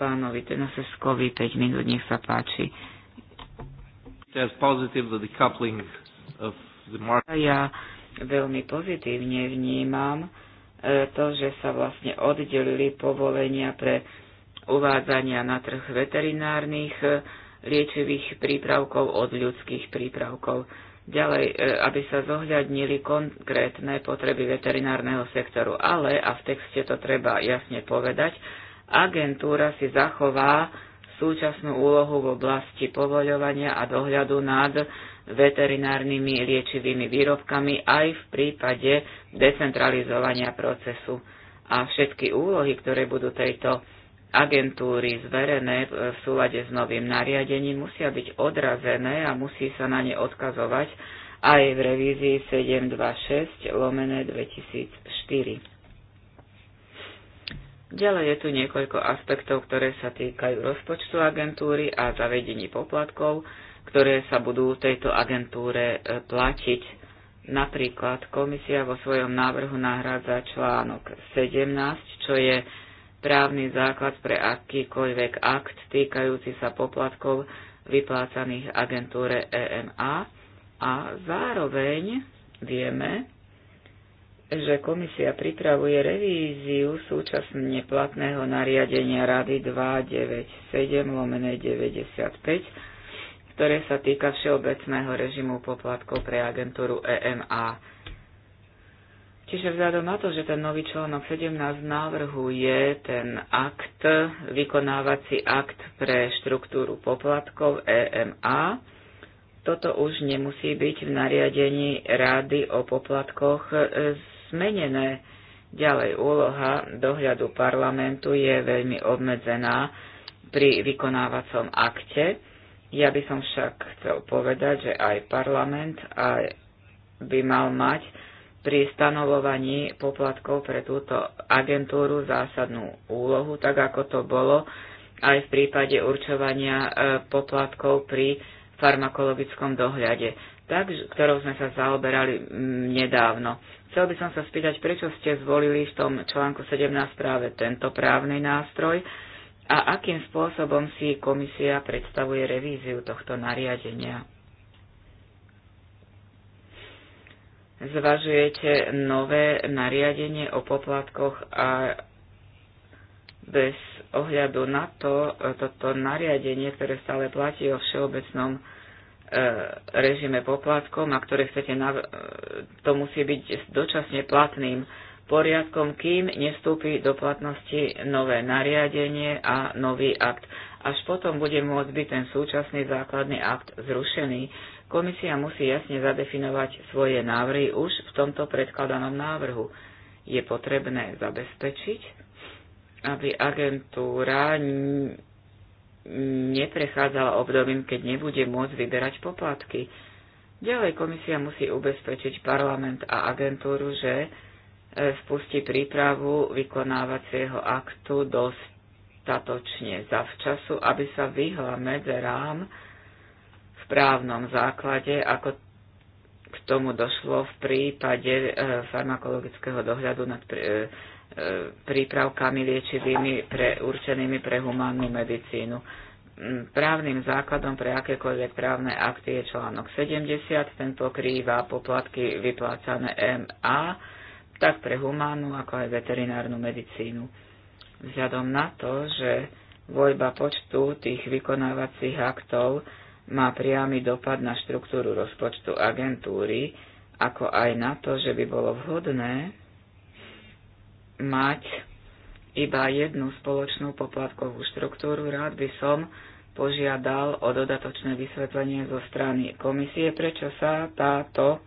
pánovi ten Tenaseskovi 5 minút, nech sa páči. Ja veľmi pozitívne vnímam e, to, že sa vlastne oddelili povolenia pre uvádzania na trh veterinárnych e, liečivých prípravkov od ľudských prípravkov. Ďalej, e, aby sa zohľadnili konkrétne potreby veterinárneho sektoru. Ale, a v texte to treba jasne povedať, agentúra si zachová súčasnú úlohu v oblasti povoľovania a dohľadu nad veterinárnymi liečivými výrobkami aj v prípade decentralizovania procesu. A všetky úlohy, ktoré budú tejto agentúry zverené v súlade s novým nariadením, musia byť odrazené a musí sa na ne odkazovať aj v revízii 726 lomené 2004. Ďalej je tu niekoľko aspektov, ktoré sa týkajú rozpočtu agentúry a zavedení poplatkov, ktoré sa budú tejto agentúre e, platiť. Napríklad komisia vo svojom návrhu nahrádza článok 17, čo je právny základ pre akýkoľvek akt týkajúci sa poplatkov vyplácaných agentúre EMA a zároveň vieme, že komisia pripravuje revíziu súčasne platného nariadenia Rady 297 lomené 95, ktoré sa týka všeobecného režimu poplatkov pre agentúru EMA. Čiže vzhľadom na to, že ten nový článok 17 návrhu je ten akt, vykonávací akt pre štruktúru poplatkov EMA, toto už nemusí byť v nariadení Rady o poplatkoch z zmenené. Ďalej úloha dohľadu parlamentu je veľmi obmedzená pri vykonávacom akte. Ja by som však chcel povedať, že aj parlament aj by mal mať pri stanovovaní poplatkov pre túto agentúru zásadnú úlohu, tak ako to bolo aj v prípade určovania e, poplatkov pri farmakologickom dohľade, tak, ktorou sme sa zaoberali nedávno. Chcel by som sa spýtať, prečo ste zvolili v tom článku 17 práve tento právny nástroj a akým spôsobom si komisia predstavuje revíziu tohto nariadenia. Zvažujete nové nariadenie o poplatkoch a bez ohľadu na to, toto nariadenie, ktoré stále platí o všeobecnom E, režime poplatkom a ktoré chcete, nav- e, to musí byť dočasne platným poriadkom, kým nestúpi do platnosti nové nariadenie a nový akt. Až potom bude môcť byť ten súčasný základný akt zrušený. Komisia musí jasne zadefinovať svoje návrhy už v tomto predkladanom návrhu. Je potrebné zabezpečiť, aby agentúra neprechádzala obdobím, keď nebude môcť vyberať poplatky. Ďalej komisia musí ubezpečiť parlament a agentúru, že e, spustí prípravu vykonávacieho aktu dostatočne zavčasu, aby sa vyhla medzerám v právnom základe, ako k tomu došlo v prípade e, farmakologického dohľadu nad e, prípravkami liečivými pre, určenými pre humánnu medicínu. Mm, právnym základom pre akékoľvek právne akty je článok 70, ten pokrýva poplatky vyplácané MA, tak pre humánnu ako aj veterinárnu medicínu. Vzhľadom na to, že voľba počtu tých vykonávacích aktov má priamy dopad na štruktúru rozpočtu agentúry, ako aj na to, že by bolo vhodné mať iba jednu spoločnú poplatkovú štruktúru. Rád by som požiadal o dodatočné vysvetlenie zo strany komisie, prečo sa táto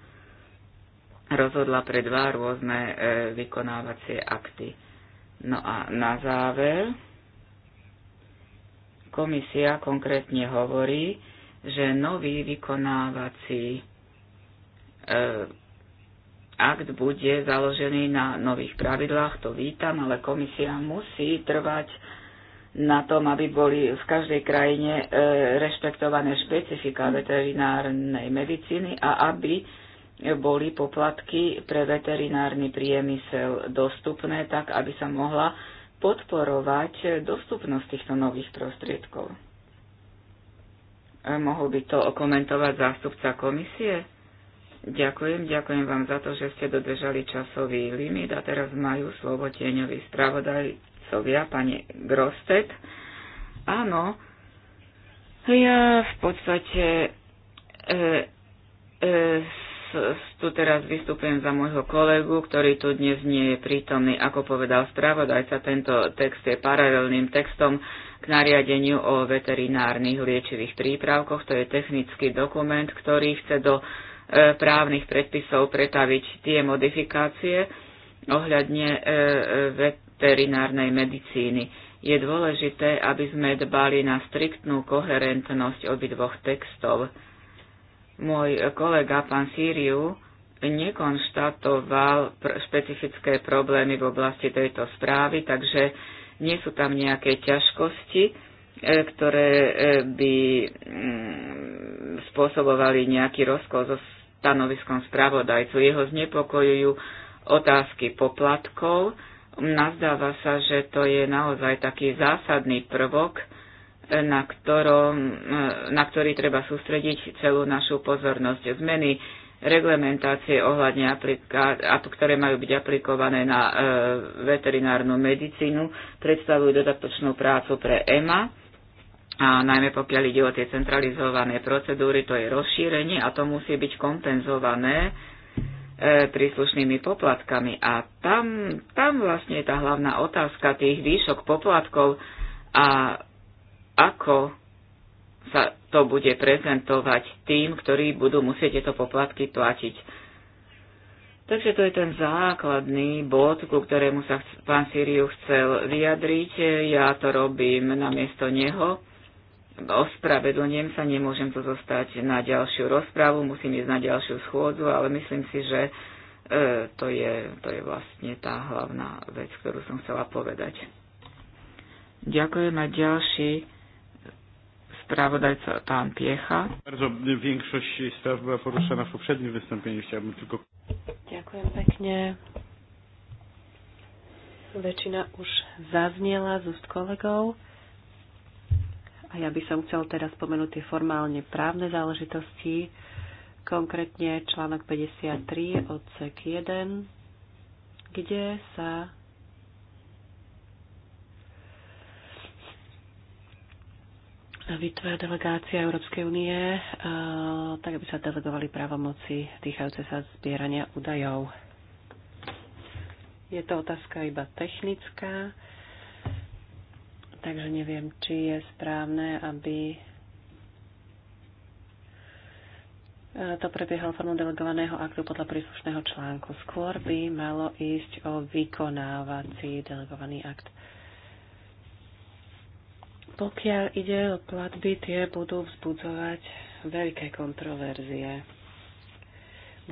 rozhodla pre dva rôzne e, vykonávacie akty. No a na záver komisia konkrétne hovorí, že nový vykonávací e, akt bude založený na nových pravidlách, to vítam, ale komisia musí trvať na tom, aby boli v každej krajine e, rešpektované špecifika veterinárnej medicíny a aby boli poplatky pre veterinárny priemysel dostupné, tak aby sa mohla podporovať dostupnosť týchto nových prostriedkov. E, mohol by to komentovať zástupca komisie? Ďakujem, ďakujem vám za to, že ste dodržali časový limit a teraz majú slovo tieňoví spravodajcovia, pani Grostet. Áno, ja v podstate e, e, s, tu teraz vystupujem za môjho kolegu, ktorý tu dnes nie je prítomný, ako povedal spravodajca. Tento text je paralelným textom k nariadeniu o veterinárnych liečivých prípravkoch. To je technický dokument, ktorý chce do E, právnych predpisov pretaviť tie modifikácie ohľadne e, e, veterinárnej medicíny. Je dôležité, aby sme dbali na striktnú koherentnosť obidvoch textov. Môj kolega pán Sýriu nekonštatoval špecifické problémy v oblasti tejto správy, takže nie sú tam nejaké ťažkosti ktoré by mm, spôsobovali nejaký rozkol zo stanoviskom spravodajcu. Jeho znepokojujú otázky poplatkov. Nazdáva sa, že to je naozaj taký zásadný prvok, na, ktorom, na ktorý treba sústrediť celú našu pozornosť. Zmeny reglementácie ohľadne, apliká- ktoré majú byť aplikované na e, veterinárnu medicínu, predstavujú dodatočnú prácu pre EMA a najmä pokiaľ ide o tie centralizované procedúry, to je rozšírenie a to musí byť kompenzované e, príslušnými poplatkami. A tam, tam vlastne je tá hlavná otázka tých výšok poplatkov a ako sa to bude prezentovať tým, ktorí budú musieť tieto poplatky platiť. Takže to je ten základný bod, ku ktorému sa pán Siriu chcel vyjadriť. Ja to robím na miesto neho ospravedlňujem sa, nemôžem to zostať na ďalšiu rozprávu, musím ísť na ďalšiu schôdzu, ale myslím si, že e, to, je, to je vlastne tá hlavná vec, ktorú som chcela povedať. Ďakujem na ďalší spravodajca tam Piecha. Bardzo większość spraw była poruszana w poprzednim wystąpieniu, chciałbym tylko... Ďakujem pekne. Väčšina už zaznela z úst kolegov. A ja by som chcel teraz spomenúť tie formálne právne záležitosti, konkrétne článok 53 odsek 1, kde sa vytvára delegácia Európskej únie, e, tak aby sa delegovali právomoci týkajúce sa zbierania údajov. Je to otázka iba technická. Takže neviem, či je správne, aby e, to prebiehalo formou delegovaného aktu podľa príslušného článku. Skôr by malo ísť o vykonávací delegovaný akt. Pokiaľ ide o platby, tie budú vzbudzovať veľké kontroverzie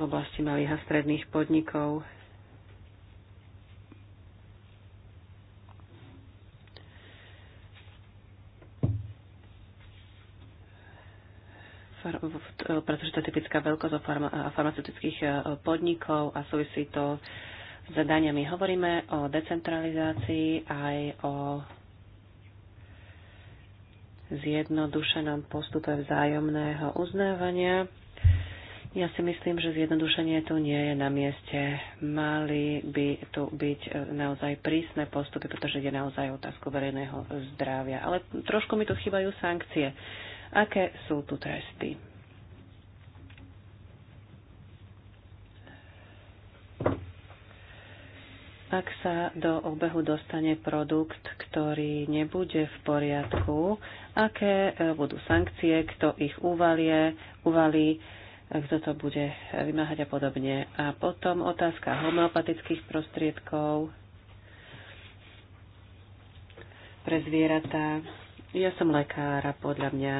v oblasti malých a stredných podnikov. pretože to je typická veľkosť farmaceutických e, podnikov a súvisí to s zadaniami. Hovoríme o decentralizácii aj o zjednodušenom postupe vzájomného uznávania. Ja si myslím, že zjednodušenie tu nie je na mieste. Mali by tu byť e, naozaj prísne postupy, pretože ide naozaj otázku verejného zdravia. Ale trošku mi tu chýbajú sankcie. Uh, aké sú tu tresty. Ak sa do obehu dostane produkt, ktorý nebude v poriadku, aké e, budú sankcie, kto ich uvalie, uvalí, e, kto to bude vymáhať a podobne. A potom otázka homeopatických prostriedkov pre zvieratá. Ja som lekár a podľa mňa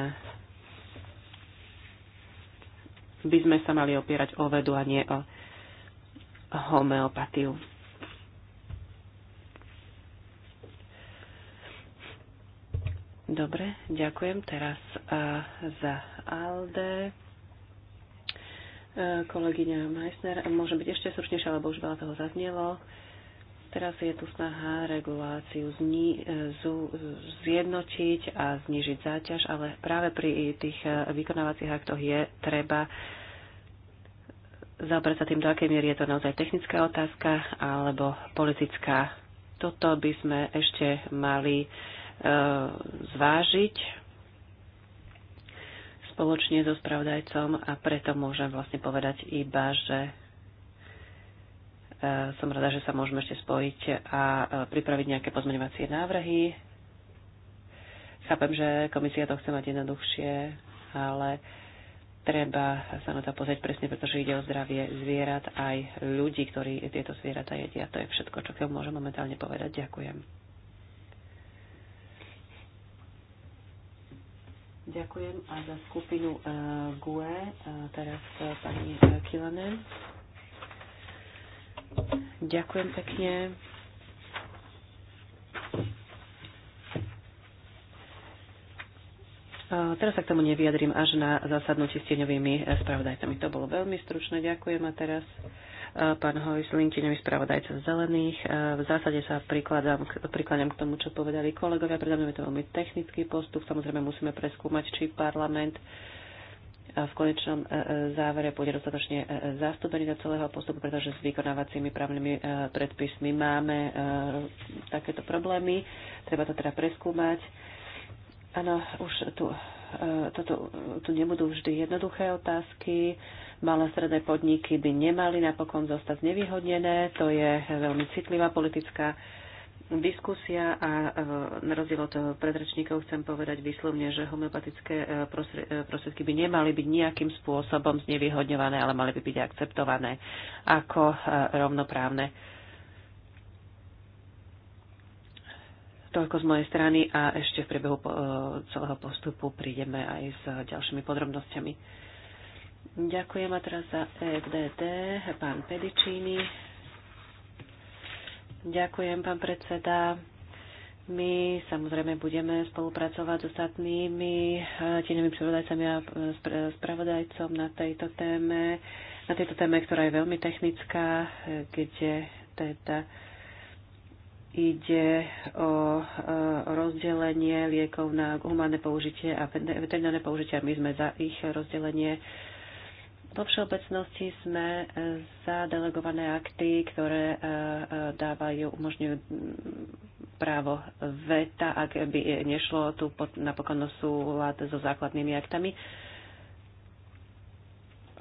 by sme sa mali opierať o vedu a nie o homeopatiu. Dobre, ďakujem teraz za Alde. Kolegyňa Meissner, môže byť ešte slušnejšia, lebo už veľa toho zaznelo. Teraz je tu snaha reguláciu zni- e, zu- zjednočiť a znižiť záťaž, ale práve pri tých e, vykonávacích aktoch je treba zaobrať sa tým, do akej miery je to naozaj technická otázka alebo politická. Toto by sme ešte mali e, zvážiť spoločne so spravodajcom a preto môžem vlastne povedať iba, že E, som rada, že sa môžeme ešte spojiť a e, pripraviť nejaké pozmeňovacie návrhy. Chápem, že komisia to chce mať jednoduchšie, ale treba sa na to pozrieť presne, pretože ide o zdravie zvierat aj ľudí, ktorí tieto zvieratá jedia. To je všetko, čo keď môžem momentálne povedať. Ďakujem. Ďakujem a za skupinu uh, e, GUE, uh, teraz uh, pani uh, Kilanen. Ďakujem pekne. Teraz sa k tomu nevyjadrím až na zasadnutí s tieňovými spravodajcami. To bolo veľmi stručné, ďakujem. A teraz pán Hojslin, tieňový spravodajca z Zelených. V zásade sa prikladám, k tomu, čo povedali kolegovia. Predávame to veľmi technický postup. Samozrejme musíme preskúmať, či parlament uh, v konečnom e, e, závere bude dostatočne e, zastúpený do celého postupu, pretože s vykonávacími právnymi predpismi máme takéto problémy. Treba to teda preskúmať. Áno, už tu, toto, tu nebudú vždy jednoduché otázky. Malé stredné podniky by nemali napokon zostať znevýhodnené. To je veľmi citlivá politická diskusia a e, na rozdiel od e, predrečníkov chcem povedať výslovne, že homeopatické e, prostriedky by nemali byť nejakým spôsobom znevýhodňované, ale mali by byť akceptované ako rovnoprávne. Toľko z mojej strany a ešte v priebehu celého postupu prídeme aj s ďalšími podrobnosťami. Ďakujem a teraz za FDT, pán Pedičíny. Ďakujem, pán predseda. My samozrejme budeme spolupracovať s ostatnými eh, tieňovými spravodajcami a eh, spravodajcom na tejto téme, na tejto téme, ktorá je veľmi technická, eh, kde teda ide o, rozdelenie liekov na humánne použitie a veterinárne použitie. My sme za ich rozdelenie vo všeobecnosti sme e, za delegované akty, ktoré e, e, dávajú, umožňujú mm, právo veta, ak by nešlo tu napokon súlad so základnými aktami.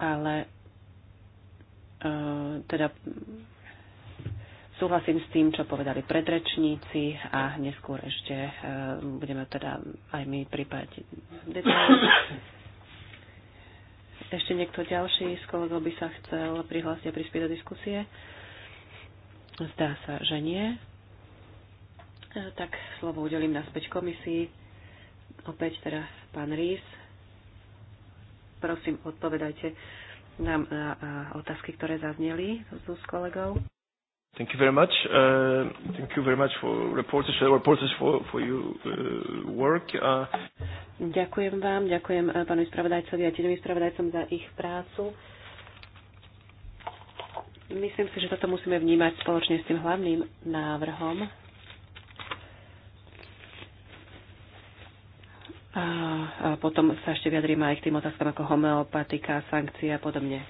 Ale teda súhlasím s tým, čo povedali predrečníci a neskôr ešte budeme teda aj my prípadať detaily. Ešte niekto ďalší z kolegov by sa chcel prihlásiť a prispieť do diskusie? Zdá sa, že nie. E, tak slovo udelím naspäť komisii. Opäť teda pán Rís. Prosím, odpovedajte nám na otázky, ktoré zazneli s kolegov. Thank you very much. Uh, thank you very much for reporters, uh, reporters for, for your uh, work. Uh... Ďakujem vám, ďakujem uh, pánovi spravodajcovi a tieňovým spravodajcom za ich prácu. Myslím si, že toto musíme vnímať spoločne s tým hlavným návrhom. A potom sa ešte vyjadrím aj k tým otázkam ako homeopatika, sankcie a podobne.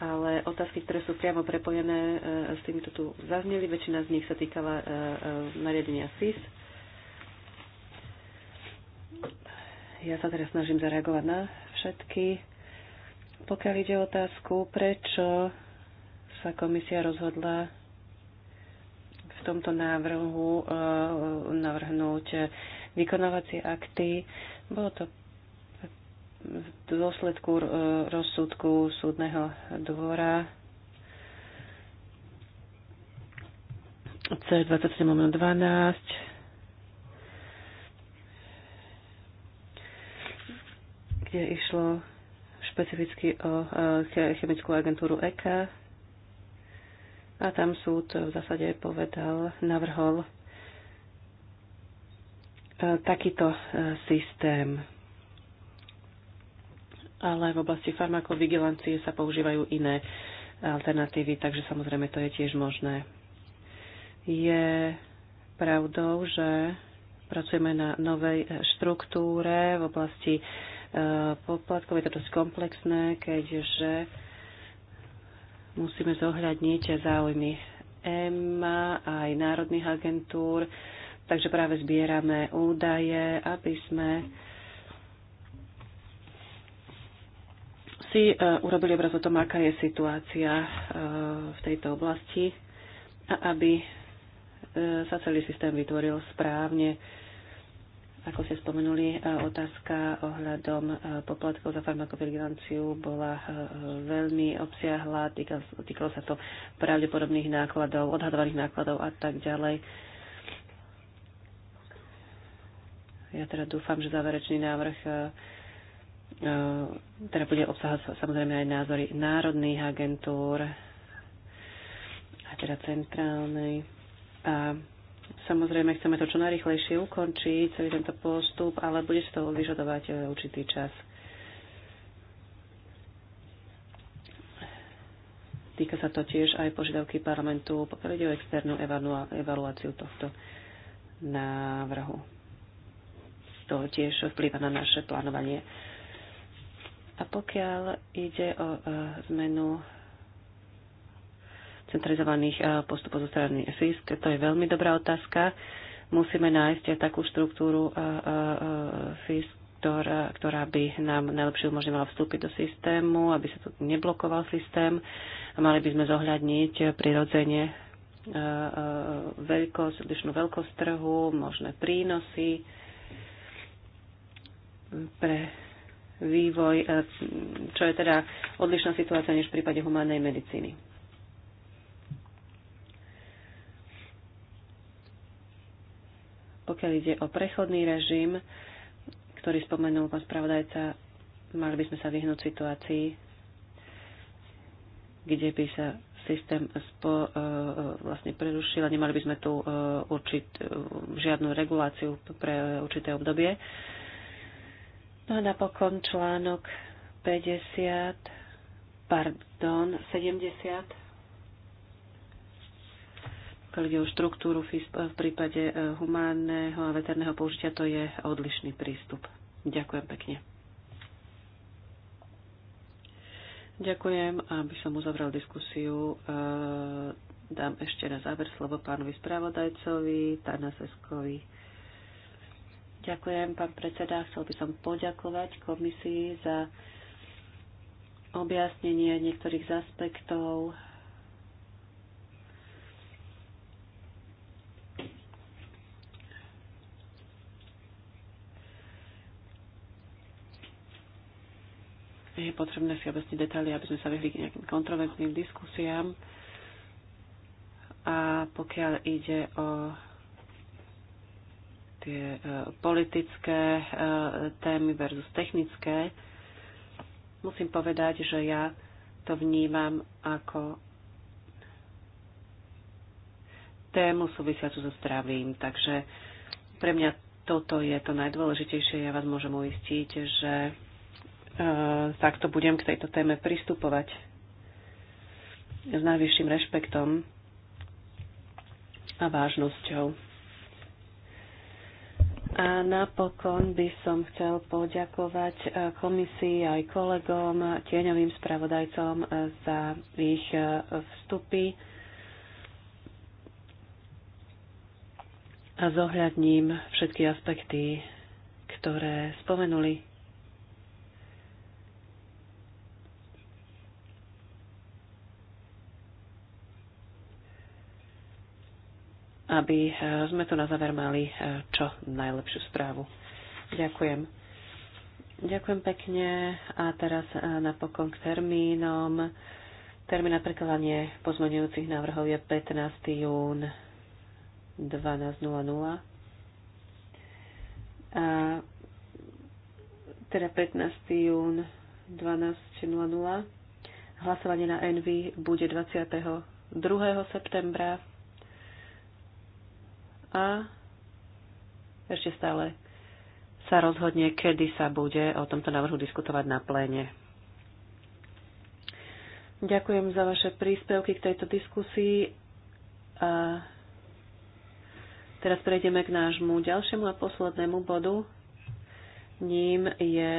ale otázky, ktoré sú priamo prepojené e, s týmito tu zazneli. Väčšina z nich sa týkala e, e, nariadenia SIS. Ja sa teraz snažím zareagovať na všetky. Pokiaľ ide o otázku, prečo sa komisia rozhodla v tomto návrhu navrhnúť vykonávacie akty, bolo to v dôsledku e, rozsudku súdneho dvora C27.12 kde išlo špecificky o e, chemickú agentúru ECA a tam súd v zásade povedal, navrhol e, takýto systém ale v oblasti farmakovigilancie sa používajú iné alternatívy, takže samozrejme to je tiež možné. Je pravdou, že pracujeme na novej štruktúre v oblasti e, poplatkov. Je to dosť komplexné, keďže musíme zohľadniť záujmy EMA aj národných agentúr, takže práve zbierame údaje, aby sme si e, urobili obraz o tom, aká je situácia e, v tejto oblasti a aby e, sa celý systém vytvoril správne. Ako ste spomenuli, otázka ohľadom poplatkov za farmakovigilanciu bola veľmi obsiahla, týkalo sa to pravdepodobných nákladov, odhadovaných nákladov a tak ďalej. Ja teda dúfam, že záverečný návrh Ehm, teda bude obsahovať samozrejme aj názory národných agentúr a teda centrálnej. A samozrejme chceme to čo najrychlejšie ukončiť, celý tento postup, ale bude sa to vyžadovať e, určitý čas. Týka sa to tiež aj požiadavky parlamentu, pokiaľ ide o externú evaluáciu tohto návrhu. To tiež vplýva na naše plánovanie. A pokiaľ ide o e, zmenu centralizovaných e, postupov zo strany FISK, to je veľmi dobrá otázka. Musíme nájsť takú štruktúru e, FISK, ktorá, ktorá by nám najlepšie umožňovala vstúpiť do systému, aby sa tu neblokoval systém a mali by sme zohľadniť prirodzene veľkosť, odlišnú veľkosť trhu, možné prínosy pre vývoj, e, čo je teda odlišná situácia než v prípade humánnej medicíny. Pokiaľ ide o prechodný režim, ktorý spomenul pán spravodajca, mali by sme sa vyhnúť situácii, kde by sa systém spo, e, e, vlastne prerušil a nemali by sme tu určit, žiadnu reguláciu pre určité obdobie. No a napokon článok 50, pardon, 70 pokiaľ ide o štruktúru v prípade e, humánneho a veterného použitia, to je odlišný prístup. Ďakujem pekne. Ďakujem, aby som uzavrel diskusiu. E, dám ešte na záver slovo pánovi spravodajcovi, Tanaseskovi. Ďakujem, pán predseda. Chcel by som poďakovať komisii za objasnenie niektorých z aspektov je potrebné si objasniť detaily, aby sme sa vyhli k nejakým kontroverzným diskusiám. A pokiaľ ide o tie e, politické e, témy versus technické, musím povedať, že ja to vnímam ako tému súvisiacu so zdravím. Takže pre mňa toto je to najdôležitejšie. Ja vás môžem uistiť, že e, takto budem k tejto téme pristupovať s najvyšším rešpektom a vážnosťou. A napokon by som chcel poďakovať e, komisii aj kolegom, tieňovým spravodajcom e, za ich e, vstupy a zohľadním všetky aspekty, ktoré spomenuli. aby eh, sme tu na záver mali eh, čo najlepšiu správu. Ďakujem. Ďakujem pekne a teraz eh, napokon k termínom. Termín na prekladanie pozmeňujúcich návrhov je 15. jún 12.00. A teda 15. jún 12.00. Hlasovanie na NV bude 22. septembra a ešte stále sa rozhodne, kedy sa bude o tomto návrhu diskutovať na pléne. Ďakujem za vaše príspevky k tejto diskusii a teraz prejdeme k nášmu ďalšiemu a poslednému bodu. Ním je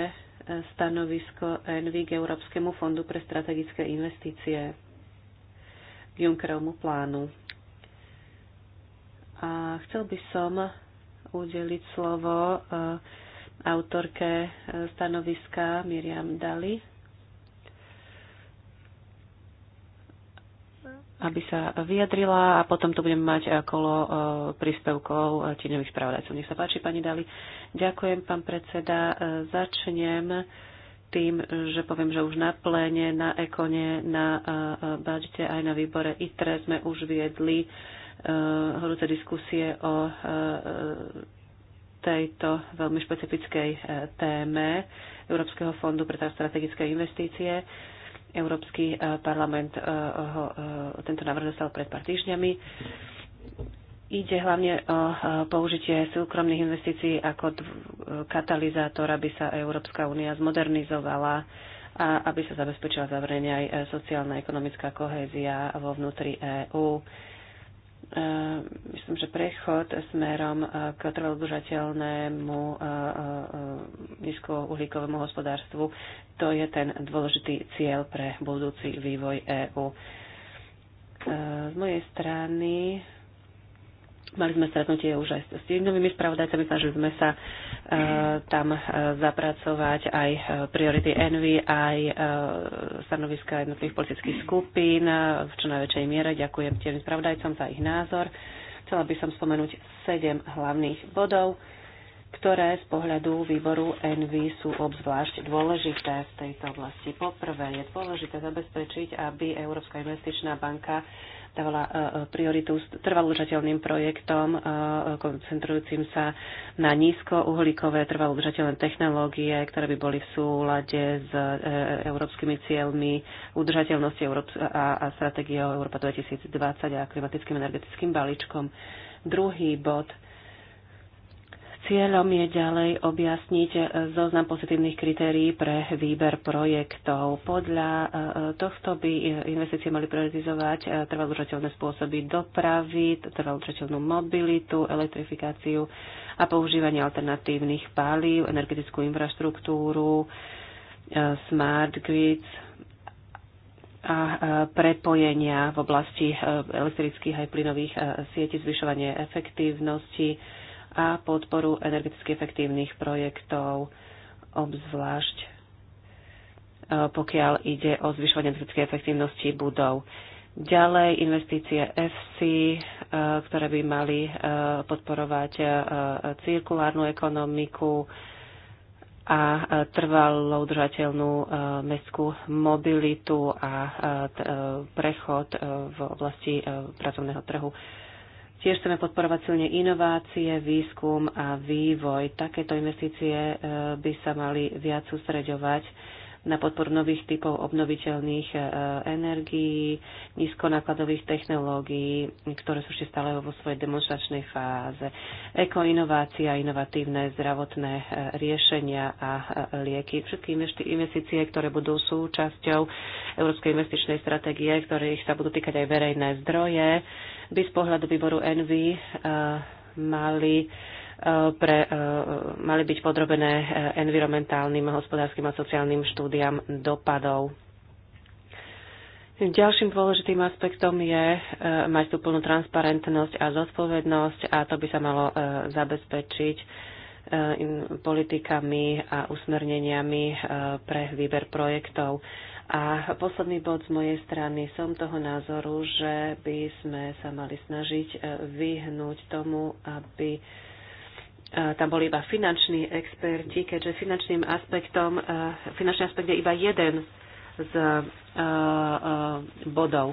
stanovisko ENVY k Európskemu fondu pre strategické investície k Junckerovmu plánu. A chcel by som udeliť slovo eh, autorke eh, stanoviska Miriam Dali, aby sa vyjadrila a potom tu budeme mať eh, kolo príspevkov tieňových spravodajcov. Nech sa páči, pani Dali. Ďakujem, pán predseda. Začnem tým, že poviem, že už na pléne, na ekone, na budžete aj na výbore ITRE sme už viedli uh, Eh, horúce diskusie o eh, tejto veľmi špecifickej eh, téme Európskeho fondu pre teda strategické investície. Európsky parlament ho, tento návrh dostal pred pár týždňami. Ide hlavne o použitie súkromných investícií ako katalizátor, aby sa Európska únia zmodernizovala a aby sa zabezpečila zároveň aj sociálna a ekonomická kohézia vo vnútri EÚ. Ehm, myslím, že prechod smerom e, k trvalodržateľnému e, e, nízkouhlíkovému hospodárstvu, to je ten dôležitý cieľ pre budúci vývoj EÚ. Ehm, z mojej strany Mali sme stretnutie už aj s tieňovými spravodajcami, snažili sme sa e, tam e, zapracovať aj e, priority Envy, aj e, stanoviska jednotlivých politických skupín e, v čo najväčšej miere. Ďakujem tým spravodajcom za ich názor. Chcela by som spomenúť sedem hlavných bodov, ktoré z pohľadu výboru Envy sú obzvlášť dôležité v tejto oblasti. Poprvé je dôležité zabezpečiť, aby Európska investičná banka dávala e, e, prioritu s trvalúžateľným projektom, e, koncentrujúcim sa na nízkouhlíkové trvalúžateľné technológie, ktoré by boli v súlade s európskymi cieľmi udržateľnosti a stratégiou Európa 2020 a klimatickým energetickým balíčkom. Druhý bod – Cieľom je ďalej objasniť e, zoznam pozitívnych kritérií pre výber projektov. Podľa e, tohto by e, investície mali prioritizovať trvalodržateľné spôsoby dopravy, trvalodržateľnú mobilitu, elektrifikáciu a používanie alternatívnych palív, energetickú infraštruktúru, smart grids a prepojenia v oblasti elektrických aj plynových sietí, zvyšovanie efektívnosti, a podporu energeticky efektívnych projektov, obzvlášť e, pokiaľ ide o zvyšovanie energetickej efektívnosti budov. Ďalej investície FC, e, ktoré by mali e, podporovať cirkulárnu ekonomiku a trvalou udržateľnú mestskú mobilitu a prechod v oblasti pracovného trhu. Tiež chceme podporovať silne inovácie, výskum a vývoj. Takéto investície e, by sa mali viac sústreďovať na podporu nových typov obnoviteľných e, energií, nízkonákladových technológií, ktoré sú ešte stále vo svojej demonstračnej fáze. Ekoinovácia, inovatívne zdravotné e, riešenia a e, lieky. Všetky investície, ktoré budú súčasťou Európskej investičnej stratégie, ktorých sa budú týkať aj verejné zdroje, by z pohľadu výboru Envy mali E, pre, e, mali byť podrobené e, environmentálnym, hospodárskym a sociálnym štúdiam dopadov. Ďalším dôležitým aspektom je mať tú plnú transparentnosť a zodpovednosť a to by sa malo zabezpečiť politikami a usmerneniami pre výber projektov. A posledný bod z mojej strany. Som toho názoru, že by sme sa mali snažiť vyhnúť tomu, aby tam boli iba finanční experti, keďže finančným aspektom, e, finančný aspekt je iba jeden z e, e, bodov.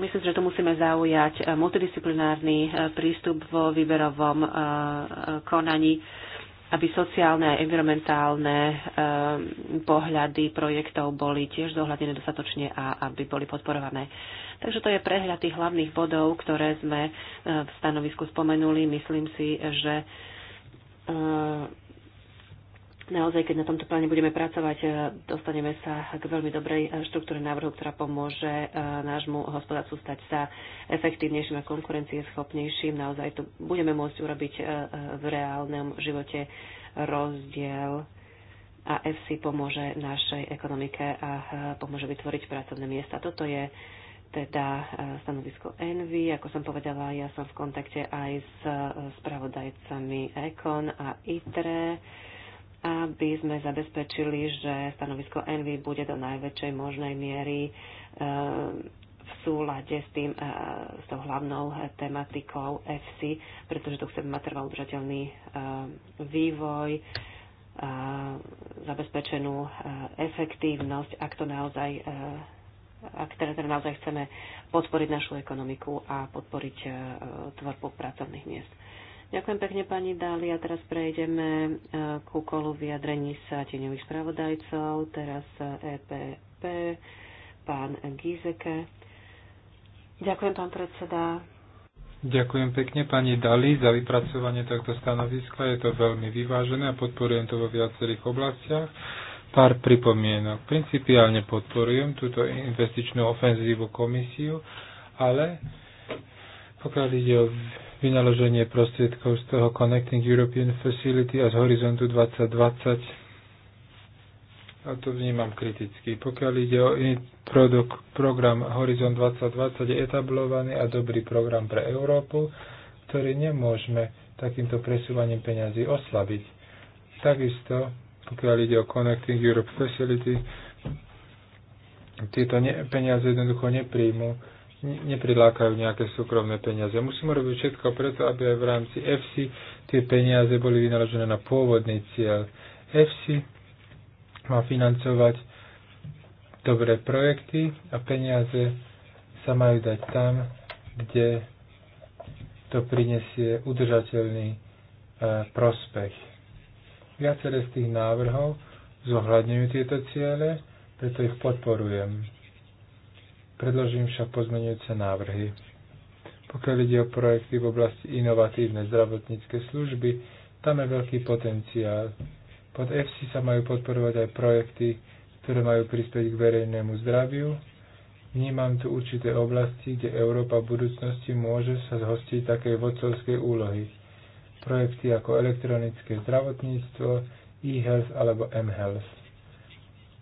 Myslím, že tu musíme zaujať multidisciplinárny prístup vo výberovom konaní, aby sociálne a environmentálne pohľady projektov boli tiež zohľadené dostatočne a aby boli podporované. Takže to je prehľad tých hlavných bodov, ktoré sme v stanovisku spomenuli. Myslím si, že E, naozaj, keď na tomto pláne budeme pracovať, e, dostaneme sa k veľmi dobrej e, štruktúre návrhu, ktorá pomôže nášmu hospodárstvu stať sa efektívnejším a konkurencieschopnejším. Naozaj to budeme môcť urobiť v reálnom živote rozdiel a FC pomôže našej ekonomike a pomôže vytvoriť pracovné miesta. Toto je teda e, stanovisko Envy. Ako som povedala, ja som v kontakte aj s e, spravodajcami Econ a ITRE, aby sme zabezpečili, že stanovisko Envy bude do najväčšej možnej miery e, v súlade s, tým, s tou hlavnou tematikou FC, pretože to chceme mať trvalo udržateľný vývoj, zabezpečenú efektívnosť, ak to naozaj ak ktoré teda naozaj chceme podporiť našu ekonomiku a podporiť e, tvorbu pracovných miest. Ďakujem pekne pani Dali a Teraz prejdeme e, ku kolu vyjadrení sa tieňových spravodajcov. Teraz EPP, e pán Gizeke. Ďakujem, pán predseda. Ďakujem pekne pani Dali za vypracovanie tohto stanoviska. Je to veľmi vyvážené a podporujem to vo viacerých oblastiach pár pripomienok. Principiálne podporujem túto investičnú ofenzívu komisiu, ale pokiaľ ide o vynaloženie prostriedkov z toho Connecting European Facility a z Horizontu 2020, a to vnímam kriticky. Pokiaľ ide o produkt, program Horizon 2020 je etablovaný a dobrý program pre Európu, ktorý nemôžeme takýmto presúvaním peňazí oslabiť. Takisto pokiaľ ide o Connecting Europe Facility, tieto ne, peniaze jednoducho nepríjmu, ne, neprilákajú nejaké súkromné peniaze. Musíme robiť všetko preto, aby aj v rámci FC tie peniaze boli vynaložené na pôvodný cieľ. FC má financovať dobré projekty a peniaze sa majú dať tam, kde to prinesie udržateľný eh, prospech. Viaceré z tých návrhov zohľadňujú tieto ciele, preto ich podporujem. Predložím však pozmenujúce návrhy. Pokiaľ ide o projekty v oblasti inovatívnej zdravotníckej služby, tam je veľký potenciál. Pod FC sa majú podporovať aj projekty, ktoré majú prispieť k verejnému zdraviu. Vnímam tu určité oblasti, kde Európa v budúcnosti môže sa zhostiť takej vodcovskej úlohy projekty ako elektronické zdravotníctvo, e-health alebo m-health.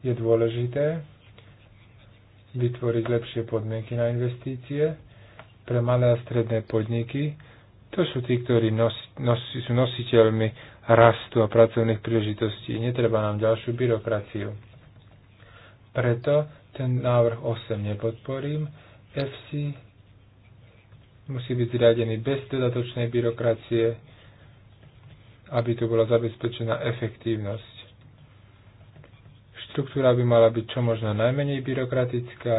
Je dôležité vytvoriť lepšie podmienky na investície pre malé a stredné podniky. To sú tí, ktorí nos, nos, sú nositeľmi rastu a pracovných príležitostí. Netreba nám ďalšiu byrokraciu. Preto ten návrh 8 nepodporím. FC musí byť zriadený bez dodatočnej byrokracie aby tu bola zabezpečená efektívnosť. Štruktúra by mala byť čo možno najmenej byrokratická,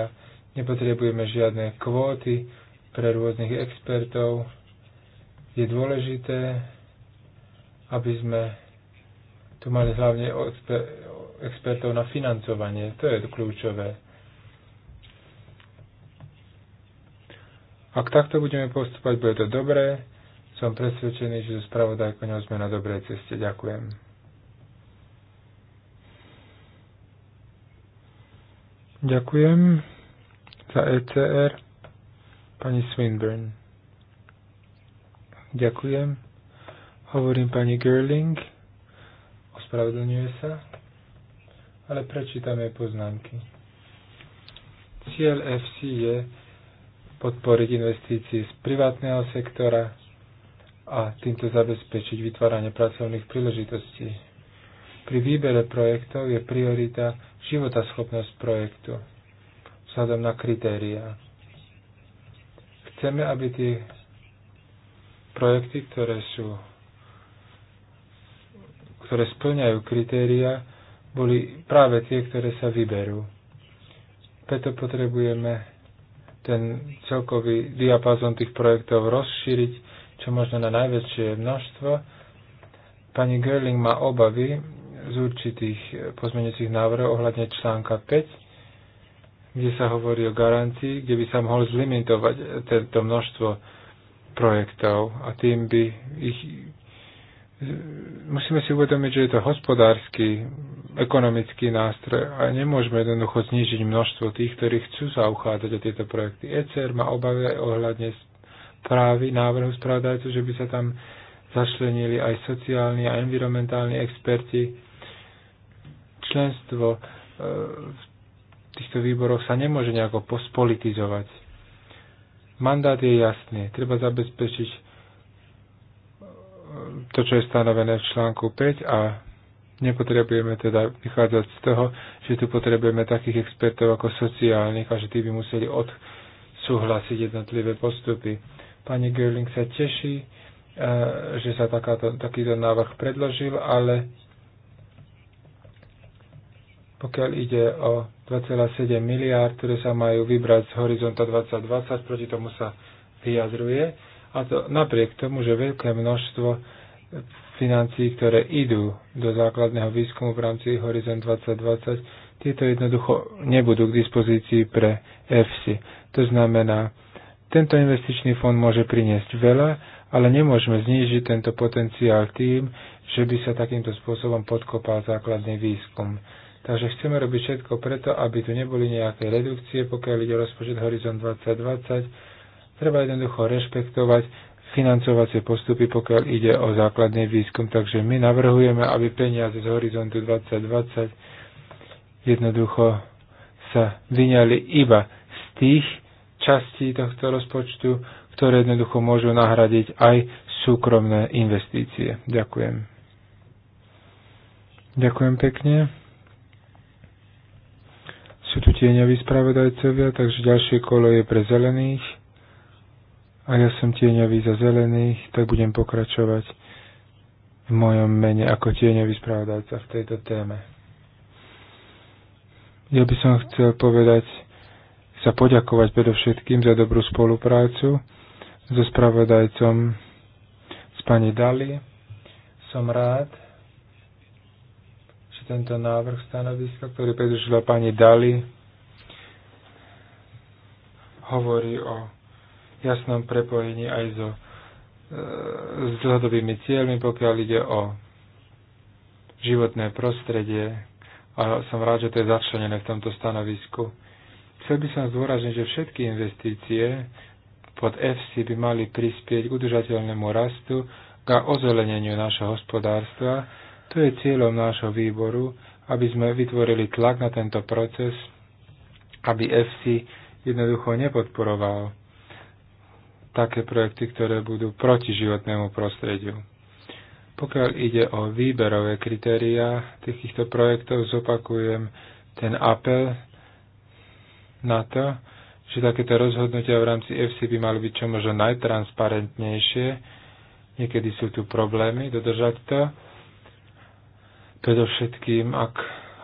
nepotrebujeme žiadne kvóty pre rôznych expertov. Je dôležité, aby sme tu mali hlavne expertov na financovanie. To je kľúčové. Ak takto budeme postupovať, bude to dobré. Som presvedčený, že so ňou sme na dobrej ceste. Ďakujem. Ďakujem za ECR pani Swinburne. Ďakujem. Hovorím pani Gerling. Ospravedlňuje sa. Ale prečítam jej poznámky. Cieľ FC je podporiť investície z privátneho sektora, a týmto zabezpečiť vytváranie pracovných príležitostí. Pri výbere projektov je priorita životaschopnosť projektu vzhľadom na kritériá. Chceme, aby tie projekty, ktoré sú ktoré splňajú kritéria, boli práve tie, ktoré sa vyberú. Preto potrebujeme ten celkový diapazon tých projektov rozšíriť, čo možno na najväčšie množstvo. Pani Gerling má obavy z určitých pozmeňujúcich návrhov ohľadne článka 5, kde sa hovorí o garancii, kde by sa mohol zlimitovať tento množstvo projektov a tým by ich musíme si uvedomiť, že je to hospodársky, ekonomický nástroj a nemôžeme jednoducho znížiť množstvo tých, ktorí chcú sa uchádzať o tieto projekty. ECR má obavy aj ohľadne správy, návrhu správodajcu, že by sa tam začlenili aj sociálni a environmentálni experti. Členstvo e, v týchto výboroch sa nemôže nejako pospolitizovať. Mandát je jasný. Treba zabezpečiť e, to, čo je stanovené v článku 5 a nepotrebujeme teda vychádzať z toho, že tu potrebujeme takých expertov ako sociálnych a že tí by museli odsúhlasiť jednotlivé postupy. Pani Görling sa teší, e, že sa takáto, takýto návrh predložil, ale pokiaľ ide o 2,7 miliárd, ktoré sa majú vybrať z horizonta 2020, proti tomu sa vyjadruje. A to napriek tomu, že veľké množstvo financií, ktoré idú do základného výskumu v rámci Horizon 2020, tieto jednoducho nebudú k dispozícii pre EFSI. To znamená, tento investičný fond môže priniesť veľa, ale nemôžeme znížiť tento potenciál tým, že by sa takýmto spôsobom podkopal základný výskum. Takže chceme robiť všetko preto, aby tu neboli nejaké redukcie, pokiaľ ide o rozpočet Horizon 2020. Treba jednoducho rešpektovať financovacie postupy, pokiaľ ide o základný výskum. Takže my navrhujeme, aby peniaze z Horizontu 2020 jednoducho sa vyňali iba z tých častí tohto rozpočtu, ktoré jednoducho môžu nahradiť aj súkromné investície. Ďakujem. Ďakujem pekne. Sú tu tieňoví spravodajcovia, takže ďalšie kolo je pre zelených. A ja som tieňový za zelených, tak budem pokračovať v mojom mene ako tieňový spravodajca v tejto téme. Ja by som chcel povedať sa poďakovať predovšetkým za dobrú spoluprácu so spravodajcom s pani Dali. Som rád, že tento návrh stanoviska, ktorý predložila pani Dali, hovorí o jasnom prepojení aj so, e, s dlhodobými cieľmi, pokiaľ ide o životné prostredie. A som rád, že to je začlenené v tomto stanovisku. Chcel by som zdôrazniť, že všetky investície pod FC by mali prispieť k udržateľnému rastu k ozeleneniu nášho hospodárstva. To je cieľom nášho výboru, aby sme vytvorili tlak na tento proces, aby FC jednoducho nepodporoval také projekty, ktoré budú proti životnému prostrediu. Pokiaľ ide o výberové kritériá takýchto projektov, zopakujem ten apel, na to, že takéto rozhodnutia v rámci FC by mali byť čo možno najtransparentnejšie. Niekedy sú tu problémy dodržať to. Predovšetkým, ak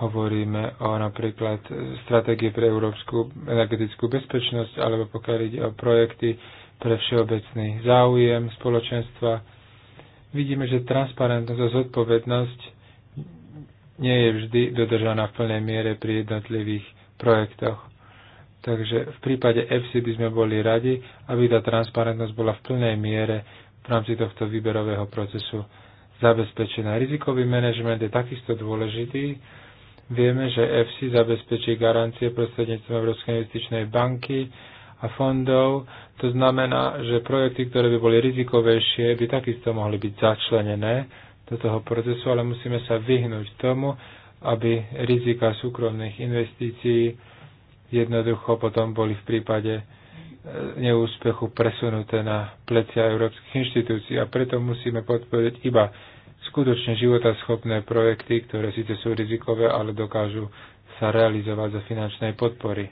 hovoríme o napríklad stratégie pre európsku energetickú bezpečnosť, alebo pokiaľ ide o projekty pre všeobecný záujem spoločenstva, vidíme, že transparentnosť a zodpovednosť nie je vždy dodržaná v plnej miere pri jednotlivých projektoch. Takže v prípade EFSI by sme boli radi, aby tá transparentnosť bola v plnej miere v rámci tohto výberového procesu zabezpečená. Rizikový manažment je takisto dôležitý. Vieme, že EFSI zabezpečí garancie prostredníctvom Európskej investičnej banky a fondov. To znamená, že projekty, ktoré by boli rizikovejšie, by takisto mohli byť začlenené do toho procesu, ale musíme sa vyhnúť tomu, aby rizika súkromných investícií jednoducho potom boli v prípade e, neúspechu presunuté na plecia európskych inštitúcií a preto musíme podporiť iba skutočne životaschopné projekty, ktoré síce sú rizikové, ale dokážu sa realizovať za finančnej podpory.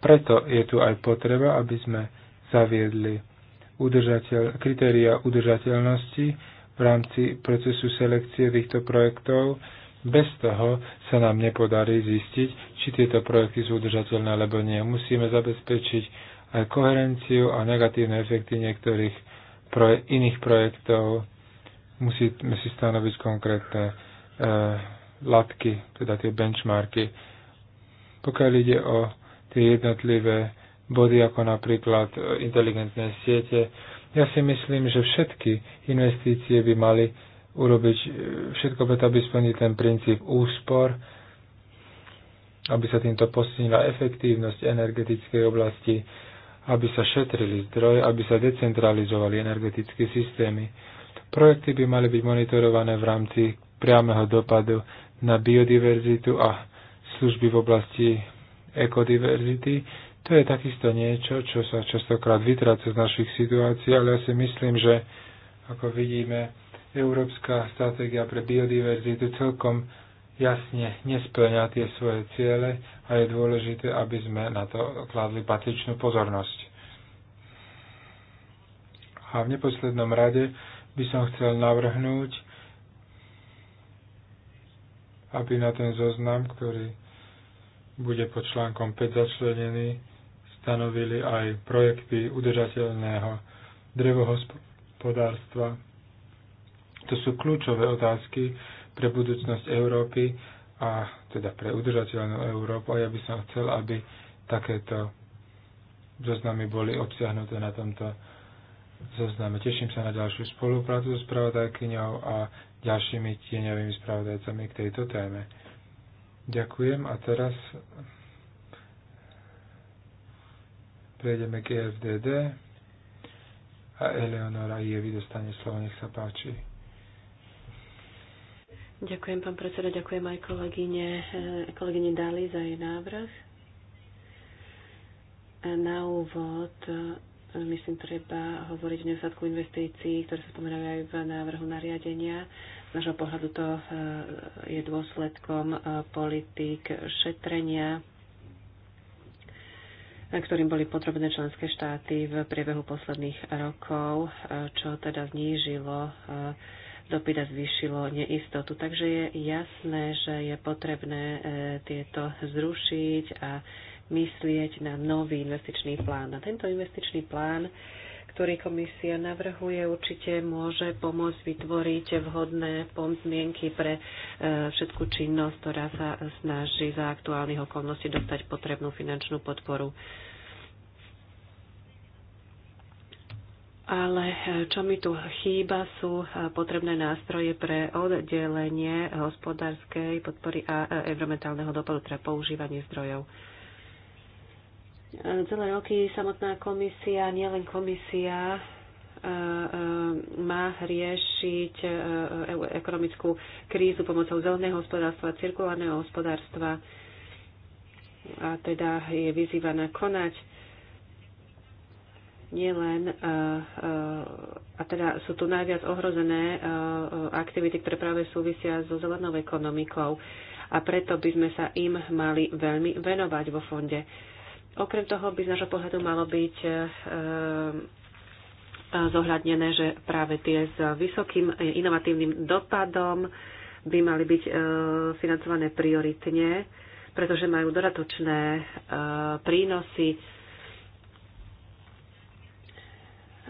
Preto je tu aj potreba, aby sme zaviedli udržateľ, kritéria udržateľnosti v rámci procesu selekcie týchto projektov, bez toho sa nám nepodarí zistiť, či tieto projekty sú udržateľné alebo nie. Musíme zabezpečiť aj koherenciu a negatívne efekty niektorých proje- iných projektov. Musíme si stanoviť konkrétne e, latky, teda tie benchmarky. Pokiaľ ide o tie jednotlivé body, ako napríklad e, inteligentné siete, ja si myslím, že všetky investície by mali urobiť e, všetko preto, aby splnili ten princíp úspor, aby sa týmto posilnila efektívnosť energetickej oblasti, aby sa šetrili zdroje, aby sa decentralizovali energetické systémy. Projekty by mali byť monitorované v rámci priameho dopadu na biodiverzitu a služby v oblasti ekodiverzity. To je takisto niečo, čo sa častokrát vytráca z našich situácií, ale ja si myslím, že ako vidíme, Európska stratégia pre biodiverzitu celkom jasne nesplňa tie svoje ciele a je dôležité, aby sme na to kladli patričnú pozornosť. A v neposlednom rade by som chcel navrhnúť, aby na ten zoznam, ktorý bude pod článkom 5 začlenený, stanovili aj projekty udržateľného drevohospodárstva to sú kľúčové otázky pre budúcnosť Európy a teda pre udržateľnú Európu a ja by som chcel, aby takéto zoznamy boli obsiahnuté na tomto zozname. Teším sa na ďalšiu spoluprácu s spravodajkyňou a ďalšími tieňovými spravodajcami k tejto téme. Ďakujem a teraz prejdeme k EFDD a Eleonora Jevi dostane slovo, nech sa páči. Ďakujem, pán predseda, ďakujem aj kolegyne, eh, kolegyne Dali za jej návrh. Na úvod, eh, myslím, treba hovoriť o nedostatku investícií, ktoré sa spomínajú aj v návrhu nariadenia. Z našho pohľadu to eh, je dôsledkom politík šetrenia, ktorým boli potrebné členské štáty v priebehu posledných rokov, čo teda znížilo dopyt a zvýšilo neistotu. Takže je jasné, že je potrebné e, tieto zrušiť a myslieť na nový investičný plán. A tento investičný plán, ktorý komisia navrhuje, určite môže pomôcť vytvoriť vhodné podmienky pre e, všetku činnosť, ktorá sa snaží za aktuálnych okolností dostať potrebnú finančnú podporu. Ale eh, čo mi tu chýba, sú eh, potrebné nástroje pre oddelenie hospodárskej podpory a eh, environmentálneho dopadu, teda používanie zdrojov. Celé roky samotná komisia, nielen komisia, má riešiť ekonomickú krízu pomocou zeleného hospodárstva, cirkulárneho hospodárstva a teda je vyzývaná konať nielen eh, eh, a teda sú tu najviac ohrozené eh, aktivity, ktoré práve súvisia so zelenou ekonomikou a preto by sme sa im mali veľmi venovať vo fonde. Okrem toho by z nášho pohľadu malo byť zohľadnené, že práve tie s vysokým inovatívnym dopadom by mali byť financované prioritne, pretože majú dodatočné prínosy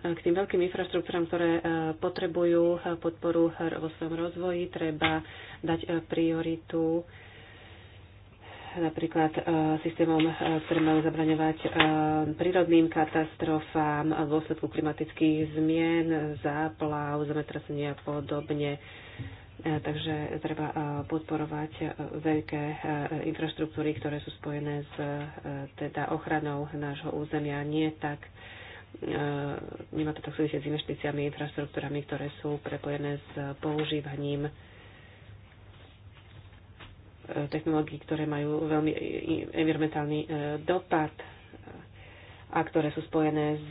k tým veľkým infraštruktúram, ktoré e, potrebujú e, podporu vo svojom rozvoji, treba e, dať prioritu napríklad systémom, ktoré majú zabraňovať prírodným katastrofám v dôsledku klimatických zmien, záplav, zemetrasenia a podobne. Takže treba podporovať veľké infraštruktúry, ktoré sú spojené s teda ochranou nášho územia, nie tak E, nemá to tak súvisieť s investíciami, infraštruktúrami, ktoré sú prepojené s používaním e, technológií, ktoré majú veľmi e, environmentálny dopad a ktoré sú spojené s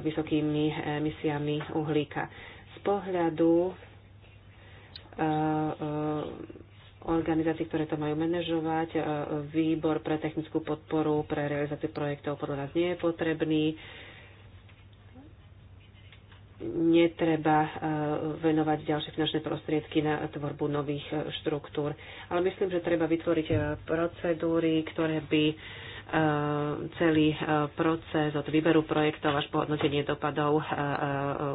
vysokými emisiami uhlíka. Z pohľadu organizácií, ktoré to majú manažovať. Výbor pre technickú podporu pre realizáciu projektov podľa nás nie je potrebný netreba e, venovať ďalšie finančné prostriedky na tvorbu nových e, štruktúr. Ale myslím, že treba vytvoriť e, procedúry, ktoré by celý proces od výberu projektov až po hodnotenie dopadov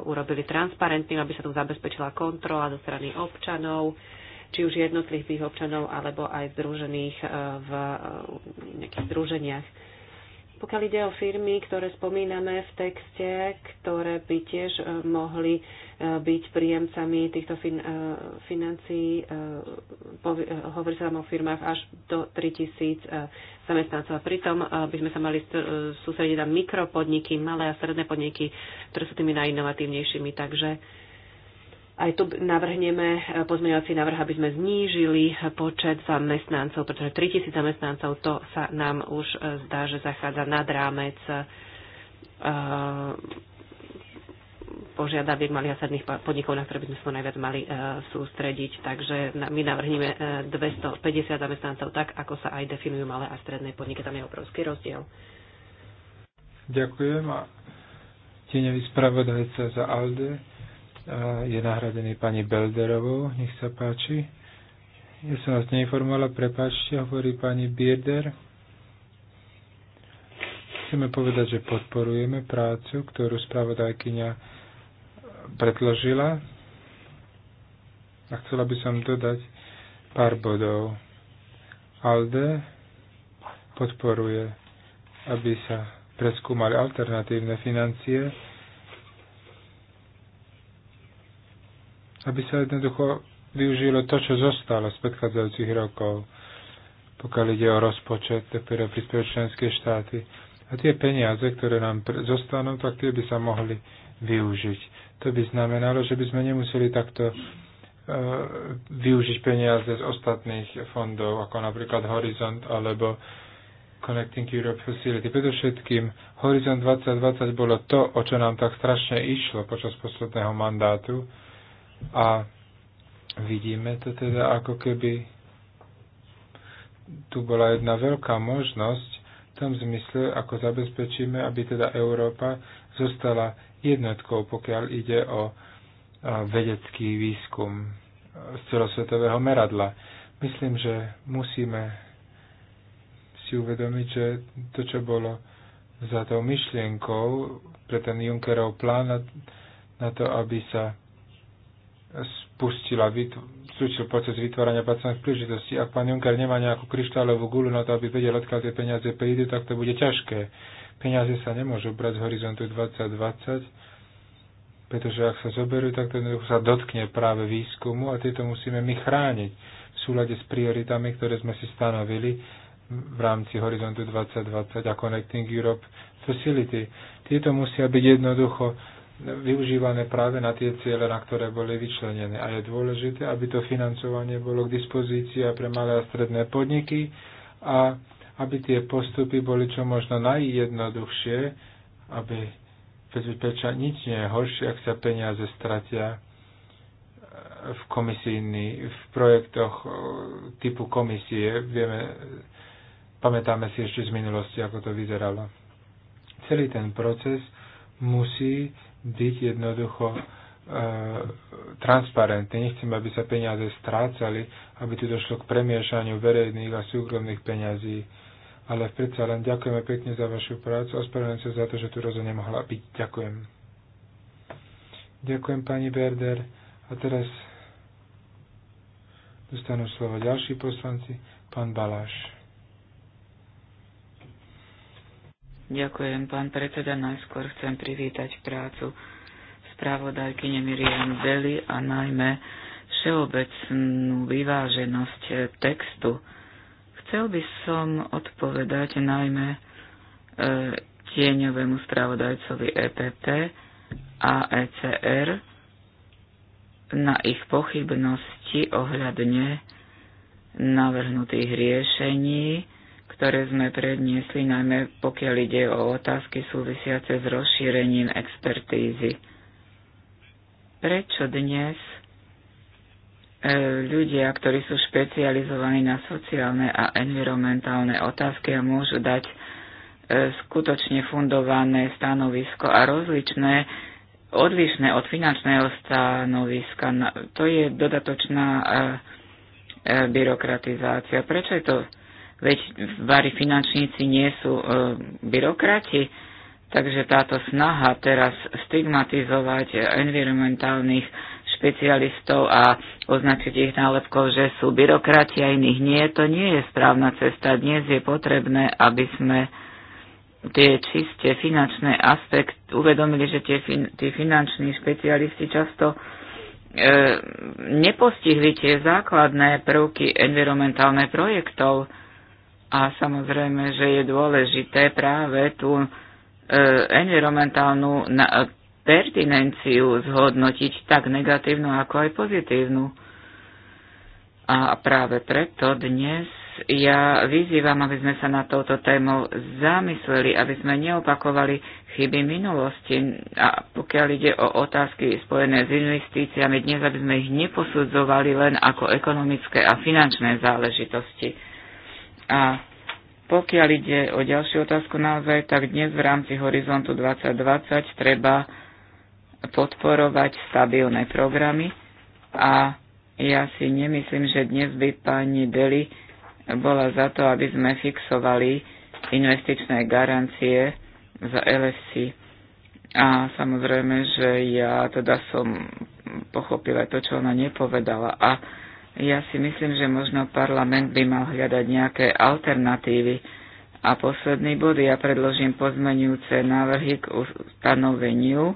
urobili transparentným, aby sa tu zabezpečila kontrola zo strany občanov, či už jednotlivých občanov alebo aj združených v nejakých združeniach pokiaľ ide o firmy, ktoré spomíname v texte, ktoré by tiež e, mohli e, byť príjemcami týchto fin- e, financií, hovorí sa tam o firmách až do 3000 zamestnancov. A pritom by sme sa mali sústrediť na mikropodniky, malé a stredné podniky, ktoré sú tými najinovatívnejšími. Takže aj tu navrhneme eh, pozmeňovací návrh, aby sme znížili eh, počet zamestnancov, pretože 3000 zamestnancov to sa nám už eh, zdá, že zachádza nad rámec požiadaviek malých a stredných podnikov, na ktoré by sme sa najviac mali sústrediť. Takže my navrhneme 250 zamestnancov tak, ako sa aj definujú malé a stredné podniky. Tam je obrovský rozdiel. Ďakujem a tieňový spravodajca za ALDE je nahradený pani Belderovou. Nech sa páči. Ja som vás neinformovala, prepáčte, hovorí pani Bierder. Chceme povedať, že podporujeme prácu, ktorú spravodajkyňa predložila. A chcela by som dodať pár bodov. ALDE podporuje, aby sa preskúmali alternatívne financie, aby sa jednoducho využilo to, čo zostalo z predchádzajúcich rokov, pokiaľ ide o rozpočet, ktoré prispievajú členské štáty. A tie peniaze, ktoré nám zostanú, tak tie by sa mohli využiť. To by znamenalo, že by sme nemuseli takto e, využiť peniaze z ostatných fondov, ako napríklad Horizont alebo Connecting Europe Facility. Predovšetkým Horizont 2020 bolo to, o čo nám tak strašne išlo počas posledného mandátu a vidíme to teda ako keby tu bola jedna veľká možnosť v tom zmysle, ako zabezpečíme, aby teda Európa zostala jednotkou, pokiaľ ide o vedecký výskum z celosvetového meradla. Myslím, že musíme si uvedomiť, že to, čo bolo za tou myšlienkou pre ten Junckerov plán na, to, aby sa spustila spustil proces vytvárania pracovných príležitostí. Ak pán Juncker nemá nejakú kryštálovú gulu na to, aby vedel, odkiaľ tie peniaze prídu, tak to bude ťažké. Peniaze sa nemôžu brať z horizontu 2020, pretože ak sa zoberú, tak to sa dotkne práve výskumu a tieto musíme my chrániť v súlade s prioritami, ktoré sme si stanovili v rámci horizontu 2020 a Connecting Europe Facility. Tieto musia byť jednoducho využívané práve na tie ciele, na ktoré boli vyčlenené. A je dôležité, aby to financovanie bolo k dispozícii pre malé a stredné podniky a aby tie postupy boli čo možno najjednoduchšie, aby prečo nič nie je horšie, ak sa peniaze stratia v komisijný, v projektoch e, typu komisie. Vieme, pamätáme si ešte z minulosti, ako to vyzeralo. Celý ten proces musí byť jednoducho e, transparentní. Nechcem, aby sa peniaze strácali, aby tu došlo k premiešaniu verejných a súkromných peňazí. Ale predsa len ďakujeme pekne za vašu prácu a ospravedlňujem sa za to, že tu rozhodne mohla byť. Ďakujem. Ďakujem pani Berder. A teraz dostanú slovo ďalší poslanci. Pán Baláš. Ďakujem, pán predseda. Najskôr chcem privítať prácu spravodajkyne Miriam Deli a najmä všeobecnú vyváženosť textu. Chcel by som odpovedať najmä e, tieňovému spravodajcovi EPP a ECR na ich pochybnosti ohľadne navrhnutých riešení ktoré sme predniesli, najmä pokiaľ ide o otázky súvisiace s rozšírením expertízy. Prečo dnes e, ľudia, ktorí sú špecializovaní na sociálne a environmentálne otázky a môžu dať e, skutočne fundované stanovisko a rozličné, odlišné od finančného stanoviska. To je dodatočná e, byrokratizácia. Prečo je to Veď vari finančníci nie sú e, byrokrati, takže táto snaha teraz stigmatizovať environmentálnych špecialistov a označiť ich nálepkou, že sú byrokrati a iných nie, to nie je správna cesta. Dnes je potrebné, aby sme tie čisté finančné aspekt, uvedomili, že tie fin, tí finanční špecialisti často e, nepostihli tie základné prvky environmentálne projektov. A samozrejme, že je dôležité práve tú e, environmentálnu na, e, pertinenciu zhodnotiť tak negatívnu, ako aj pozitívnu. A práve preto dnes ja vyzývam, aby sme sa na touto tému zamysleli, aby sme neopakovali chyby minulosti. A pokiaľ ide o otázky spojené s investíciami dnes, aby sme ich neposudzovali len ako ekonomické a finančné záležitosti. A pokiaľ ide o ďalšiu otázku naozaj, tak dnes v rámci Horizontu 2020 treba podporovať stabilné programy a ja si nemyslím, že dnes by pani Deli bola za to, aby sme fixovali investičné garancie za LSC. A samozrejme, že ja teda som pochopila to, čo ona nepovedala. A ja si myslím, že možno parlament by mal hľadať nejaké alternatívy. A posledný bod, ja predložím pozmenujúce návrhy k ustanoveniu,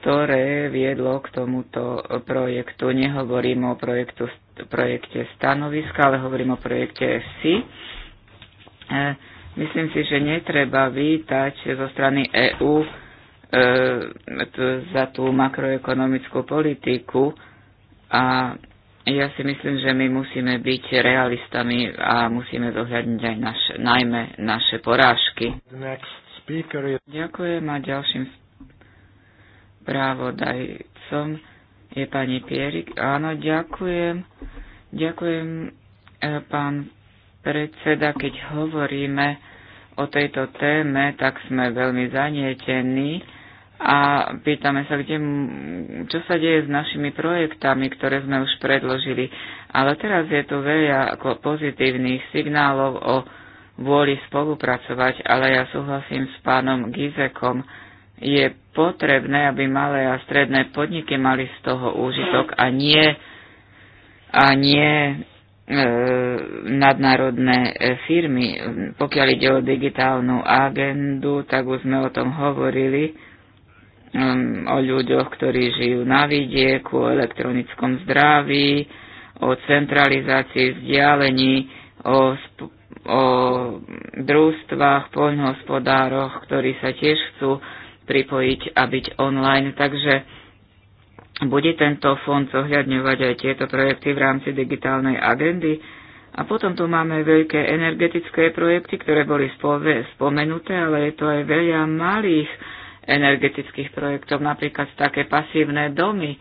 ktoré viedlo k tomuto projektu. Nehovorím o projektu, projekte stanoviska, ale hovorím o projekte FC. E, myslím si, že netreba vítať zo strany EÚ e, za tú makroekonomickú politiku a ja si myslím, že my musíme byť realistami a musíme zohľadniť aj naš, najmä naše porážky. Is... Ďakujem a ďalším právodajcom je pani Pierik. Áno, ďakujem. Ďakujem, e, pán predseda, keď hovoríme o tejto téme, tak sme veľmi zanietení a pýtame sa, kde, čo sa deje s našimi projektami, ktoré sme už predložili. Ale teraz je tu veľa pozitívnych signálov o vôli spolupracovať, ale ja súhlasím s pánom Gizekom. Je potrebné, aby malé a stredné podniky mali z toho úžitok a nie, a nie e, nadnárodné e, firmy. Pokiaľ ide o digitálnu agendu, tak už sme o tom hovorili Mm, o ľuďoch, ktorí žijú na vidieku, o elektronickom zdraví, o centralizácii vzdialení, o, o družstvách, poľnohospodároch, ktorí sa tiež chcú pripojiť a byť online. Takže bude tento fond zohľadňovať aj tieto projekty v rámci digitálnej agendy. A potom tu máme veľké energetické projekty, ktoré boli spomenuté, ale je to aj veľa malých energetických projektov, napríklad také pasívne domy.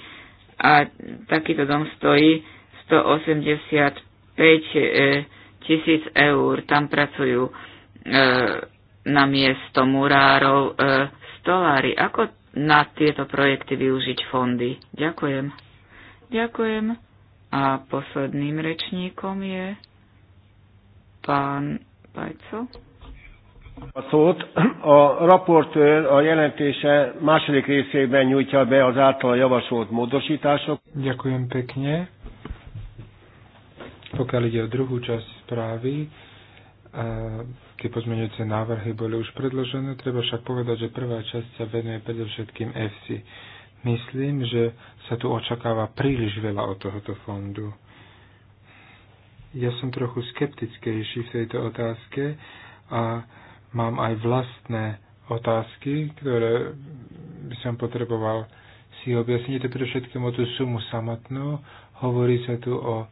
A takýto dom stojí 185 eh, tisíc eur. Tam pracujú eh, na miesto murárov eh, stolári. Ako na tieto projekty využiť fondy? Ďakujem. Ďakujem. A posledným rečníkom je pán Pajco. A szót a raportőr a jelentése második részében nyújtja be az által javasolt módosítások. Ďakujem pekne. Pokiaľ ide o druhú časť správy, tie pozmeňujúce návrhy boli už predložené. Treba však povedať, že prvá časť sa venuje predovšetkým EFSI. Myslím, že sa tu očakáva príliš veľa od tohoto fondu. Ja som trochu skeptickejší v tejto otázke a mám aj vlastné otázky, ktoré by som potreboval si objasniť. Je to o tú sumu samotnú. Hovorí sa tu o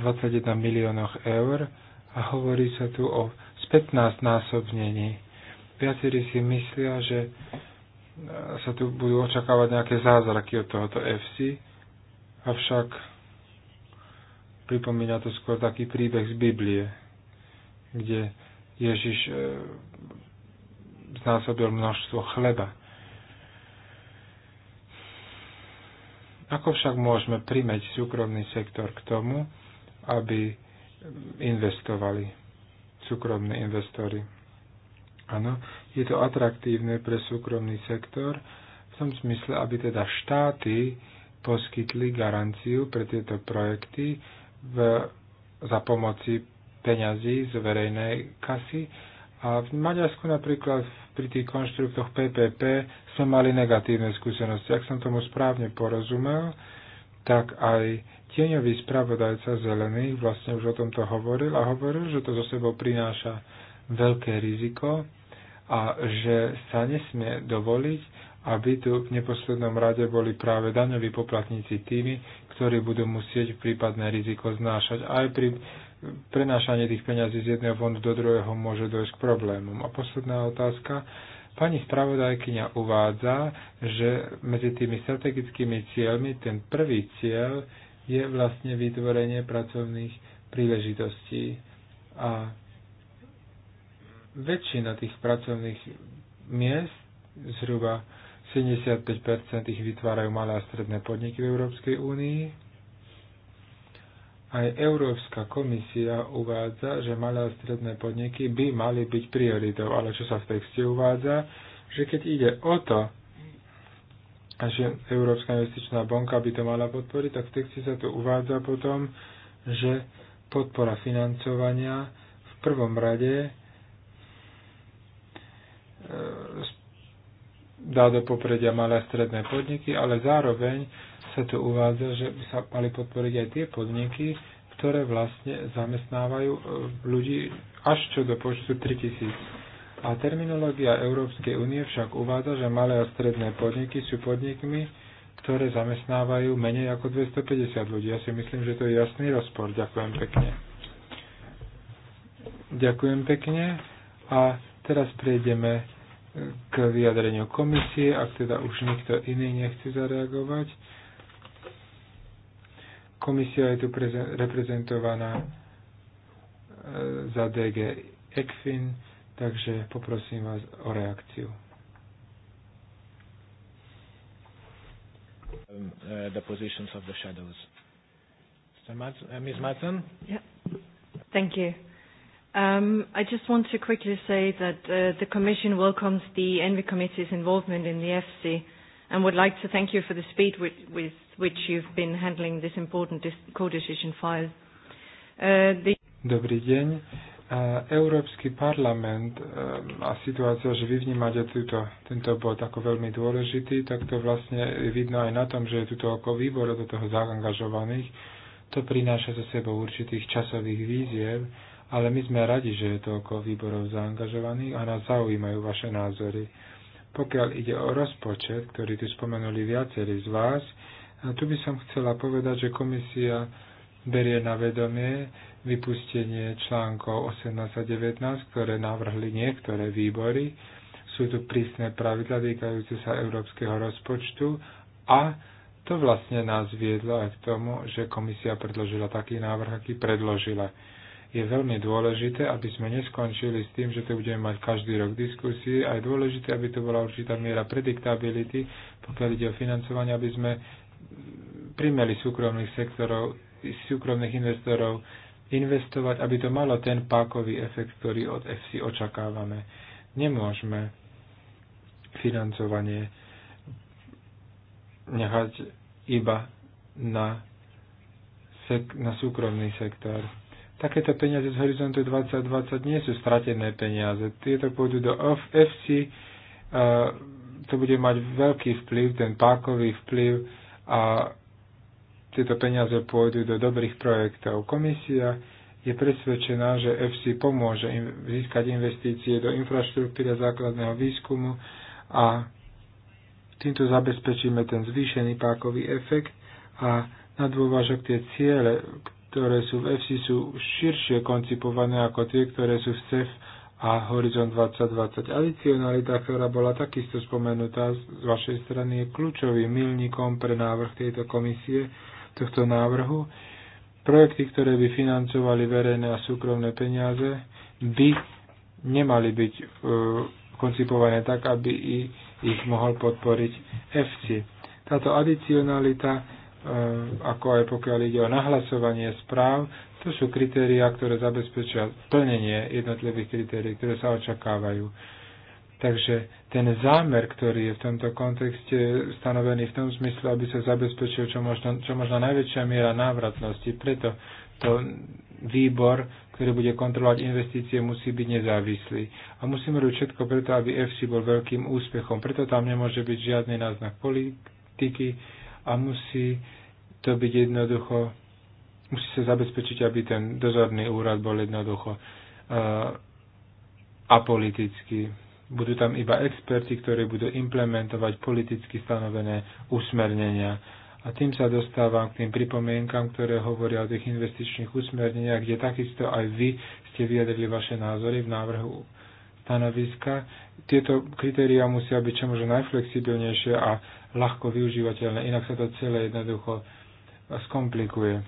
21 miliónoch eur a hovorí sa tu o 15 násobnení. Viacerí si myslia, že sa tu budú očakávať nejaké zázraky od tohoto FC, avšak pripomína to skôr taký príbeh z Biblie, kde Ježiš e, znásobil množstvo chleba. Ako však môžeme primeť súkromný sektor k tomu, aby investovali súkromní investori? Áno, je to atraktívne pre súkromný sektor v tom smysle, aby teda štáty poskytli garanciu pre tieto projekty v, za pomoci peňazí z verejnej kasy. A v Maďarsku napríklad v pri tých konštruktoch PPP sme mali negatívne skúsenosti. Ak som tomu správne porozumel, tak aj tieňový spravodajca zelených vlastne už o tomto hovoril a hovoril, že to zo sebou prináša veľké riziko a že sa nesmie dovoliť, aby tu v neposlednom rade boli práve daňoví poplatníci tými, ktorí budú musieť prípadné riziko znášať aj pri prenášanie tých peňazí z jedného fondu do druhého môže dojsť k problémom. A posledná otázka. Pani spravodajkyňa uvádza, že medzi tými strategickými cieľmi ten prvý cieľ je vlastne vytvorenie pracovných príležitostí. A väčšina tých pracovných miest, zhruba 75% ich vytvárajú malé a stredné podniky v Európskej únii, aj Európska komisia uvádza, že malé a stredné podniky by mali byť prioritou, ale čo sa v texte uvádza, že keď ide o to, že Európska investičná banka by to mala podporiť, tak v texte sa to uvádza potom, že podpora financovania v prvom rade e, dá do popredia malé a stredné podniky, ale zároveň sa tu uvádza, že by sa mali podporiť aj tie podniky, ktoré vlastne zamestnávajú e, ľudí až čo do počtu 3000. A terminológia Európskej únie však uvádza, že malé a stredné podniky sú podnikmi, ktoré zamestnávajú menej ako 250 ľudí. Ja si myslím, že to je jasný rozpor. Ďakujem pekne. Ďakujem pekne. A teraz prejdeme e, k vyjadreniu komisie, ak teda už nikto iný nechce zareagovať. Komisia je tu reprezentovaná e, za DG ECFIN, takže poprosím vás o reakciu. Um, uh, the positions of the shadows. Ms. Uh, Madsen? Yeah. Thank you. Um, I just want to quickly say that uh, the Commission welcomes the Envy Committee's involvement in the EFSI and would like to thank you for the speed with, with which you've been handling this important co-decision file. Uh, Dobrý deň. Uh, Európsky parlament um, a situácia, že vy vnímate túto, tento bod ako veľmi dôležitý, tak to vlastne vidno aj na tom, že je tu ako výbor do toho zaangažovaných. To prináša so sebou určitých časových víziev, ale my sme radi, že je to ako výborov zaangažovaných a nás zaujímajú vaše názory. Pokiaľ ide o rozpočet, ktorý tu spomenuli viacerí z vás, tu by som chcela povedať, že komisia berie na vedomie vypustenie článkov 18 a 19, ktoré navrhli niektoré výbory. Sú tu prísne pravidla týkajúce sa európskeho rozpočtu a to vlastne nás viedlo aj k tomu, že komisia predložila taký návrh, aký predložila je veľmi dôležité, aby sme neskončili s tým, že tu budeme mať každý rok diskusie a je dôležité, aby to bola určitá miera prediktability, pokiaľ ide o financovanie, aby sme primeli súkromných sektorov, súkromných investorov investovať, aby to malo ten pákový efekt, ktorý od FC očakávame. Nemôžeme financovanie nechať iba na, sek- na súkromný sektor Takéto peniaze z horizontu 2020 nie sú stratené peniaze. Tieto pôjdu do FC, e, to bude mať veľký vplyv, ten pákový vplyv a tieto peniaze pôjdu do dobrých projektov. Komisia je presvedčená, že FC pomôže im získať investície do infraštruktúry a základného výskumu a týmto zabezpečíme ten zvýšený pákový efekt a na dôvažok tie ciele, ktoré sú v EFSI, sú širšie koncipované ako tie, ktoré sú v CEF a Horizon 2020. Adicionalita, ktorá bola takisto spomenutá z vašej strany, je kľúčovým milníkom pre návrh tejto komisie, tohto návrhu. Projekty, ktoré by financovali verejné a súkromné peniaze, by nemali byť e, koncipované tak, aby i ich mohol podporiť EFSI. Táto adicionalita Eh, ako aj pokiaľ ide o nahlasovanie správ, to sú kritériá, ktoré zabezpečia plnenie jednotlivých kritérií, ktoré sa očakávajú. Takže ten zámer, ktorý je v tomto kontexte stanovený v tom smysle, aby sa zabezpečil čo možno, čo možno najväčšia miera návratnosti. Preto to výbor, ktorý bude kontrolovať investície, musí byť nezávislý. A musíme robiť všetko preto, aby FC bol veľkým úspechom. Preto tam nemôže byť žiadny náznak politiky a musí to byť jednoducho, musí sa zabezpečiť, aby ten dozorný úrad bol jednoducho uh, apolitický. Budú tam iba experti, ktorí budú implementovať politicky stanovené usmernenia. A tým sa dostávam k tým pripomienkam, ktoré hovoria o tých investičných usmerneniach, kde takisto aj vy ste vyjadrili vaše názory v návrhu stanoviska. Tieto kritéria musia byť čo možno najflexibilnejšie a ľahko využívateľné, inak sa to celé jednoducho skomplikuje.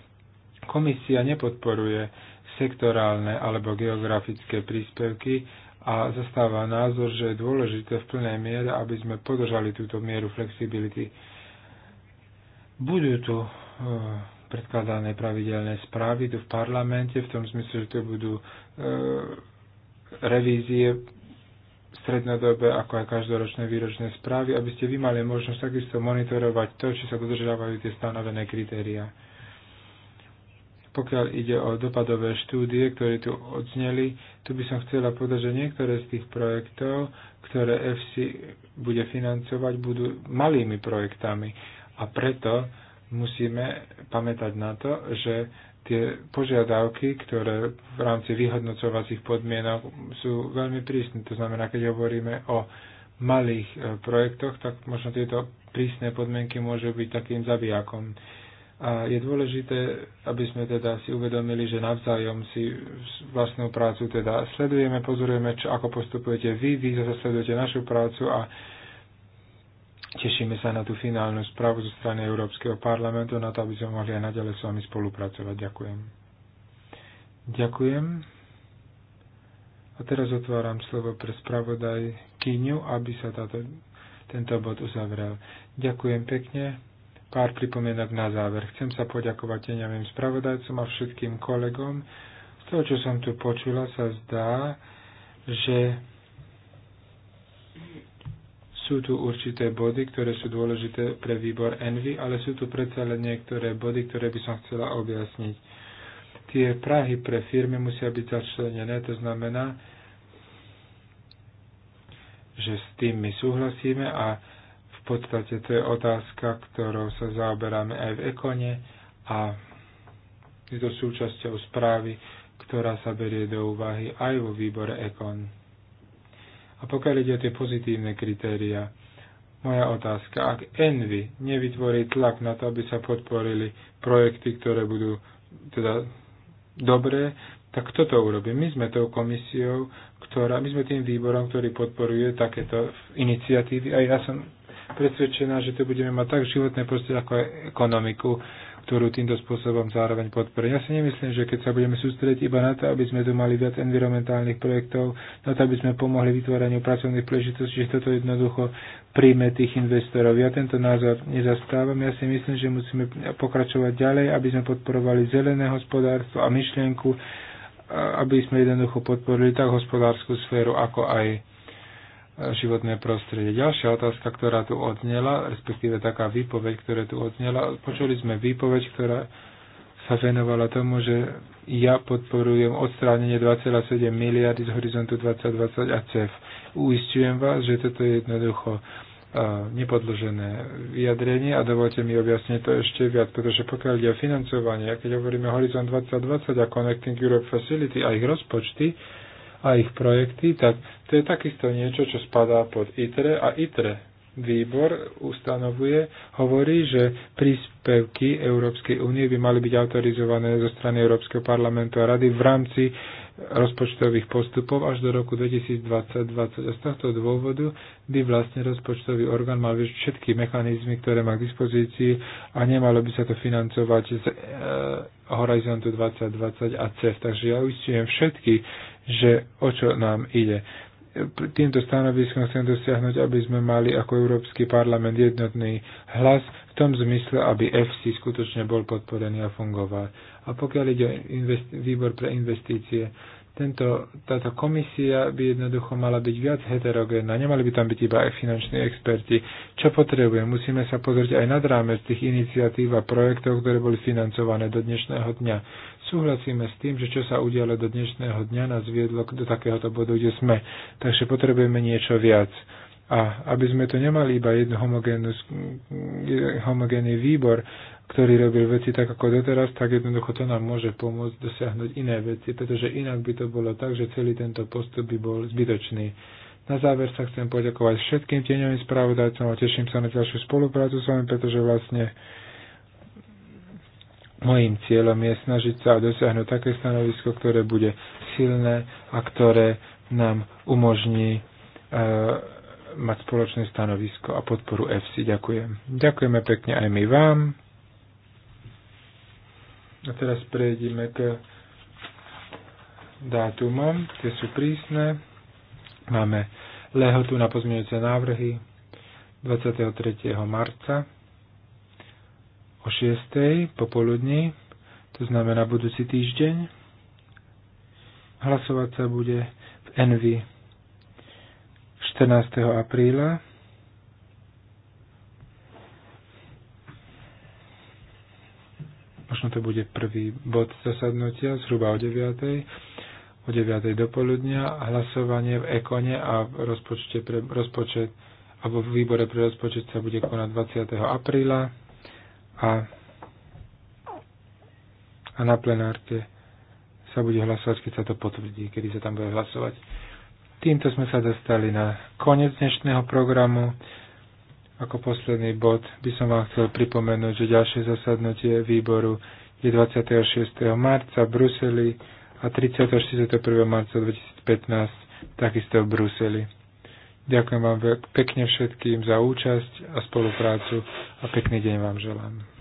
Komisia nepodporuje sektorálne alebo geografické príspevky a zastáva názor, že je dôležité v plnej miere, aby sme podržali túto mieru flexibility. Budú tu e, predkladané pravidelné správy tu v parlamente, v tom smysle, že to budú e, revízie strednodobé, ako aj každoročné výročné správy, aby ste vy mali možnosť takisto monitorovať to, či sa dodržiavajú tie stanovené kritéria. Pokiaľ ide o dopadové štúdie, ktoré tu odzneli, tu by som chcela povedať, že niektoré z tých projektov, ktoré FC bude financovať, budú malými projektami. A preto musíme pamätať na to, že tie požiadavky, ktoré v rámci vyhodnocovacích podmienok sú veľmi prísne. To znamená, keď hovoríme o malých e, projektoch, tak možno tieto prísne podmienky môžu byť takým zabijakom. A je dôležité, aby sme teda si uvedomili, že navzájom si vlastnú prácu teda sledujeme, pozorujeme, čo, ako postupujete vy, vy zase sledujete našu prácu a Tešíme sa na tú finálnu správu zo strany Európskeho parlamentu, na to, aby sme mohli aj naďalej s vami spolupracovať. Ďakujem. Ďakujem. A teraz otváram slovo pre spravodaj Kyňu, aby sa táto, tento bod uzavrel. Ďakujem pekne. Pár pripomienok na záver. Chcem sa poďakovať teňavým spravodajcom a všetkým kolegom. Z toho, čo som tu počula, sa zdá, že sú tu určité body, ktoré sú dôležité pre výbor Envy, ale sú tu predsa len niektoré body, ktoré by som chcela objasniť. Tie Prahy pre firmy musia byť začlenené, to znamená, že s tým my súhlasíme a v podstate to je otázka, ktorou sa zaoberáme aj v ekone a je to súčasťou správy, ktorá sa berie do úvahy aj vo výbore ekon. A pokiaľ ide o tie pozitívne kritéria, moja otázka, ak Envy nevytvorí tlak na to, aby sa podporili projekty, ktoré budú teda dobré, tak kto to urobí? My sme tou komisiou, ktorá, my sme tým výborom, ktorý podporuje takéto iniciatívy a ja som presvedčená, že to budeme mať tak životné prostredie ako aj ekonomiku, ktorú týmto spôsobom zároveň podporiť. Ja si nemyslím, že keď sa budeme sústrediť iba na to, aby sme tu mali viac environmentálnych projektov, na to, aby sme pomohli vytváraniu pracovných príležitostí, že toto jednoducho príjme tých investorov. Ja tento názor nezastávam. Ja si myslím, že musíme pokračovať ďalej, aby sme podporovali zelené hospodárstvo a myšlienku, aby sme jednoducho podporili tak hospodárskú sféru, ako aj životné prostredie. Ďalšia otázka, ktorá tu odznela, respektíve taká výpoveď, ktorá tu odznela, počuli sme výpoveď, ktorá sa venovala tomu, že ja podporujem odstránenie 2,7 miliardy z horizontu 2020 a CEF. Uistujem vás, že toto je jednoducho nepodložené vyjadrenie a dovolte mi objasniť to ešte viac, pretože pokiaľ ide o financovanie, keď hovoríme Horizon 2020 a Connecting Europe Facility a ich rozpočty, a ich projekty, tak to je takisto niečo, čo spadá pod ITRE a ITRE výbor ustanovuje, hovorí, že príspevky Európskej únie by mali byť autorizované zo strany Európskeho parlamentu a rady v rámci rozpočtových postupov až do roku 2020-2020. A z tohto dôvodu by vlastne rozpočtový orgán mal vyšť všetky mechanizmy, ktoré má k dispozícii a nemalo by sa to financovať z eh, e, Horizontu 2020 a CEF. Takže ja uistujem všetky že o čo nám ide. Týmto stanoviskom chcem dosiahnuť, aby sme mali ako Európsky parlament jednotný hlas v tom zmysle, aby FC skutočne bol podporený a fungoval. A pokiaľ ide o výbor pre investície, tento, táto komisia by jednoducho mala byť viac heterogénna. Nemali by tam byť iba aj finanční experti. Čo potrebuje? Musíme sa pozrieť aj nad rámec tých iniciatív a projektov, ktoré boli financované do dnešného dňa. Súhlasíme s tým, že čo sa udialo do dnešného dňa nás viedlo do takéhoto bodu, kde sme. Takže potrebujeme niečo viac. A aby sme tu nemali iba jednu homogénny výbor, ktorý robil veci tak ako doteraz, tak jednoducho to nám môže pomôcť dosiahnuť iné veci, pretože inak by to bolo tak, že celý tento postup by bol zbytočný. Na záver sa chcem poďakovať všetkým tieňovým spravodajcom a teším sa na ďalšiu spoluprácu s vami, pretože vlastne Mojím cieľom je snažiť sa dosiahnuť také stanovisko, ktoré bude silné a ktoré nám umožní e, mať spoločné stanovisko a podporu FC. Ďakujem. Ďakujeme pekne aj my vám. A teraz prejdeme k dátumom. Tie sú prísne. Máme lehotu na pozmeňujúce návrhy 23. marca o 6. popoludní, to znamená budúci týždeň. Hlasovať sa bude v Envy 14. apríla. Možno to bude prvý bod zasadnutia, zhruba o 9. O 9. dopoludnia hlasovanie v ekone a rozpočte pre, rozpočet, alebo v výbore pre rozpočet sa bude konať 20. apríla a, a na plenárke sa bude hlasovať, keď sa to potvrdí, kedy sa tam bude hlasovať. Týmto sme sa dostali na koniec dnešného programu. Ako posledný bod by som vám chcel pripomenúť, že ďalšie zasadnutie výboru je 26. marca v Bruseli a 30. 31. marca 2015 takisto v Bruseli. Ďakujem vám pekne všetkým za účasť a spoluprácu a pekný deň vám želám.